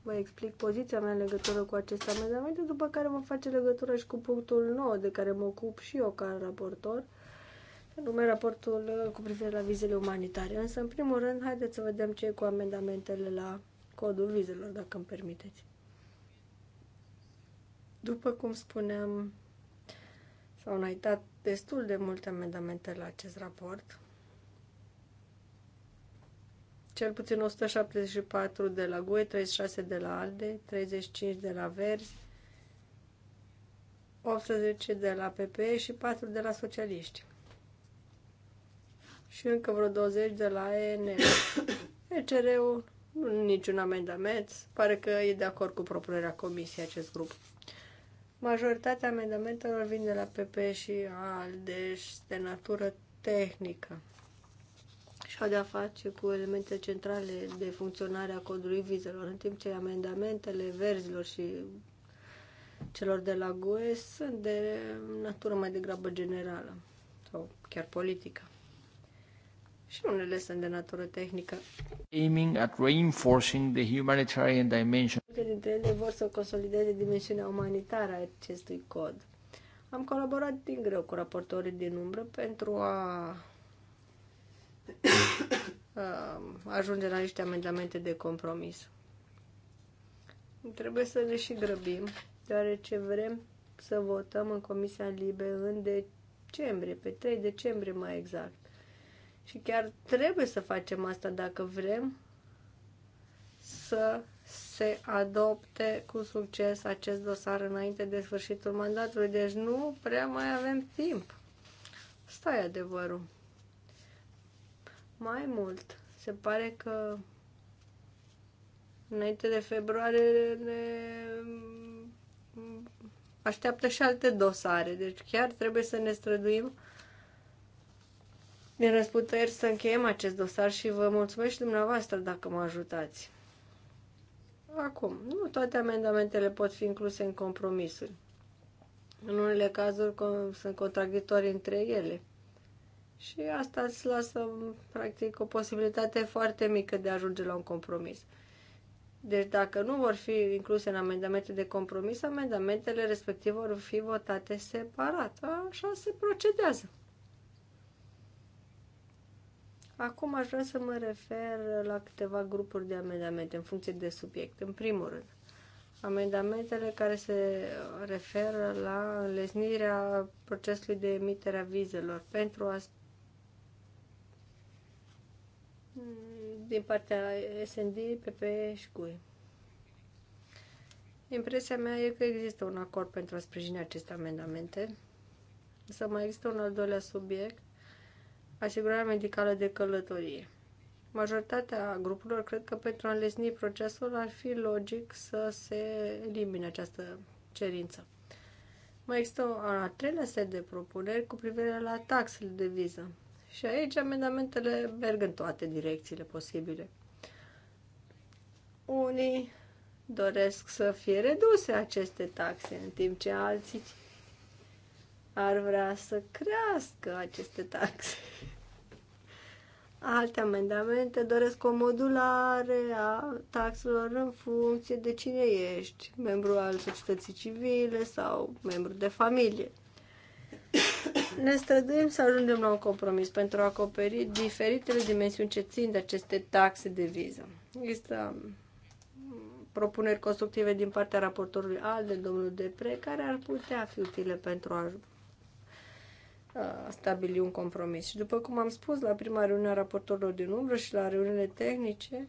vă explic poziția mea în legătură cu aceste amendamente, după care vom face legătură și cu punctul nou de care mă ocup și eu ca raportor, anume raportul uh, cu privire la vizele umanitare. Însă, în primul rând, haideți să vedem ce e cu amendamentele la codul vizelor, dacă îmi permiteți. După cum spuneam, s-au înaintat destul de multe amendamente la acest raport cel puțin 174 de la GUE, 36 de la ALDE, 35 de la Verzi, 18 de la PP și 4 de la Socialiști. Și încă vreo 20 de la ENL. ECR-ul, niciun amendament, pare că e de acord cu propunerea comisiei acest grup. Majoritatea amendamentelor vin de la PP și ALDE și de natură tehnică și a de-a face cu elementele centrale de funcționare a codului vizelor, în timp ce amendamentele verzilor și celor de la GUE sunt de natură mai degrabă generală sau chiar politică. Și unele sunt de natură tehnică. Aiming at reinforcing the humanitarian dimension. Multe dintre ele vor să consolideze dimensiunea umanitară a acestui cod. Am colaborat din greu cu raportorii din umbră pentru a *coughs* ajunge la niște amendamente de compromis. Trebuie să ne și grăbim, deoarece vrem să votăm în Comisia Libe în decembrie, pe 3 decembrie mai exact. Și chiar trebuie să facem asta dacă vrem să se adopte cu succes acest dosar înainte de sfârșitul mandatului. Deci nu prea mai avem timp. Stai adevărul. Mai mult, se pare că înainte de februarie ne așteaptă și alte dosare, deci chiar trebuie să ne străduim din răsputeri să încheiem acest dosar și vă mulțumesc și dumneavoastră dacă mă ajutați. Acum, nu toate amendamentele pot fi incluse în compromisuri. În unele cazuri sunt contradictorii între ele. Și asta îți lasă, practic, o posibilitate foarte mică de a ajunge la un compromis. Deci dacă nu vor fi incluse în amendamente de compromis, amendamentele respective vor fi votate separat. Așa se procedează. Acum aș vrea să mă refer la câteva grupuri de amendamente în funcție de subiect. În primul rând, amendamentele care se referă la înlesnirea procesului de emitere a vizelor pentru a din partea SND, PP și GUE. Impresia mea e că există un acord pentru a sprijini aceste amendamente. Să mai există un al doilea subiect, asigurarea medicală de călătorie. Majoritatea grupurilor cred că pentru a înlesni procesul ar fi logic să se elimine această cerință. Mai există o a treilea set de propuneri cu privire la taxele de viză. Și aici amendamentele merg în toate direcțiile posibile. Unii doresc să fie reduse aceste taxe, în timp ce alții ar vrea să crească aceste taxe. Alte amendamente doresc o modulare a taxelor în funcție de cine ești, membru al societății civile sau membru de familie ne străduim să ajungem la un compromis pentru a acoperi diferitele dimensiuni ce țin de aceste taxe de viză. Există um, propuneri constructive din partea raportorului al de domnul Depre, care ar putea fi utile pentru a stabili un compromis. Și după cum am spus la prima reuniune a raportorilor din umbră și la reuniunile tehnice,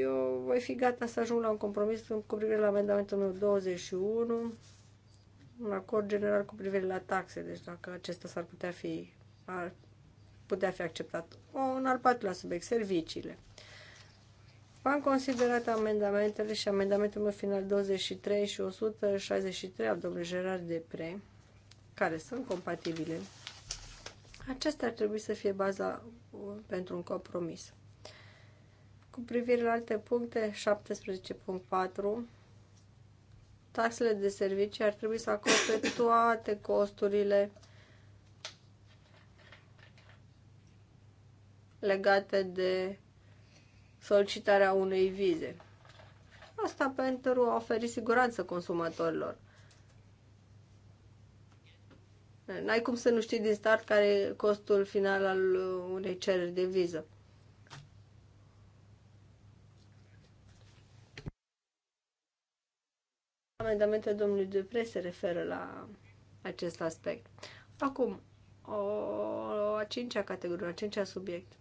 eu voi fi gata să ajung la un compromis cu privire la amendamentul meu 21, un acord general cu privire la taxe, deci dacă acesta s-ar putea fi, ar putea fi acceptat. O, un al patrulea subiect, serviciile. Am considerat amendamentele și amendamentul meu final 23 și 163 al domnului Gerard Depre, care sunt compatibile. Acestea ar trebui să fie baza uh, pentru un compromis. Cu privire la alte puncte, 17.4, Taxele de servicii ar trebui să acopere toate costurile legate de solicitarea unei vize. Asta pentru a oferi siguranță consumatorilor. N-ai cum să nu știi din start care e costul final al unei cereri de viză. Amendamentele domnului Dupre se referă la acest aspect. Acum, o, a cincea categorie, a cincea subiect.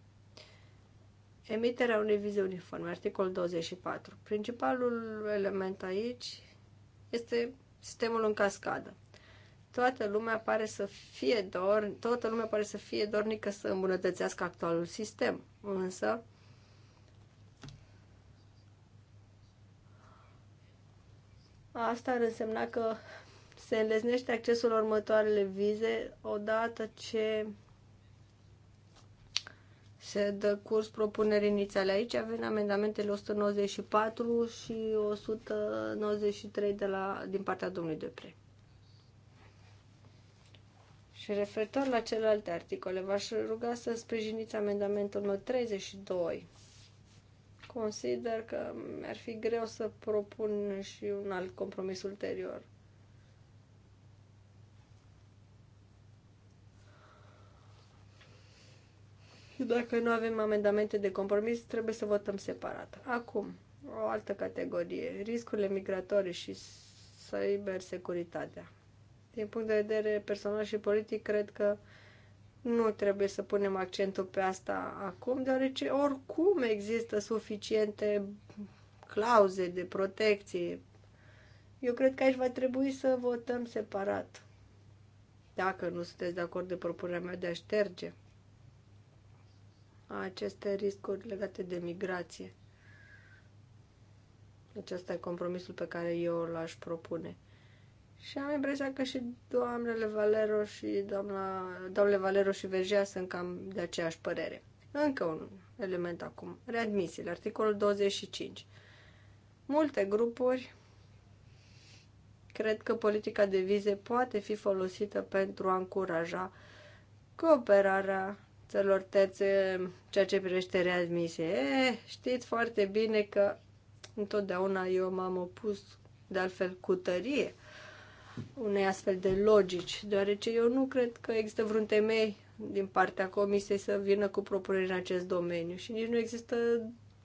Emiterea unei vize uniforme, articol 24. Principalul element aici este sistemul în cascadă. Toată lumea pare să fie dor, toată lumea pare să fie dornică să îmbunătățească actualul sistem, însă Asta ar însemna că se înleznește accesul următoarele vize odată ce se dă curs propunerii inițiale. Aici avem amendamentele 194 și 193 de la, din partea domnului Depre. Și referitor la celelalte articole, v-aș ruga să sprijiniți amendamentul meu 32 consider că mi-ar fi greu să propun și un alt compromis ulterior. Dacă nu avem amendamente de compromis, trebuie să votăm separat. Acum, o altă categorie, riscurile migratorii și cybersecuritatea. Din punct de vedere personal și politic, cred că nu trebuie să punem accentul pe asta acum, deoarece oricum există suficiente clauze de protecție. Eu cred că aici va trebui să votăm separat. Dacă nu sunteți de acord de propunerea mea de a șterge aceste riscuri legate de migrație. Acesta e compromisul pe care eu l-aș propune. Și am impresia că și doamnele Valero și doamna, doamnele Valero și Vergea sunt cam de aceeași părere. Încă un element acum. Readmisiile. Articolul 25. Multe grupuri cred că politica de vize poate fi folosită pentru a încuraja cooperarea țărilor terțe ceea ce privește readmisie. E, știți foarte bine că întotdeauna eu m-am opus de altfel cu tărie unei astfel de logici, deoarece eu nu cred că există vreun temei din partea comisiei să vină cu propuneri în acest domeniu și nici nu există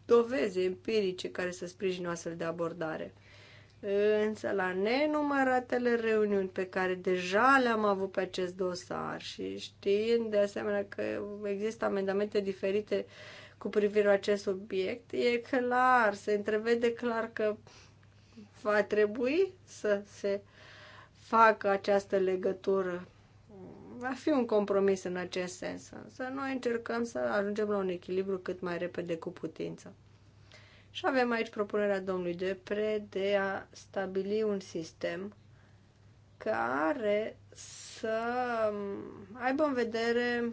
doveze empirice care să sprijină o astfel de abordare. Însă la nenumăratele reuniuni pe care deja le-am avut pe acest dosar și știind de asemenea că există amendamente diferite cu privire la acest subiect, e clar, se întrevede clar că va trebui să se facă această legătură. Va fi un compromis în acest sens, să noi încercăm să ajungem la un echilibru cât mai repede cu putință. Și avem aici propunerea domnului Depre de a stabili un sistem care să aibă în vedere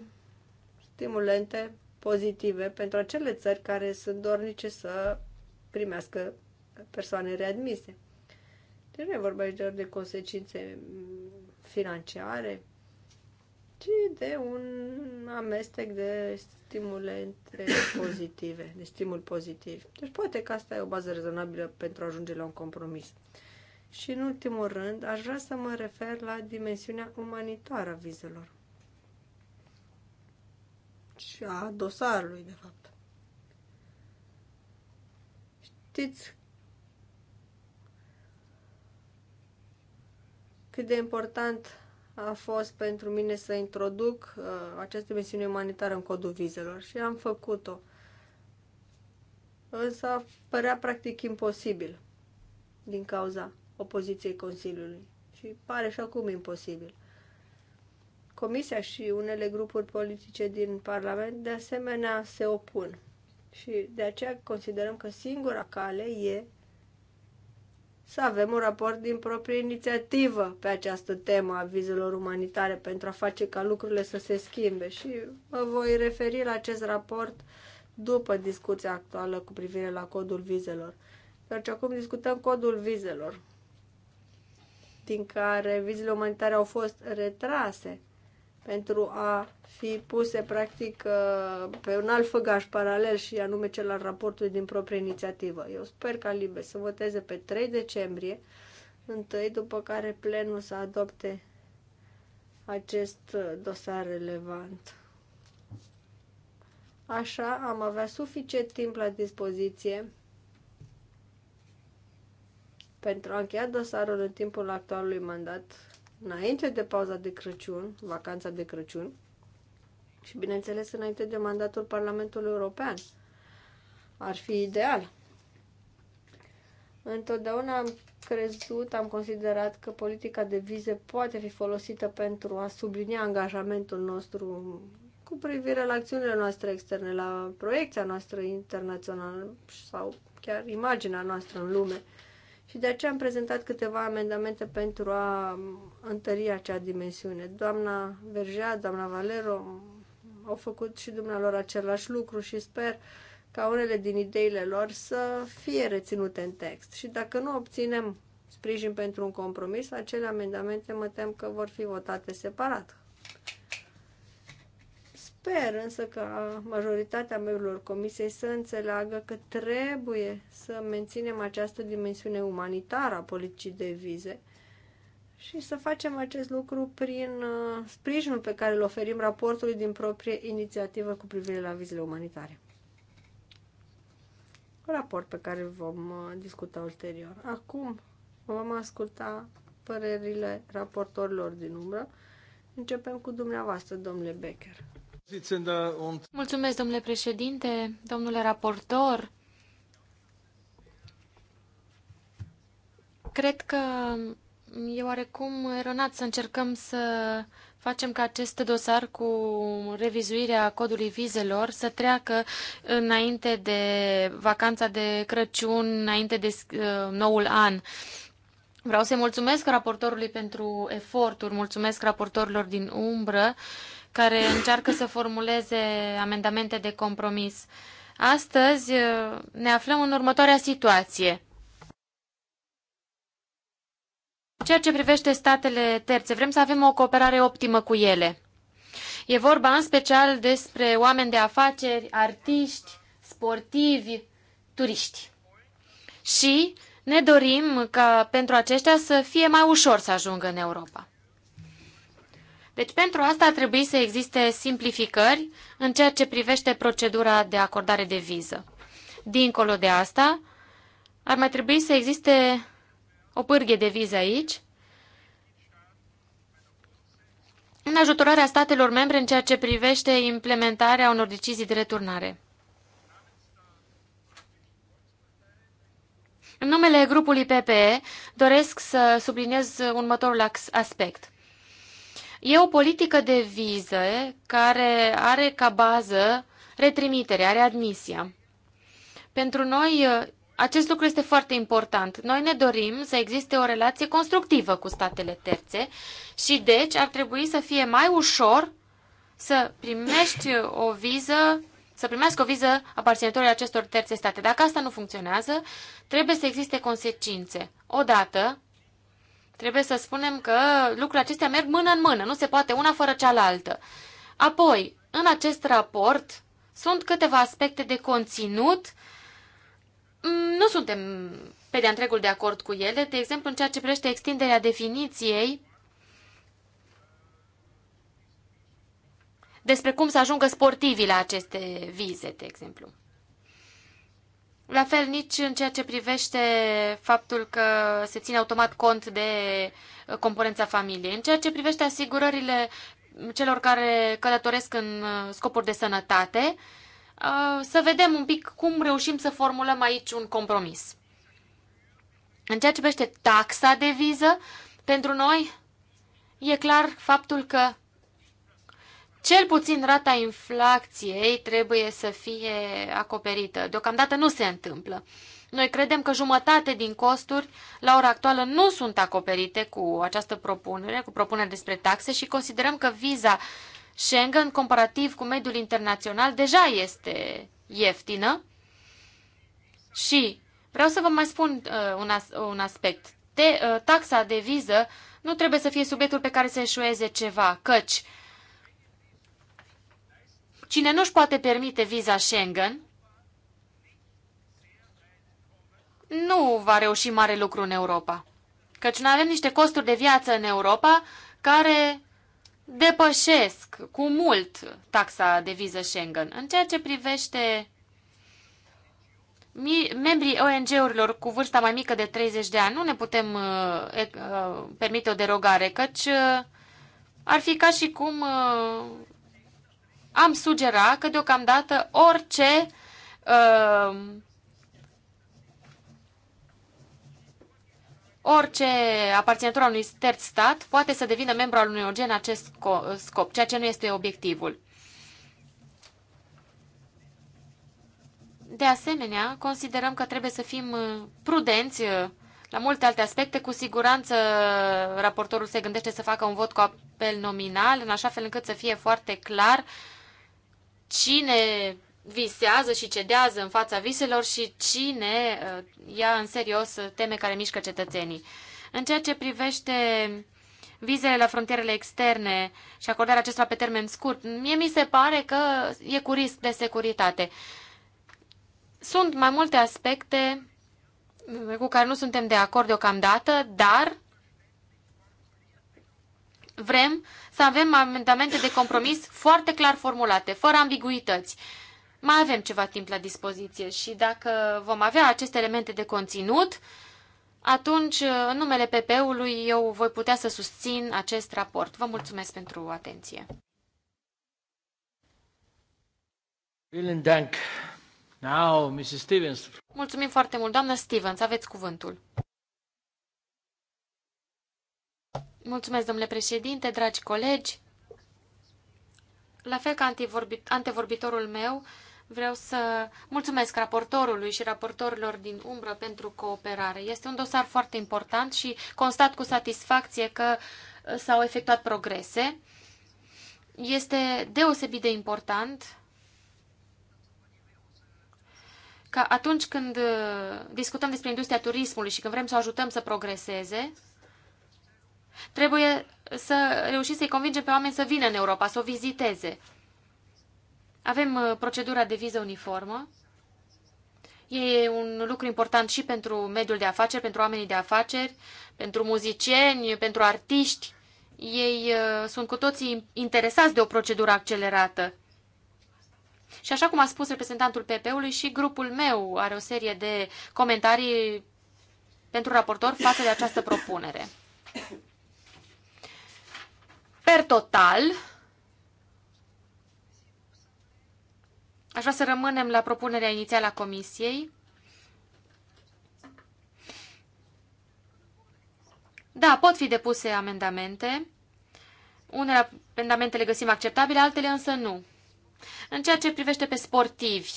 stimulente pozitive pentru acele țări care sunt dornice să primească persoane readmise. Deci nu e vorba aici doar de consecințe mm, financiare, ci de un amestec de stimulente *coughs* pozitive, de stimul pozitiv. Deci poate că asta e o bază rezonabilă pentru a ajunge la un compromis. Și în ultimul rând, aș vrea să mă refer la dimensiunea umanitară a vizelor. Și a dosarului, de fapt. Știți cât de important a fost pentru mine să introduc uh, această misiune umanitară în codul vizelor și am făcut-o. Însă părea practic imposibil din cauza opoziției Consiliului și pare și acum imposibil. Comisia și unele grupuri politice din Parlament de asemenea se opun și de aceea considerăm că singura cale e să avem un raport din proprie inițiativă pe această temă a vizelor umanitare pentru a face ca lucrurile să se schimbe și mă voi referi la acest raport după discuția actuală cu privire la codul vizelor. ce deci acum discutăm codul vizelor, din care vizele umanitare au fost retrase pentru a fi puse practic uh, pe un alt făgaș paralel și anume cel al raportului din proprie inițiativă. Eu sper ca Libe să voteze pe 3 decembrie, întâi după care plenul să adopte acest uh, dosar relevant. Așa am avea suficient timp la dispoziție pentru a încheia dosarul în timpul actualului mandat înainte de pauza de Crăciun, vacanța de Crăciun, și bineînțeles înainte de mandatul Parlamentului European. Ar fi ideal. Întotdeauna am crezut, am considerat că politica de vize poate fi folosită pentru a sublinia angajamentul nostru cu privire la acțiunile noastre externe, la proiecția noastră internațională sau chiar imaginea noastră în lume. Și de aceea am prezentat câteva amendamente pentru a întări acea dimensiune. Doamna Vergea, doamna Valero au făcut și dumnealor același lucru și sper ca unele din ideile lor să fie reținute în text. Și dacă nu obținem sprijin pentru un compromis, acele amendamente mă tem că vor fi votate separat. Sper însă ca majoritatea membrilor comisiei să înțeleagă că trebuie să menținem această dimensiune umanitară a politicii de vize și să facem acest lucru prin uh, sprijinul pe care îl oferim raportului din proprie inițiativă cu privire la vizele umanitare. Un raport pe care vom uh, discuta ulterior. Acum vom asculta părerile raportorilor din umbră. Începem cu dumneavoastră, domnule Becker. Mulțumesc, domnule președinte, domnule raportor. Cred că e oarecum eronat să încercăm să facem ca acest dosar cu revizuirea codului vizelor să treacă înainte de vacanța de Crăciun, înainte de uh, noul an. Vreau să-i mulțumesc raportorului pentru eforturi, mulțumesc raportorilor din umbră care încearcă să formuleze amendamente de compromis. Astăzi uh, ne aflăm în următoarea situație. Ceea ce privește statele terțe, vrem să avem o cooperare optimă cu ele. E vorba în special despre oameni de afaceri, artiști, sportivi, turiști. Și ne dorim ca pentru aceștia să fie mai ușor să ajungă în Europa. Deci pentru asta ar trebui să existe simplificări în ceea ce privește procedura de acordare de viză. Dincolo de asta, ar mai trebui să existe o pârghie de viză aici, în ajutorarea statelor membre în ceea ce privește implementarea unor decizii de returnare. În numele grupului PPE doresc să subliniez următorul aspect. E o politică de viză care are ca bază retrimiterea, readmisia. Pentru noi, uh, acest lucru este foarte important. Noi ne dorim să existe o relație constructivă cu statele terțe și deci ar trebui să fie mai ușor să primești o viză, să primească o viză aparținătorii acestor terțe state. Dacă asta nu funcționează, trebuie să existe consecințe. Odată, Trebuie să spunem că lucrurile acestea merg mână în mână, nu se poate una fără cealaltă. Apoi, în acest raport sunt câteva aspecte de conținut. Mm, nu suntem pe de întregul de acord cu ele, de exemplu în ceea ce privește extinderea definiției despre cum să ajungă sportivii la aceste vize, de exemplu. La fel nici în ceea ce privește faptul că se ține automat cont de componența familiei. În ceea ce privește asigurările celor care călătoresc în uh, scopuri de sănătate, uh, să vedem un pic cum reușim să formulăm aici un compromis. În ceea ce privește taxa de viză, pentru noi e clar faptul că cel puțin rata inflației trebuie să fie acoperită. Deocamdată nu se întâmplă. Noi credem că jumătate din costuri la ora actuală nu sunt acoperite cu această propunere, cu propunerea despre taxe și considerăm că viza Schengen, comparativ cu mediul internațional, deja este ieftină. Și vreau să vă mai spun uh, un, as- un aspect. Te, uh, taxa de viză nu trebuie să fie subiectul pe care să eșueze ceva, căci uh, Cine nu-și poate permite viza Schengen, nu va reuși mare lucru în Europa. Căci noi avem niște costuri de viață în Europa care depășesc cu mult taxa de viză Schengen. În ceea ce privește membrii ONG-urilor cu vârsta mai mică de 30 de ani, nu ne putem uh, uh, permite o derogare, căci uh, ar fi ca și cum uh, am sugera că deocamdată orice uh, orice aparținător al unui terț stat poate să devină membru al unui orgen în acest scop, ceea ce nu este obiectivul. De asemenea, considerăm că trebuie să fim uh, prudenți uh, la multe alte aspecte. Cu siguranță, raportorul se gândește să facă un vot cu apel nominal, în așa fel încât să fie foarte clar uh, cine visează și cedează în fața viselor și cine uh, ia în serios uh, teme care mișcă cetățenii. În ceea ce privește vizele la frontierele externe și acordarea acestora pe termen scurt, mie mi se pare că e cu risc de securitate. Sunt mai multe aspecte cu care nu suntem de acord deocamdată, dar Vrem să avem amendamente de compromis foarte clar formulate, fără ambiguități. Mai avem ceva timp la dispoziție și dacă vom avea aceste elemente de conținut, atunci, în numele PP-ului, eu voi putea să susțin acest raport. Vă mulțumesc pentru atenție. Mulțumim foarte mult, doamnă Stevens, aveți cuvântul. Mulțumesc, domnule președinte, dragi colegi. La fel ca antevorbitorul meu, vreau să mulțumesc raportorului și raportorilor din umbră pentru cooperare. Este un dosar foarte important și constat cu satisfacție că uh, s-au efectuat progrese. Este deosebit de important ca atunci când uh, discutăm despre industria turismului și când vrem să o ajutăm să progreseze, Trebuie să reușim să-i convingem pe oameni să vină în Europa, să o viziteze. Avem uh, procedura de viză uniformă. E un lucru important și pentru mediul de afaceri, pentru oamenii de afaceri, pentru muzicieni, pentru artiști. Ei uh, sunt cu toții interesați de o procedură accelerată. Și așa cum a spus reprezentantul PP-ului, și grupul meu are o serie de comentarii pentru raportor față de această propunere. Per total, aș vrea să rămânem la propunerea inițială a Comisiei. Da, pot fi depuse amendamente. Unele amendamente le găsim acceptabile, altele însă nu. În ceea ce privește pe sportivi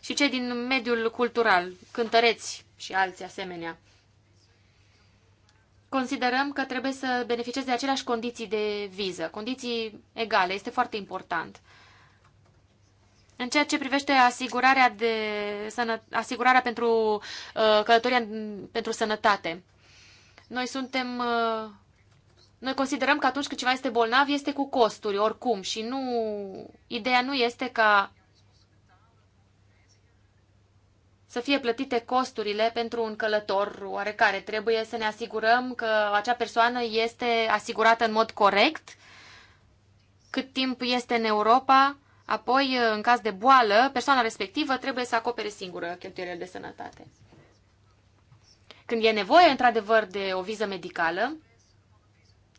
și cei din mediul cultural, cântăreți și alții asemenea, considerăm că trebuie să beneficieze de aceleași condiții de viză, condiții egale, este foarte important. În ceea ce privește asigurarea, de, sănă, asigurarea pentru uh, călătoria pentru sănătate, noi suntem uh, noi considerăm că atunci când ceva este bolnav, este cu costuri, oricum, și nu, ideea nu este ca să fie plătite costurile pentru un călător oarecare. Trebuie să ne asigurăm că acea persoană este asigurată în mod corect, cât timp este în Europa, apoi, în caz de boală, persoana respectivă trebuie să acopere singură cheltuielile de sănătate. Când e nevoie, într-adevăr, de o viză medicală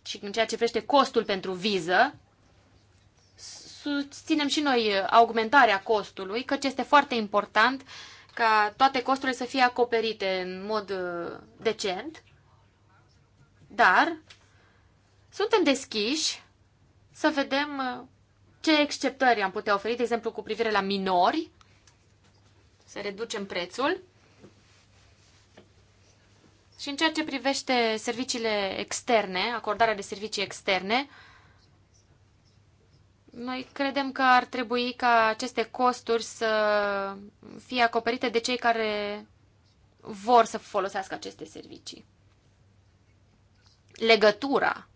și în ceea ce vrește costul pentru viză, susținem și noi augmentarea costului, căci este foarte important ca toate costurile să fie acoperite în mod uh, decent, dar suntem deschiși să vedem uh, ce exceptări am putea oferi, de exemplu, cu privire la minori, să reducem prețul. Și în ceea ce privește serviciile externe, acordarea de servicii externe, noi credem că ar trebui ca aceste costuri să fie acoperite de cei care vor să folosească aceste servicii. Legătura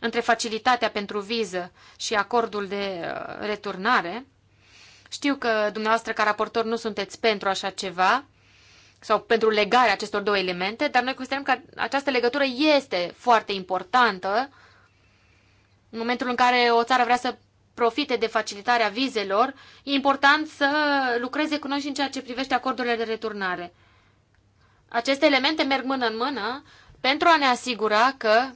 între facilitatea pentru viză și acordul de uh, returnare, știu că dumneavoastră ca raportor nu sunteți pentru așa ceva, sau pentru legarea acestor două elemente, dar noi considerăm că această legătură este foarte importantă în momentul în care o țară vrea să profite de facilitarea vizelor, e important să lucreze cu noi și în ceea ce privește acordurile de returnare. Aceste elemente merg mână în mână pentru a ne asigura că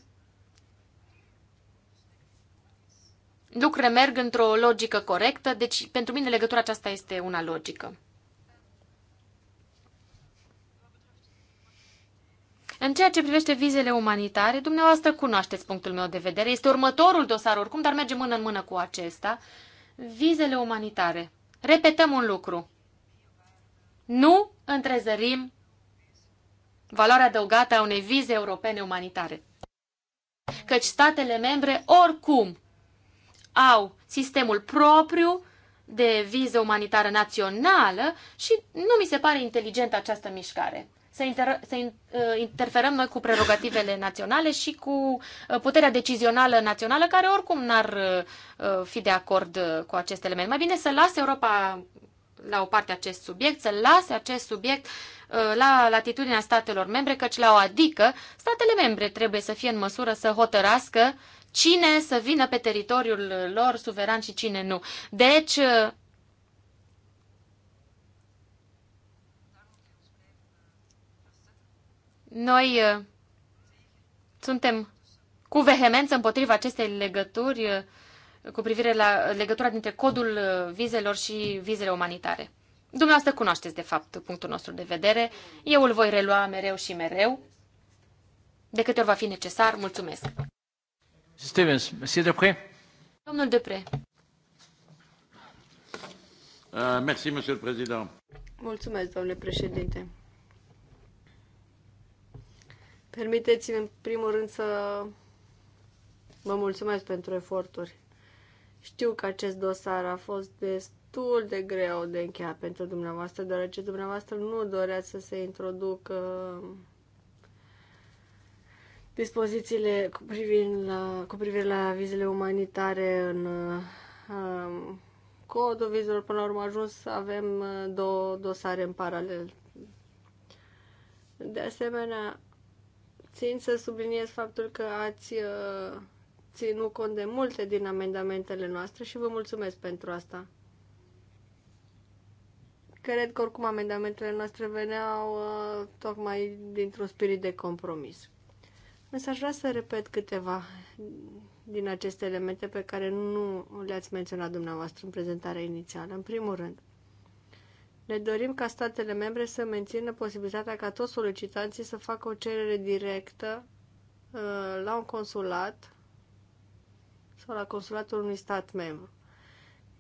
lucrurile merg într-o logică corectă, deci pentru mine legătura aceasta este una logică. În ceea ce privește vizele umanitare, dumneavoastră cunoașteți punctul meu de vedere. Este următorul dosar oricum, dar merge mână în mână cu acesta. Vizele umanitare. Repetăm un lucru. Nu întrezărim valoarea adăugată a unei vize europene umanitare. Căci statele membre oricum au sistemul propriu de viză umanitară națională și nu mi se pare inteligentă această mișcare să, inter- să uh, interferăm noi cu prerogativele naționale și cu uh, puterea decizională națională, care oricum n-ar uh, fi de acord cu acest element. Mai bine să lase Europa la o parte acest subiect, să lase acest subiect la latitudinea statelor membre, căci la o adică statele membre trebuie să fie în măsură să hotărască cine să vină pe teritoriul lor suveran și cine nu. Deci, Noi uh, suntem cu vehemență împotriva acestei legături uh, cu privire la legătura dintre codul uh, vizelor și vizele umanitare. Dumneavoastră cunoașteți, de fapt, punctul nostru de vedere. Eu îl voi relua mereu și mereu. De câte ori va fi necesar, mulțumesc. Stevens, Monsieur Depre. Domnul Depre. Uh, merci, Monsieur le Président. Mulțumesc, domnule președinte. Permiteți-mi, în primul rând, să vă mulțumesc pentru eforturi. Știu că acest dosar a fost destul de greu de încheiat pentru dumneavoastră, deoarece dumneavoastră nu doreați să se introducă uh, dispozițiile cu privire la, cu privire la vizele umanitare în uh, um, codul vizelor. Până la urmă ajuns avem uh, două dosare în paralel. De asemenea, Țin să subliniez faptul că ați uh, ținut cont de multe din amendamentele noastre și vă mulțumesc pentru asta. Cred că oricum amendamentele noastre veneau uh, tocmai dintr-un spirit de compromis. Însă aș vrea să repet câteva din aceste elemente pe care nu le-ați menționat dumneavoastră în prezentarea inițială. În primul rând, ne dorim ca statele membre să mențină posibilitatea ca toți solicitanții să facă o cerere directă uh, la un consulat sau la consulatul unui stat membru.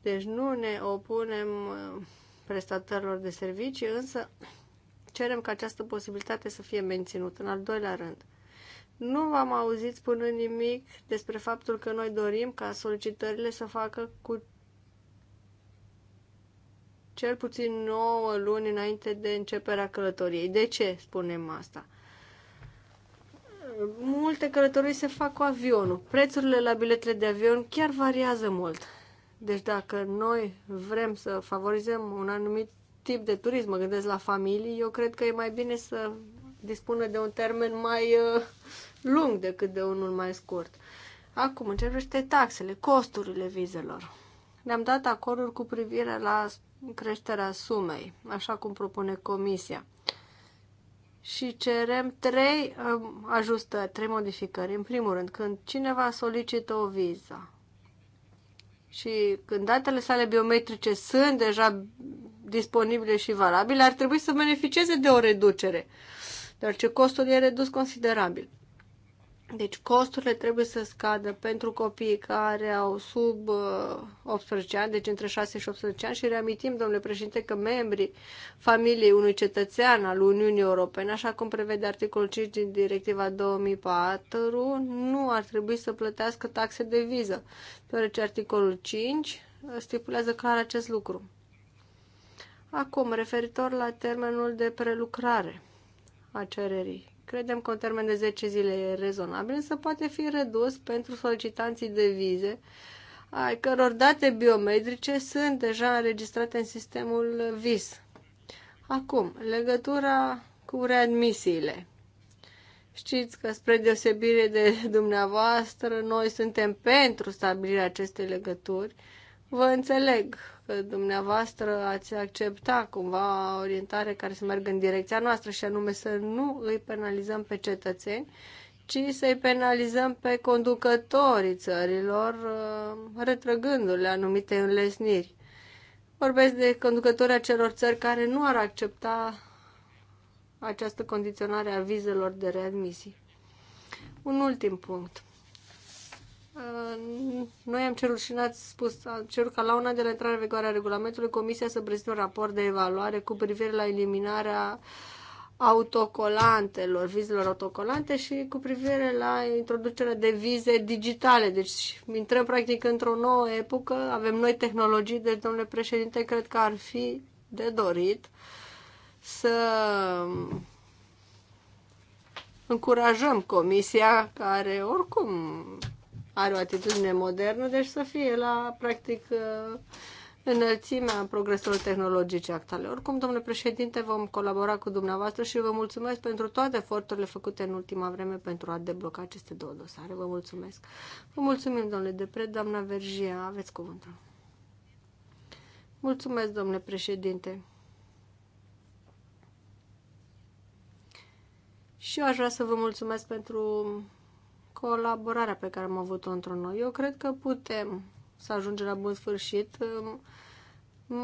Deci nu ne opunem uh, prestatorilor de servicii, însă cerem ca această posibilitate să fie menținută. În al doilea rând, nu v-am auzit spunând nimic despre faptul că noi dorim ca solicitările să facă cu cel puțin 9 luni înainte de începerea călătoriei. De ce spunem asta? Multe călătorii se fac cu avionul. Prețurile la biletele de avion chiar variază mult. Deci dacă noi vrem să favorizăm un anumit tip de turism, mă gândesc la familii, eu cred că e mai bine să dispună de un termen mai uh, lung decât de unul mai scurt. Acum, în taxele, costurile vizelor. Ne-am dat acorduri cu privire la creșterea sumei, așa cum propune Comisia. Și cerem trei um, ajustări, trei modificări. În primul rând, când cineva solicită o viză și când datele sale biometrice sunt deja disponibile și valabile, ar trebui să beneficieze de o reducere, deoarece costul e redus considerabil. Deci costurile trebuie să scadă pentru copiii care au sub 18 uh, ani, deci între 6 și 18 ani și reamintim, domnule președinte, că membrii familiei unui cetățean al Uniunii Europene, așa cum prevede articolul 5 din directiva 2004, nu ar trebui să plătească taxe de viză, deoarece articolul 5 stipulează clar acest lucru. Acum, referitor la termenul de prelucrare a cererii Credem că un termen de 10 zile e rezonabil, însă poate fi redus pentru solicitanții de vize, ai căror date biometrice sunt deja înregistrate în sistemul VIS. Acum, legătura cu readmisiile. Știți că, spre deosebire de dumneavoastră, noi suntem pentru stabilirea acestei legături. Vă înțeleg dumneavoastră ați accepta cumva orientare care să meargă în direcția noastră și anume să nu îi penalizăm pe cetățeni, ci să îi penalizăm pe conducătorii țărilor, uh, retrăgându-le anumite înlesniri. Vorbesc de conducătorii acelor țări care nu ar accepta această condiționare a vizelor de readmisie. Un ultim punct. Uh, noi am cerut și ne ați spus, am cerut ca la una de la intrare în vigoare a regulamentului Comisia să prezinte un raport de evaluare cu privire la eliminarea autocolantelor, vizelor autocolante și cu privire la introducerea de vize digitale. Deci intrăm practic într-o nouă epocă, avem noi tehnologii, deci domnule președinte, cred că ar fi de dorit să încurajăm comisia care oricum are o atitudine modernă, deci să fie la, practic, uh, înălțimea progreselor tehnologice actuale. Oricum, domnule președinte, vom colabora cu dumneavoastră și vă mulțumesc pentru toate eforturile făcute în ultima vreme pentru a debloca aceste două dosare. Vă mulțumesc. Vă mulțumim, domnule Depre, doamna Vergia, aveți cuvântul. Mulțumesc, domnule președinte. Și eu aș vrea să vă mulțumesc pentru colaborarea pe care am avut-o între noi. Eu cred că putem să ajungem la bun sfârșit, um,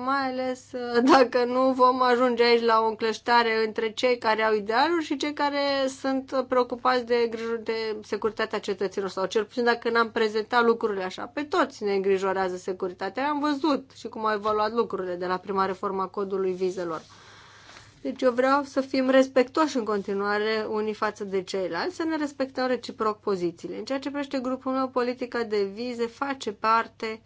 mai ales uh, *laughs* dacă nu vom ajunge aici la o încleștare între cei care au idealuri și cei care sunt preocupați de, de securitatea cetățenilor sau cel puțin dacă n-am prezentat lucrurile așa. Pe toți ne îngrijorează securitatea. Am văzut și cum au evoluat lucrurile de la prima reformă a codului vizelor. Deci eu vreau să fim respectoși în continuare unii față de ceilalți, să ne respectăm reciproc pozițiile. În ceea ce privește grupul meu, politica de vize face parte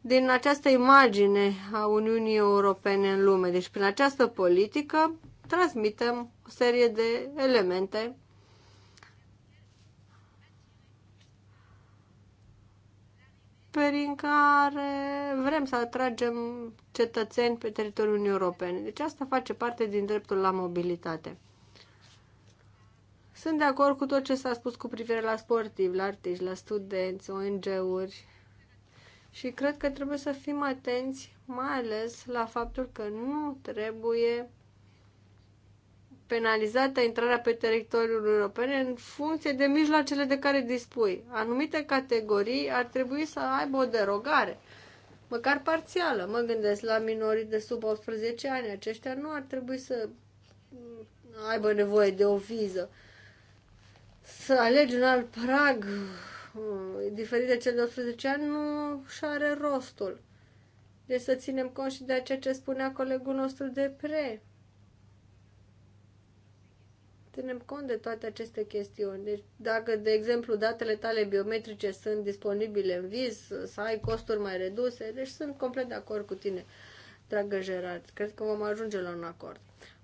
din această imagine a Uniunii Europene în lume. Deci prin această politică transmitem o serie de elemente prin care vrem să atragem cetățeni pe teritoriul Uniunii Europene. Deci asta face parte din dreptul la mobilitate. Sunt de acord cu tot ce s-a spus cu privire la sportivi, la artiști, la studenți, ONG-uri și cred că trebuie să fim atenți mai ales la faptul că nu trebuie penalizată intrarea pe teritoriul european în funcție de mijloacele de care dispui. Anumite categorii ar trebui să aibă o derogare, măcar parțială. Mă gândesc la minorii de sub 18 ani, aceștia nu ar trebui să aibă nevoie de o viză. Să alegi un alt prag uh, diferit de cel de 18 ani nu și are rostul. Deci să ținem cont și de ceea ce spunea colegul nostru de pre Ținem cont de toate aceste chestiuni. Deci, dacă, de exemplu, datele tale biometrice sunt disponibile în viz, să ai costuri mai reduse, deci sunt complet de acord cu tine, dragă Gerard. Cred că vom ajunge la un acord.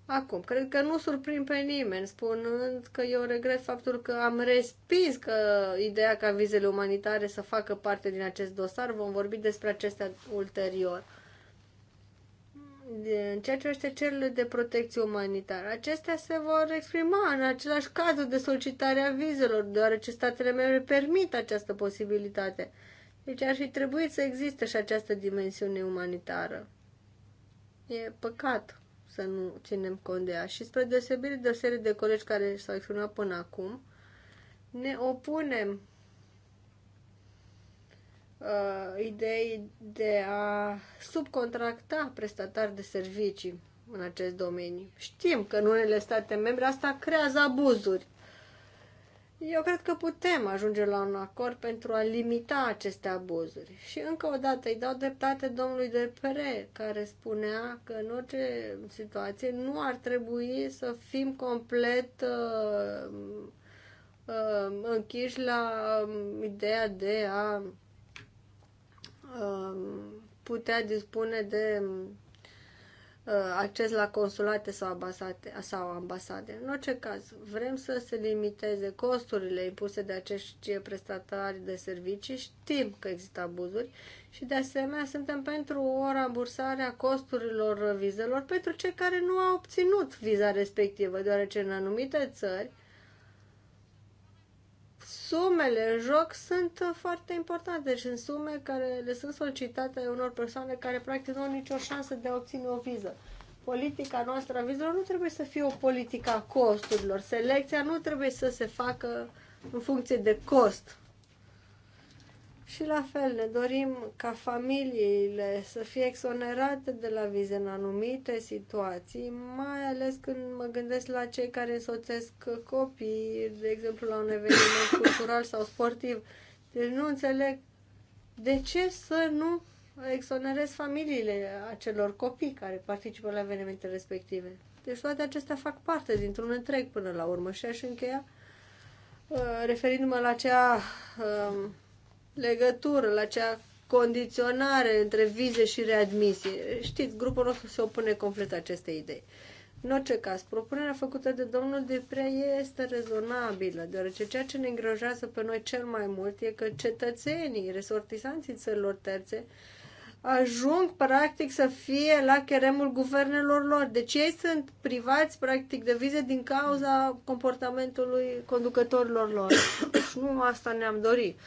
Acum, cred că nu surprind pe nimeni spunând că eu regret faptul că am respins că ideea ca vizele umanitare să facă parte din acest dosar. Vom vorbi despre acestea ulterior în ceea ce este cererile de protecție umanitară. Acestea se vor exprima în același cadru de solicitare a vizelor, deoarece statele membre permit această posibilitate. Deci ar fi trebuit să existe și această dimensiune umanitară. E păcat să nu ținem cont de ea. Și spre deosebire de o serie de colegi care s-au exprimat până acum, ne opunem uh, idei de a subcontracta prestatari de servicii în acest domeniu. Știm că în unele state membre asta creează abuzuri. Eu cred că putem ajunge la un acord pentru a limita aceste abuzuri. Și încă o dată îi dau dreptate domnului de Pere, care spunea că în orice situație nu ar trebui să fim complet uh, uh, închiși la um, ideea de a Um, putea dispune de uh, acces la consulate sau ambasade, sau ambasade. În orice caz, vrem să se limiteze costurile impuse de acești prestatari de servicii, știm că există abuzuri și de asemenea suntem pentru o rambursare a costurilor vizelor pentru cei care nu au obținut viza respectivă, deoarece în anumite țări sumele în joc sunt uh, foarte importante deci sunt sume care le sunt solicitate unor persoane care practic nu au nicio șansă de a obține o viză. Politica noastră a vizelor nu trebuie să fie o politică a costurilor. Selecția nu trebuie să se facă în funcție de cost și la fel, ne dorim ca familiile să fie exonerate de la vize în anumite situații, mai ales când mă gândesc la cei care însoțesc copii, de exemplu la un eveniment *coughs* cultural sau sportiv. Deci nu înțeleg de ce să nu exonerez familiile acelor copii care participă la evenimentele respective. Deci toate acestea fac parte dintr-un întreg până la urmă și aș încheia uh, referindu-mă la acea um, legătură, la cea condiționare între vize și readmisie. Știți, grupul nostru se opune complet acestei idei. În orice caz, propunerea făcută de domnul Deprea este rezonabilă, deoarece ceea ce ne îngrojează pe noi cel mai mult e că cetățenii, resortisanții țărilor terțe, ajung practic să fie la cheremul guvernelor lor. Deci ei sunt privați practic de vize din cauza comportamentului conducătorilor lor. Deci nu asta ne-am dorit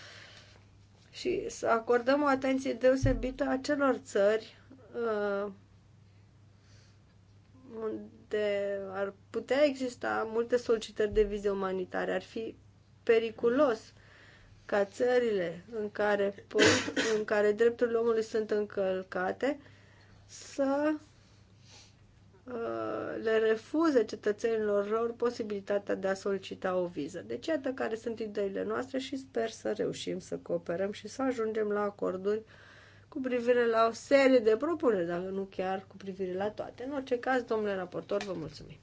și să acordăm o atenție deosebită acelor țări uh, unde ar putea exista multe solicitări de vize umanitare. Ar fi periculos ca țările în care, pot, în care drepturile omului sunt încălcate să Uh, le refuze cetățenilor lor posibilitatea de a solicita o viză. Deci, iată care sunt ideile noastre și sper să reușim să cooperăm și să ajungem la acorduri cu privire la o serie de propuneri, dacă nu chiar cu privire la toate. În orice caz, domnule raportor, vă mulțumim.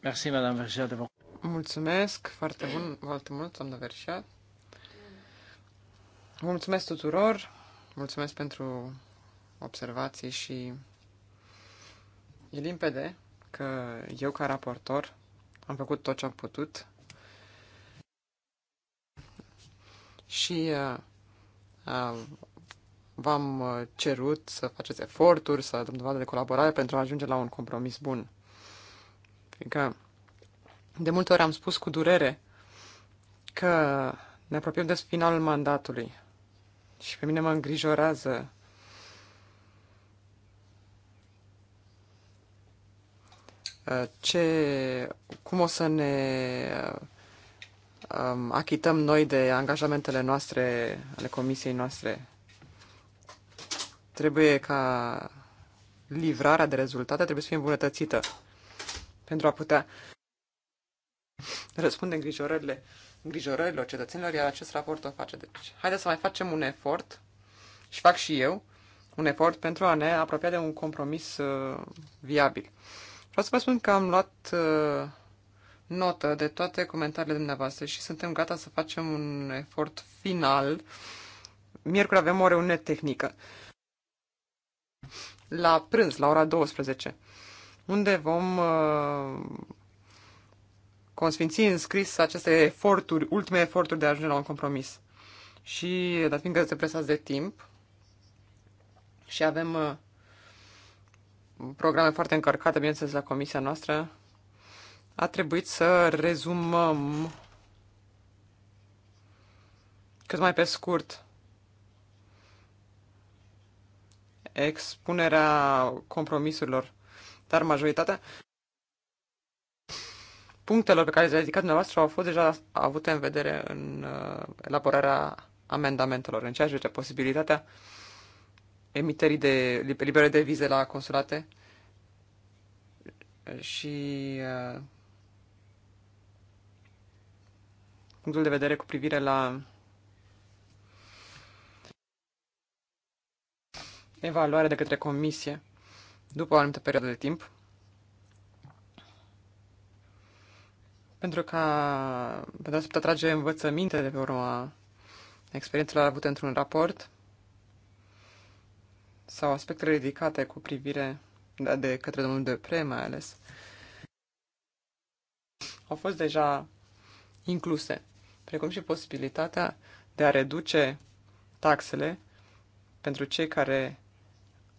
Merci, madame Vergea, de Mulțumesc foarte, bun, foarte mult, doamna Vergea. Vă mulțumesc tuturor, mulțumesc pentru observații și E limpede că eu, ca raportor, am făcut tot ce am putut și uh, uh v-am uh, cerut să faceți eforturi, să dăm dovadă de colaborare pentru a ajunge la un compromis bun. Fiindcă de multe ori am spus cu durere că ne apropiem de finalul mandatului și pe mine mă îngrijorează ce, cum o să ne um, achităm noi de angajamentele noastre, ale comisiei noastre. Trebuie ca livrarea de rezultate trebuie să fie îmbunătățită pentru a putea răspunde îngrijorările, îngrijorărilor cetățenilor, iar acest raport o face. Deci, haideți să mai facem un efort și fac și eu un efort pentru a ne apropia de un compromis uh, viabil. Vreau să vă spun că am luat uh, notă de toate comentariile dumneavoastră și suntem gata să facem un efort final. Miercuri avem o reuniune tehnică la prânz, la ora 12, unde vom uh, consfinți în scris aceste eforturi, ultime eforturi de a ajunge la un compromis. Și, dar fiindcă se presați de timp și avem uh, programe foarte încărcate, bineînțeles, la comisia noastră, a trebuit să rezumăm cât mai pe scurt expunerea compromisurilor, dar majoritatea punctelor pe care le-a ridicat dumneavoastră au fost deja avute în vedere în uh, elaborarea amendamentelor, în ceea ce posibilitatea emiterii de libere de vize la consulate și uh, punctul de vedere cu privire la evaluarea de către comisie după o anumită perioadă de timp. Pentru ca pentru a se putea trage învățăminte de pe urma experiențelor avute într-un raport, sau aspectele ridicate cu privire de către domnul Depre mai ales au fost deja incluse, precum și posibilitatea de a reduce taxele pentru cei care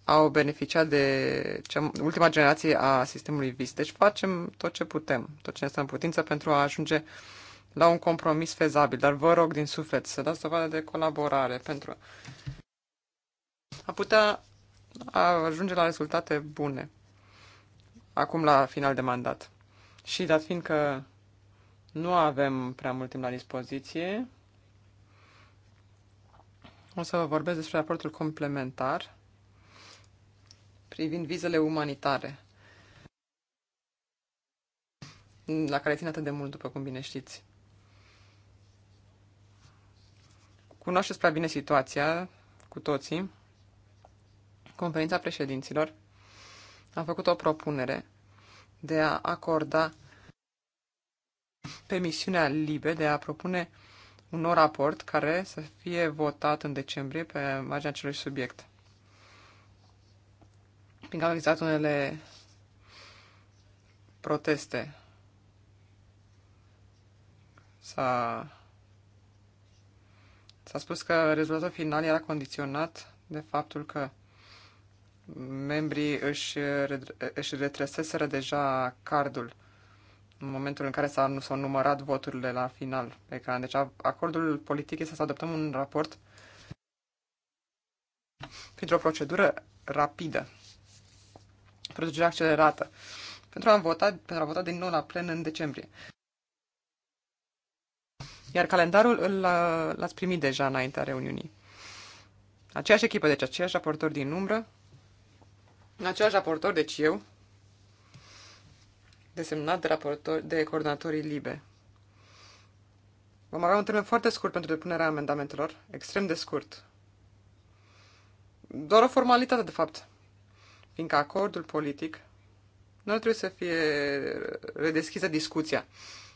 au beneficiat de cea, ultima generație a sistemului VIS. Deci facem tot ce putem, tot ce ne stă în putință pentru a ajunge la un compromis fezabil. Dar vă rog din suflet să dați dovadă de colaborare pentru a putea ajunge la rezultate bune acum la final de mandat. Și dat fiindcă că nu avem prea mult timp la dispoziție, o să vă vorbesc despre raportul complementar privind vizele umanitare, la care țin atât de mult, după cum bine știți. Cunoașteți prea bine situația cu toții. Conferința președinților a făcut o propunere de a acorda permisiunea LIBE de a propune un nou raport care să fie votat în decembrie pe marginea acelui subiect. că au existat unele proteste, s-a, s-a spus că rezultatul final era condiționat de faptul că membrii își, își retreseseră deja cardul în momentul în care s-au s a numărat voturile la final pe ecran. Deci acordul politic este să adoptăm un raport printr-o procedură rapidă, procedură accelerată, pentru a vota, pentru a vota din nou la plen în decembrie. Iar calendarul îl, l-ați primit deja înaintea reuniunii. Aceeași echipă, deci aceiași raportori din umbră, Același raportor, deci eu, desemnat de, raportor, de coordonatorii LIBE. Vom avea un termen foarte scurt pentru depunerea amendamentelor, extrem de scurt. Doar o formalitate, de fapt, fiindcă acordul politic nu ar trebui să fie redeschisă discuția.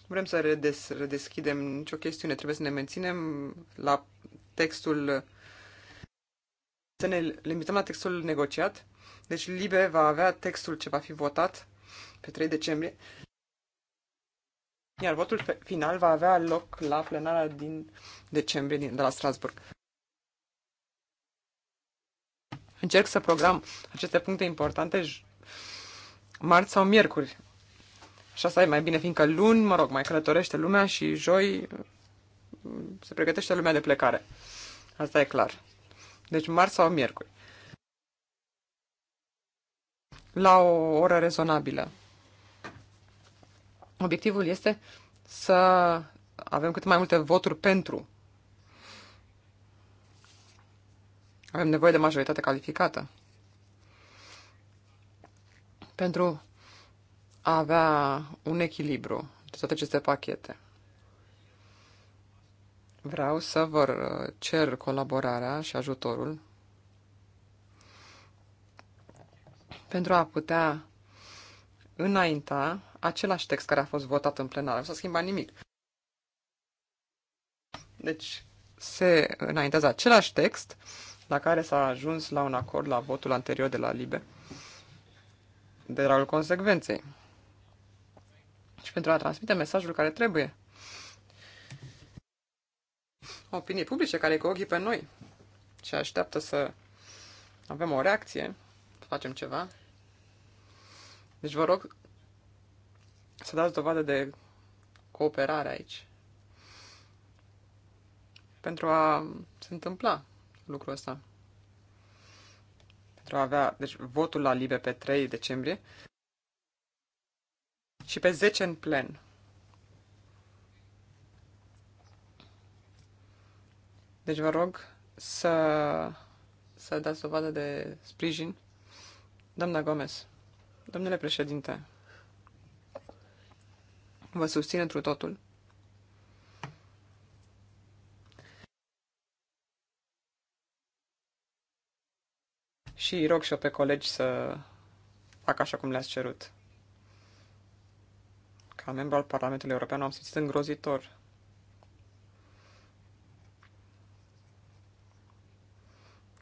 Vrem să redes, redeschidem nicio chestiune, trebuie să ne menținem la textul, să ne limităm la textul negociat deci Libe va avea textul ce va fi votat pe 3 decembrie, iar votul final va avea loc la plenara din decembrie din, de la Strasburg. Încerc să program aceste puncte importante marți sau miercuri. Și asta e mai bine, fiindcă luni, mă rog, mai călătorește lumea și joi mm, se pregătește lumea de plecare. Asta e clar. Deci marți sau miercuri la o oră rezonabilă. Obiectivul este să avem cât mai multe voturi pentru. Avem nevoie de majoritate calificată. Pentru a avea un echilibru de toate aceste pachete. Vreau să vă cer colaborarea și ajutorul pentru a putea înainta același text care a fost votat în plenară. Nu s-a schimbat nimic. Deci se înaintează același text la care s-a ajuns la un acord la votul anterior de la Libe de dragul consecvenței și pentru a transmite mesajul care trebuie. Opinii publice care e cu ochii pe noi și așteaptă să avem o reacție facem ceva. Deci vă rog să dați dovadă de cooperare aici. Pentru a se întâmpla lucrul ăsta. Pentru a avea, deci, votul la Libe pe 3 decembrie și pe 10 în plen. Deci vă rog să, să dați dovadă de sprijin Doamna Gomez, domnule președinte, vă susțin întru totul. Și rog și o pe colegi să facă așa cum le-ați cerut. Ca membru al Parlamentului European am simțit îngrozitor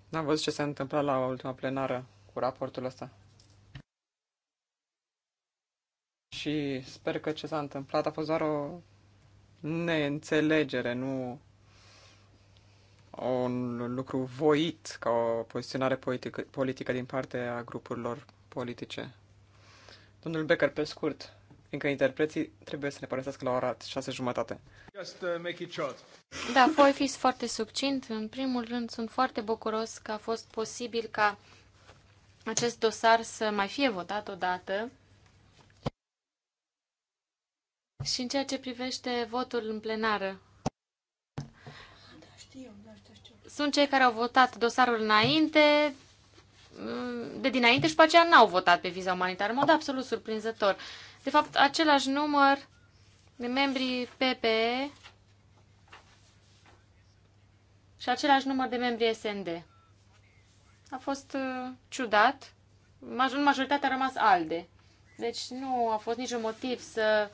N-am văzut ce s-a întâmplat la ultima plenară cu raportul ăsta. Și sper că ce s-a întâmplat a fost doar o neînțelegere, nu un lucru voit ca o poziționare politică, politică din partea grupurilor politice. Domnul Becker, pe scurt, fiindcă interpreții trebuie să ne părăsească la ora 6 jumătate. Just uh, make it short. Da, voi fi foarte succint. În primul rând, sunt foarte bucuros că a fost posibil ca acest dosar să mai fie votat odată. Și în ceea ce privește votul în plenară. Da, știu, da, știu. Sunt cei care au votat dosarul înainte, mm, de dinainte și pe aceea n-au votat pe viza umanitară, în mod absolut surprinzător. De fapt, același număr de membri PPE și același număr de membri SND a fost uh, ciudat. majoritatea a rămas alde. Deci nu a fost niciun motiv să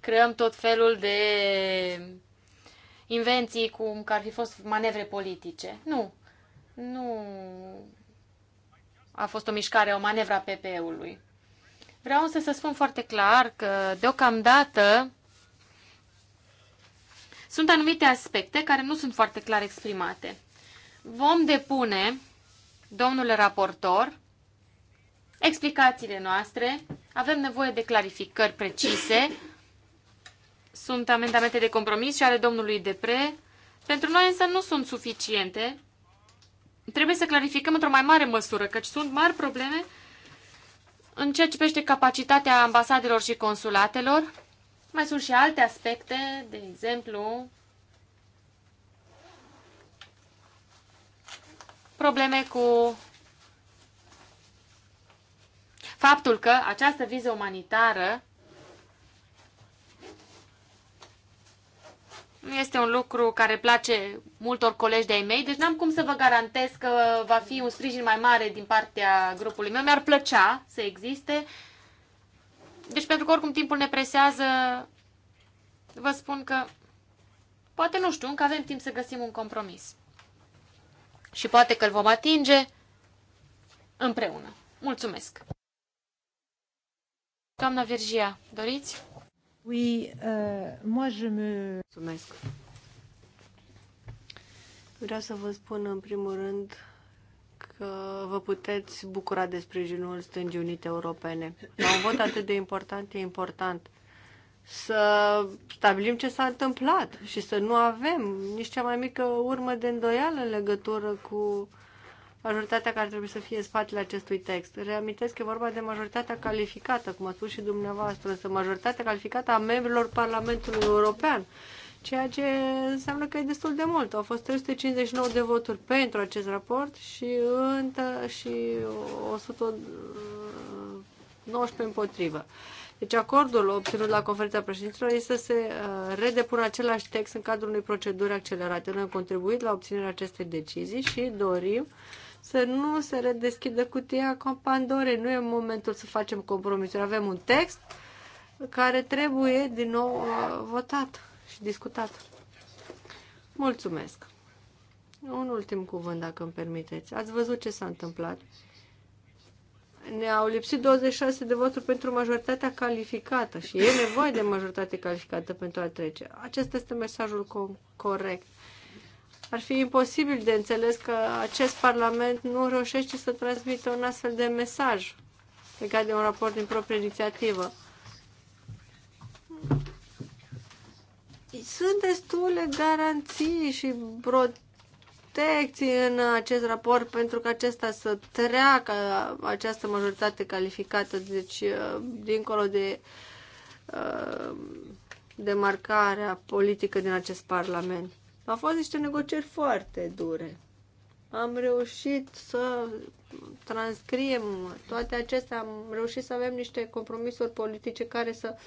creăm tot felul de invenții cum că ar fi fost manevre politice. Nu. Nu a fost o mișcare, o a PP-ului. Vreau însă să spun foarte clar că deocamdată sunt anumite aspecte care nu sunt foarte clar exprimate. Vom depune domnule raportor, explicațiile noastre. Avem nevoie de clarificări precise. Sunt amendamente de compromis și ale domnului Depre. Pentru noi însă nu sunt suficiente. Trebuie să clarificăm într-o mai mare măsură, căci sunt mari probleme în ceea ce privește capacitatea ambasadelor și consulatelor. Mai sunt și alte aspecte, de exemplu, probleme cu faptul că această viză umanitară nu este un lucru care place multor colegi de-ai mei, deci n-am cum să vă garantez că va fi un sprijin mai mare din partea grupului meu. Mi-ar plăcea să existe. Deci, pentru că oricum timpul ne presează, vă spun că poate, nu știu, încă avem timp să găsim un compromis și poate că îl vom atinge împreună. Mulțumesc! Doamna Virgia, doriți? Oui, uh, moi je me... Mulțumesc! Vreau să vă spun în primul rând că vă puteți bucura de sprijinul Stângii Unite Europene. La un vot atât de important, e important să stabilim ce s-a întâmplat și să nu avem nici cea mai mică urmă de îndoială în legătură cu majoritatea care trebuie să fie în spatele acestui text. Reamintesc că e vorba de majoritatea calificată, cum a spus și dumneavoastră, însă majoritatea calificată a membrilor Parlamentului European, ceea ce înseamnă că e destul de mult. Au fost 359 de voturi pentru acest raport și, întă, și 119 împotrivă. Deci acordul obținut la conferința președinților este să se uh, redepună același text în cadrul unei proceduri accelerate. Noi am contribuit la obținerea acestei decizii și dorim să nu se redeschidă cutia cu Pandorei. Nu e momentul să facem compromisuri. Avem un text care trebuie din nou uh, votat și discutat. Mulțumesc! Un ultim cuvânt, dacă îmi permiteți. Ați văzut ce s-a întâmplat ne-au lipsit 26 de voturi pentru majoritatea calificată și e nevoie de majoritate calificată pentru a trece. Acesta este mesajul co- corect. Ar fi imposibil de înțeles că acest Parlament nu reușește să transmită un astfel de mesaj legat de un raport din proprie inițiativă. Sunt destule garanții și protecții protecții în acest raport pentru că acesta să treacă această majoritate calificată, deci uh, dincolo de uh, demarcarea politică din acest parlament. Au fost niște negocieri foarte dure. Am reușit să transcriem toate acestea, am reușit să avem niște compromisuri politice care să uh,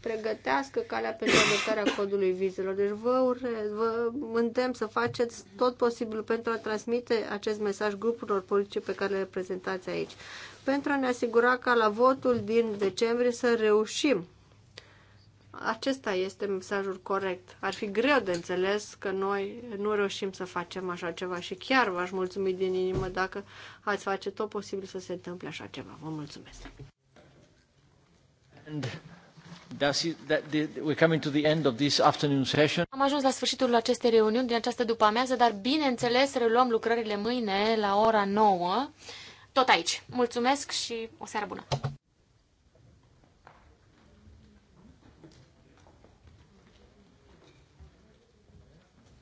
pregătească calea pentru adoptarea codului vizelor. Deci vă, urez, vă îndemn să faceți tot posibilul pentru a transmite acest mesaj grupurilor politice pe care le reprezentați aici. Pentru a ne asigura ca la votul din decembrie să reușim. Acesta este mesajul corect. Ar fi greu de înțeles că noi nu reușim să facem așa ceva și chiar v-aș mulțumi din inimă dacă ați face tot posibil să se întâmple așa ceva. Vă mulțumesc! And am ajuns la sfârșitul acestei reuniuni din această după-amiază, dar bineînțeles reluăm lucrările mâine la ora 9, tot aici. Mulțumesc și o seară bună!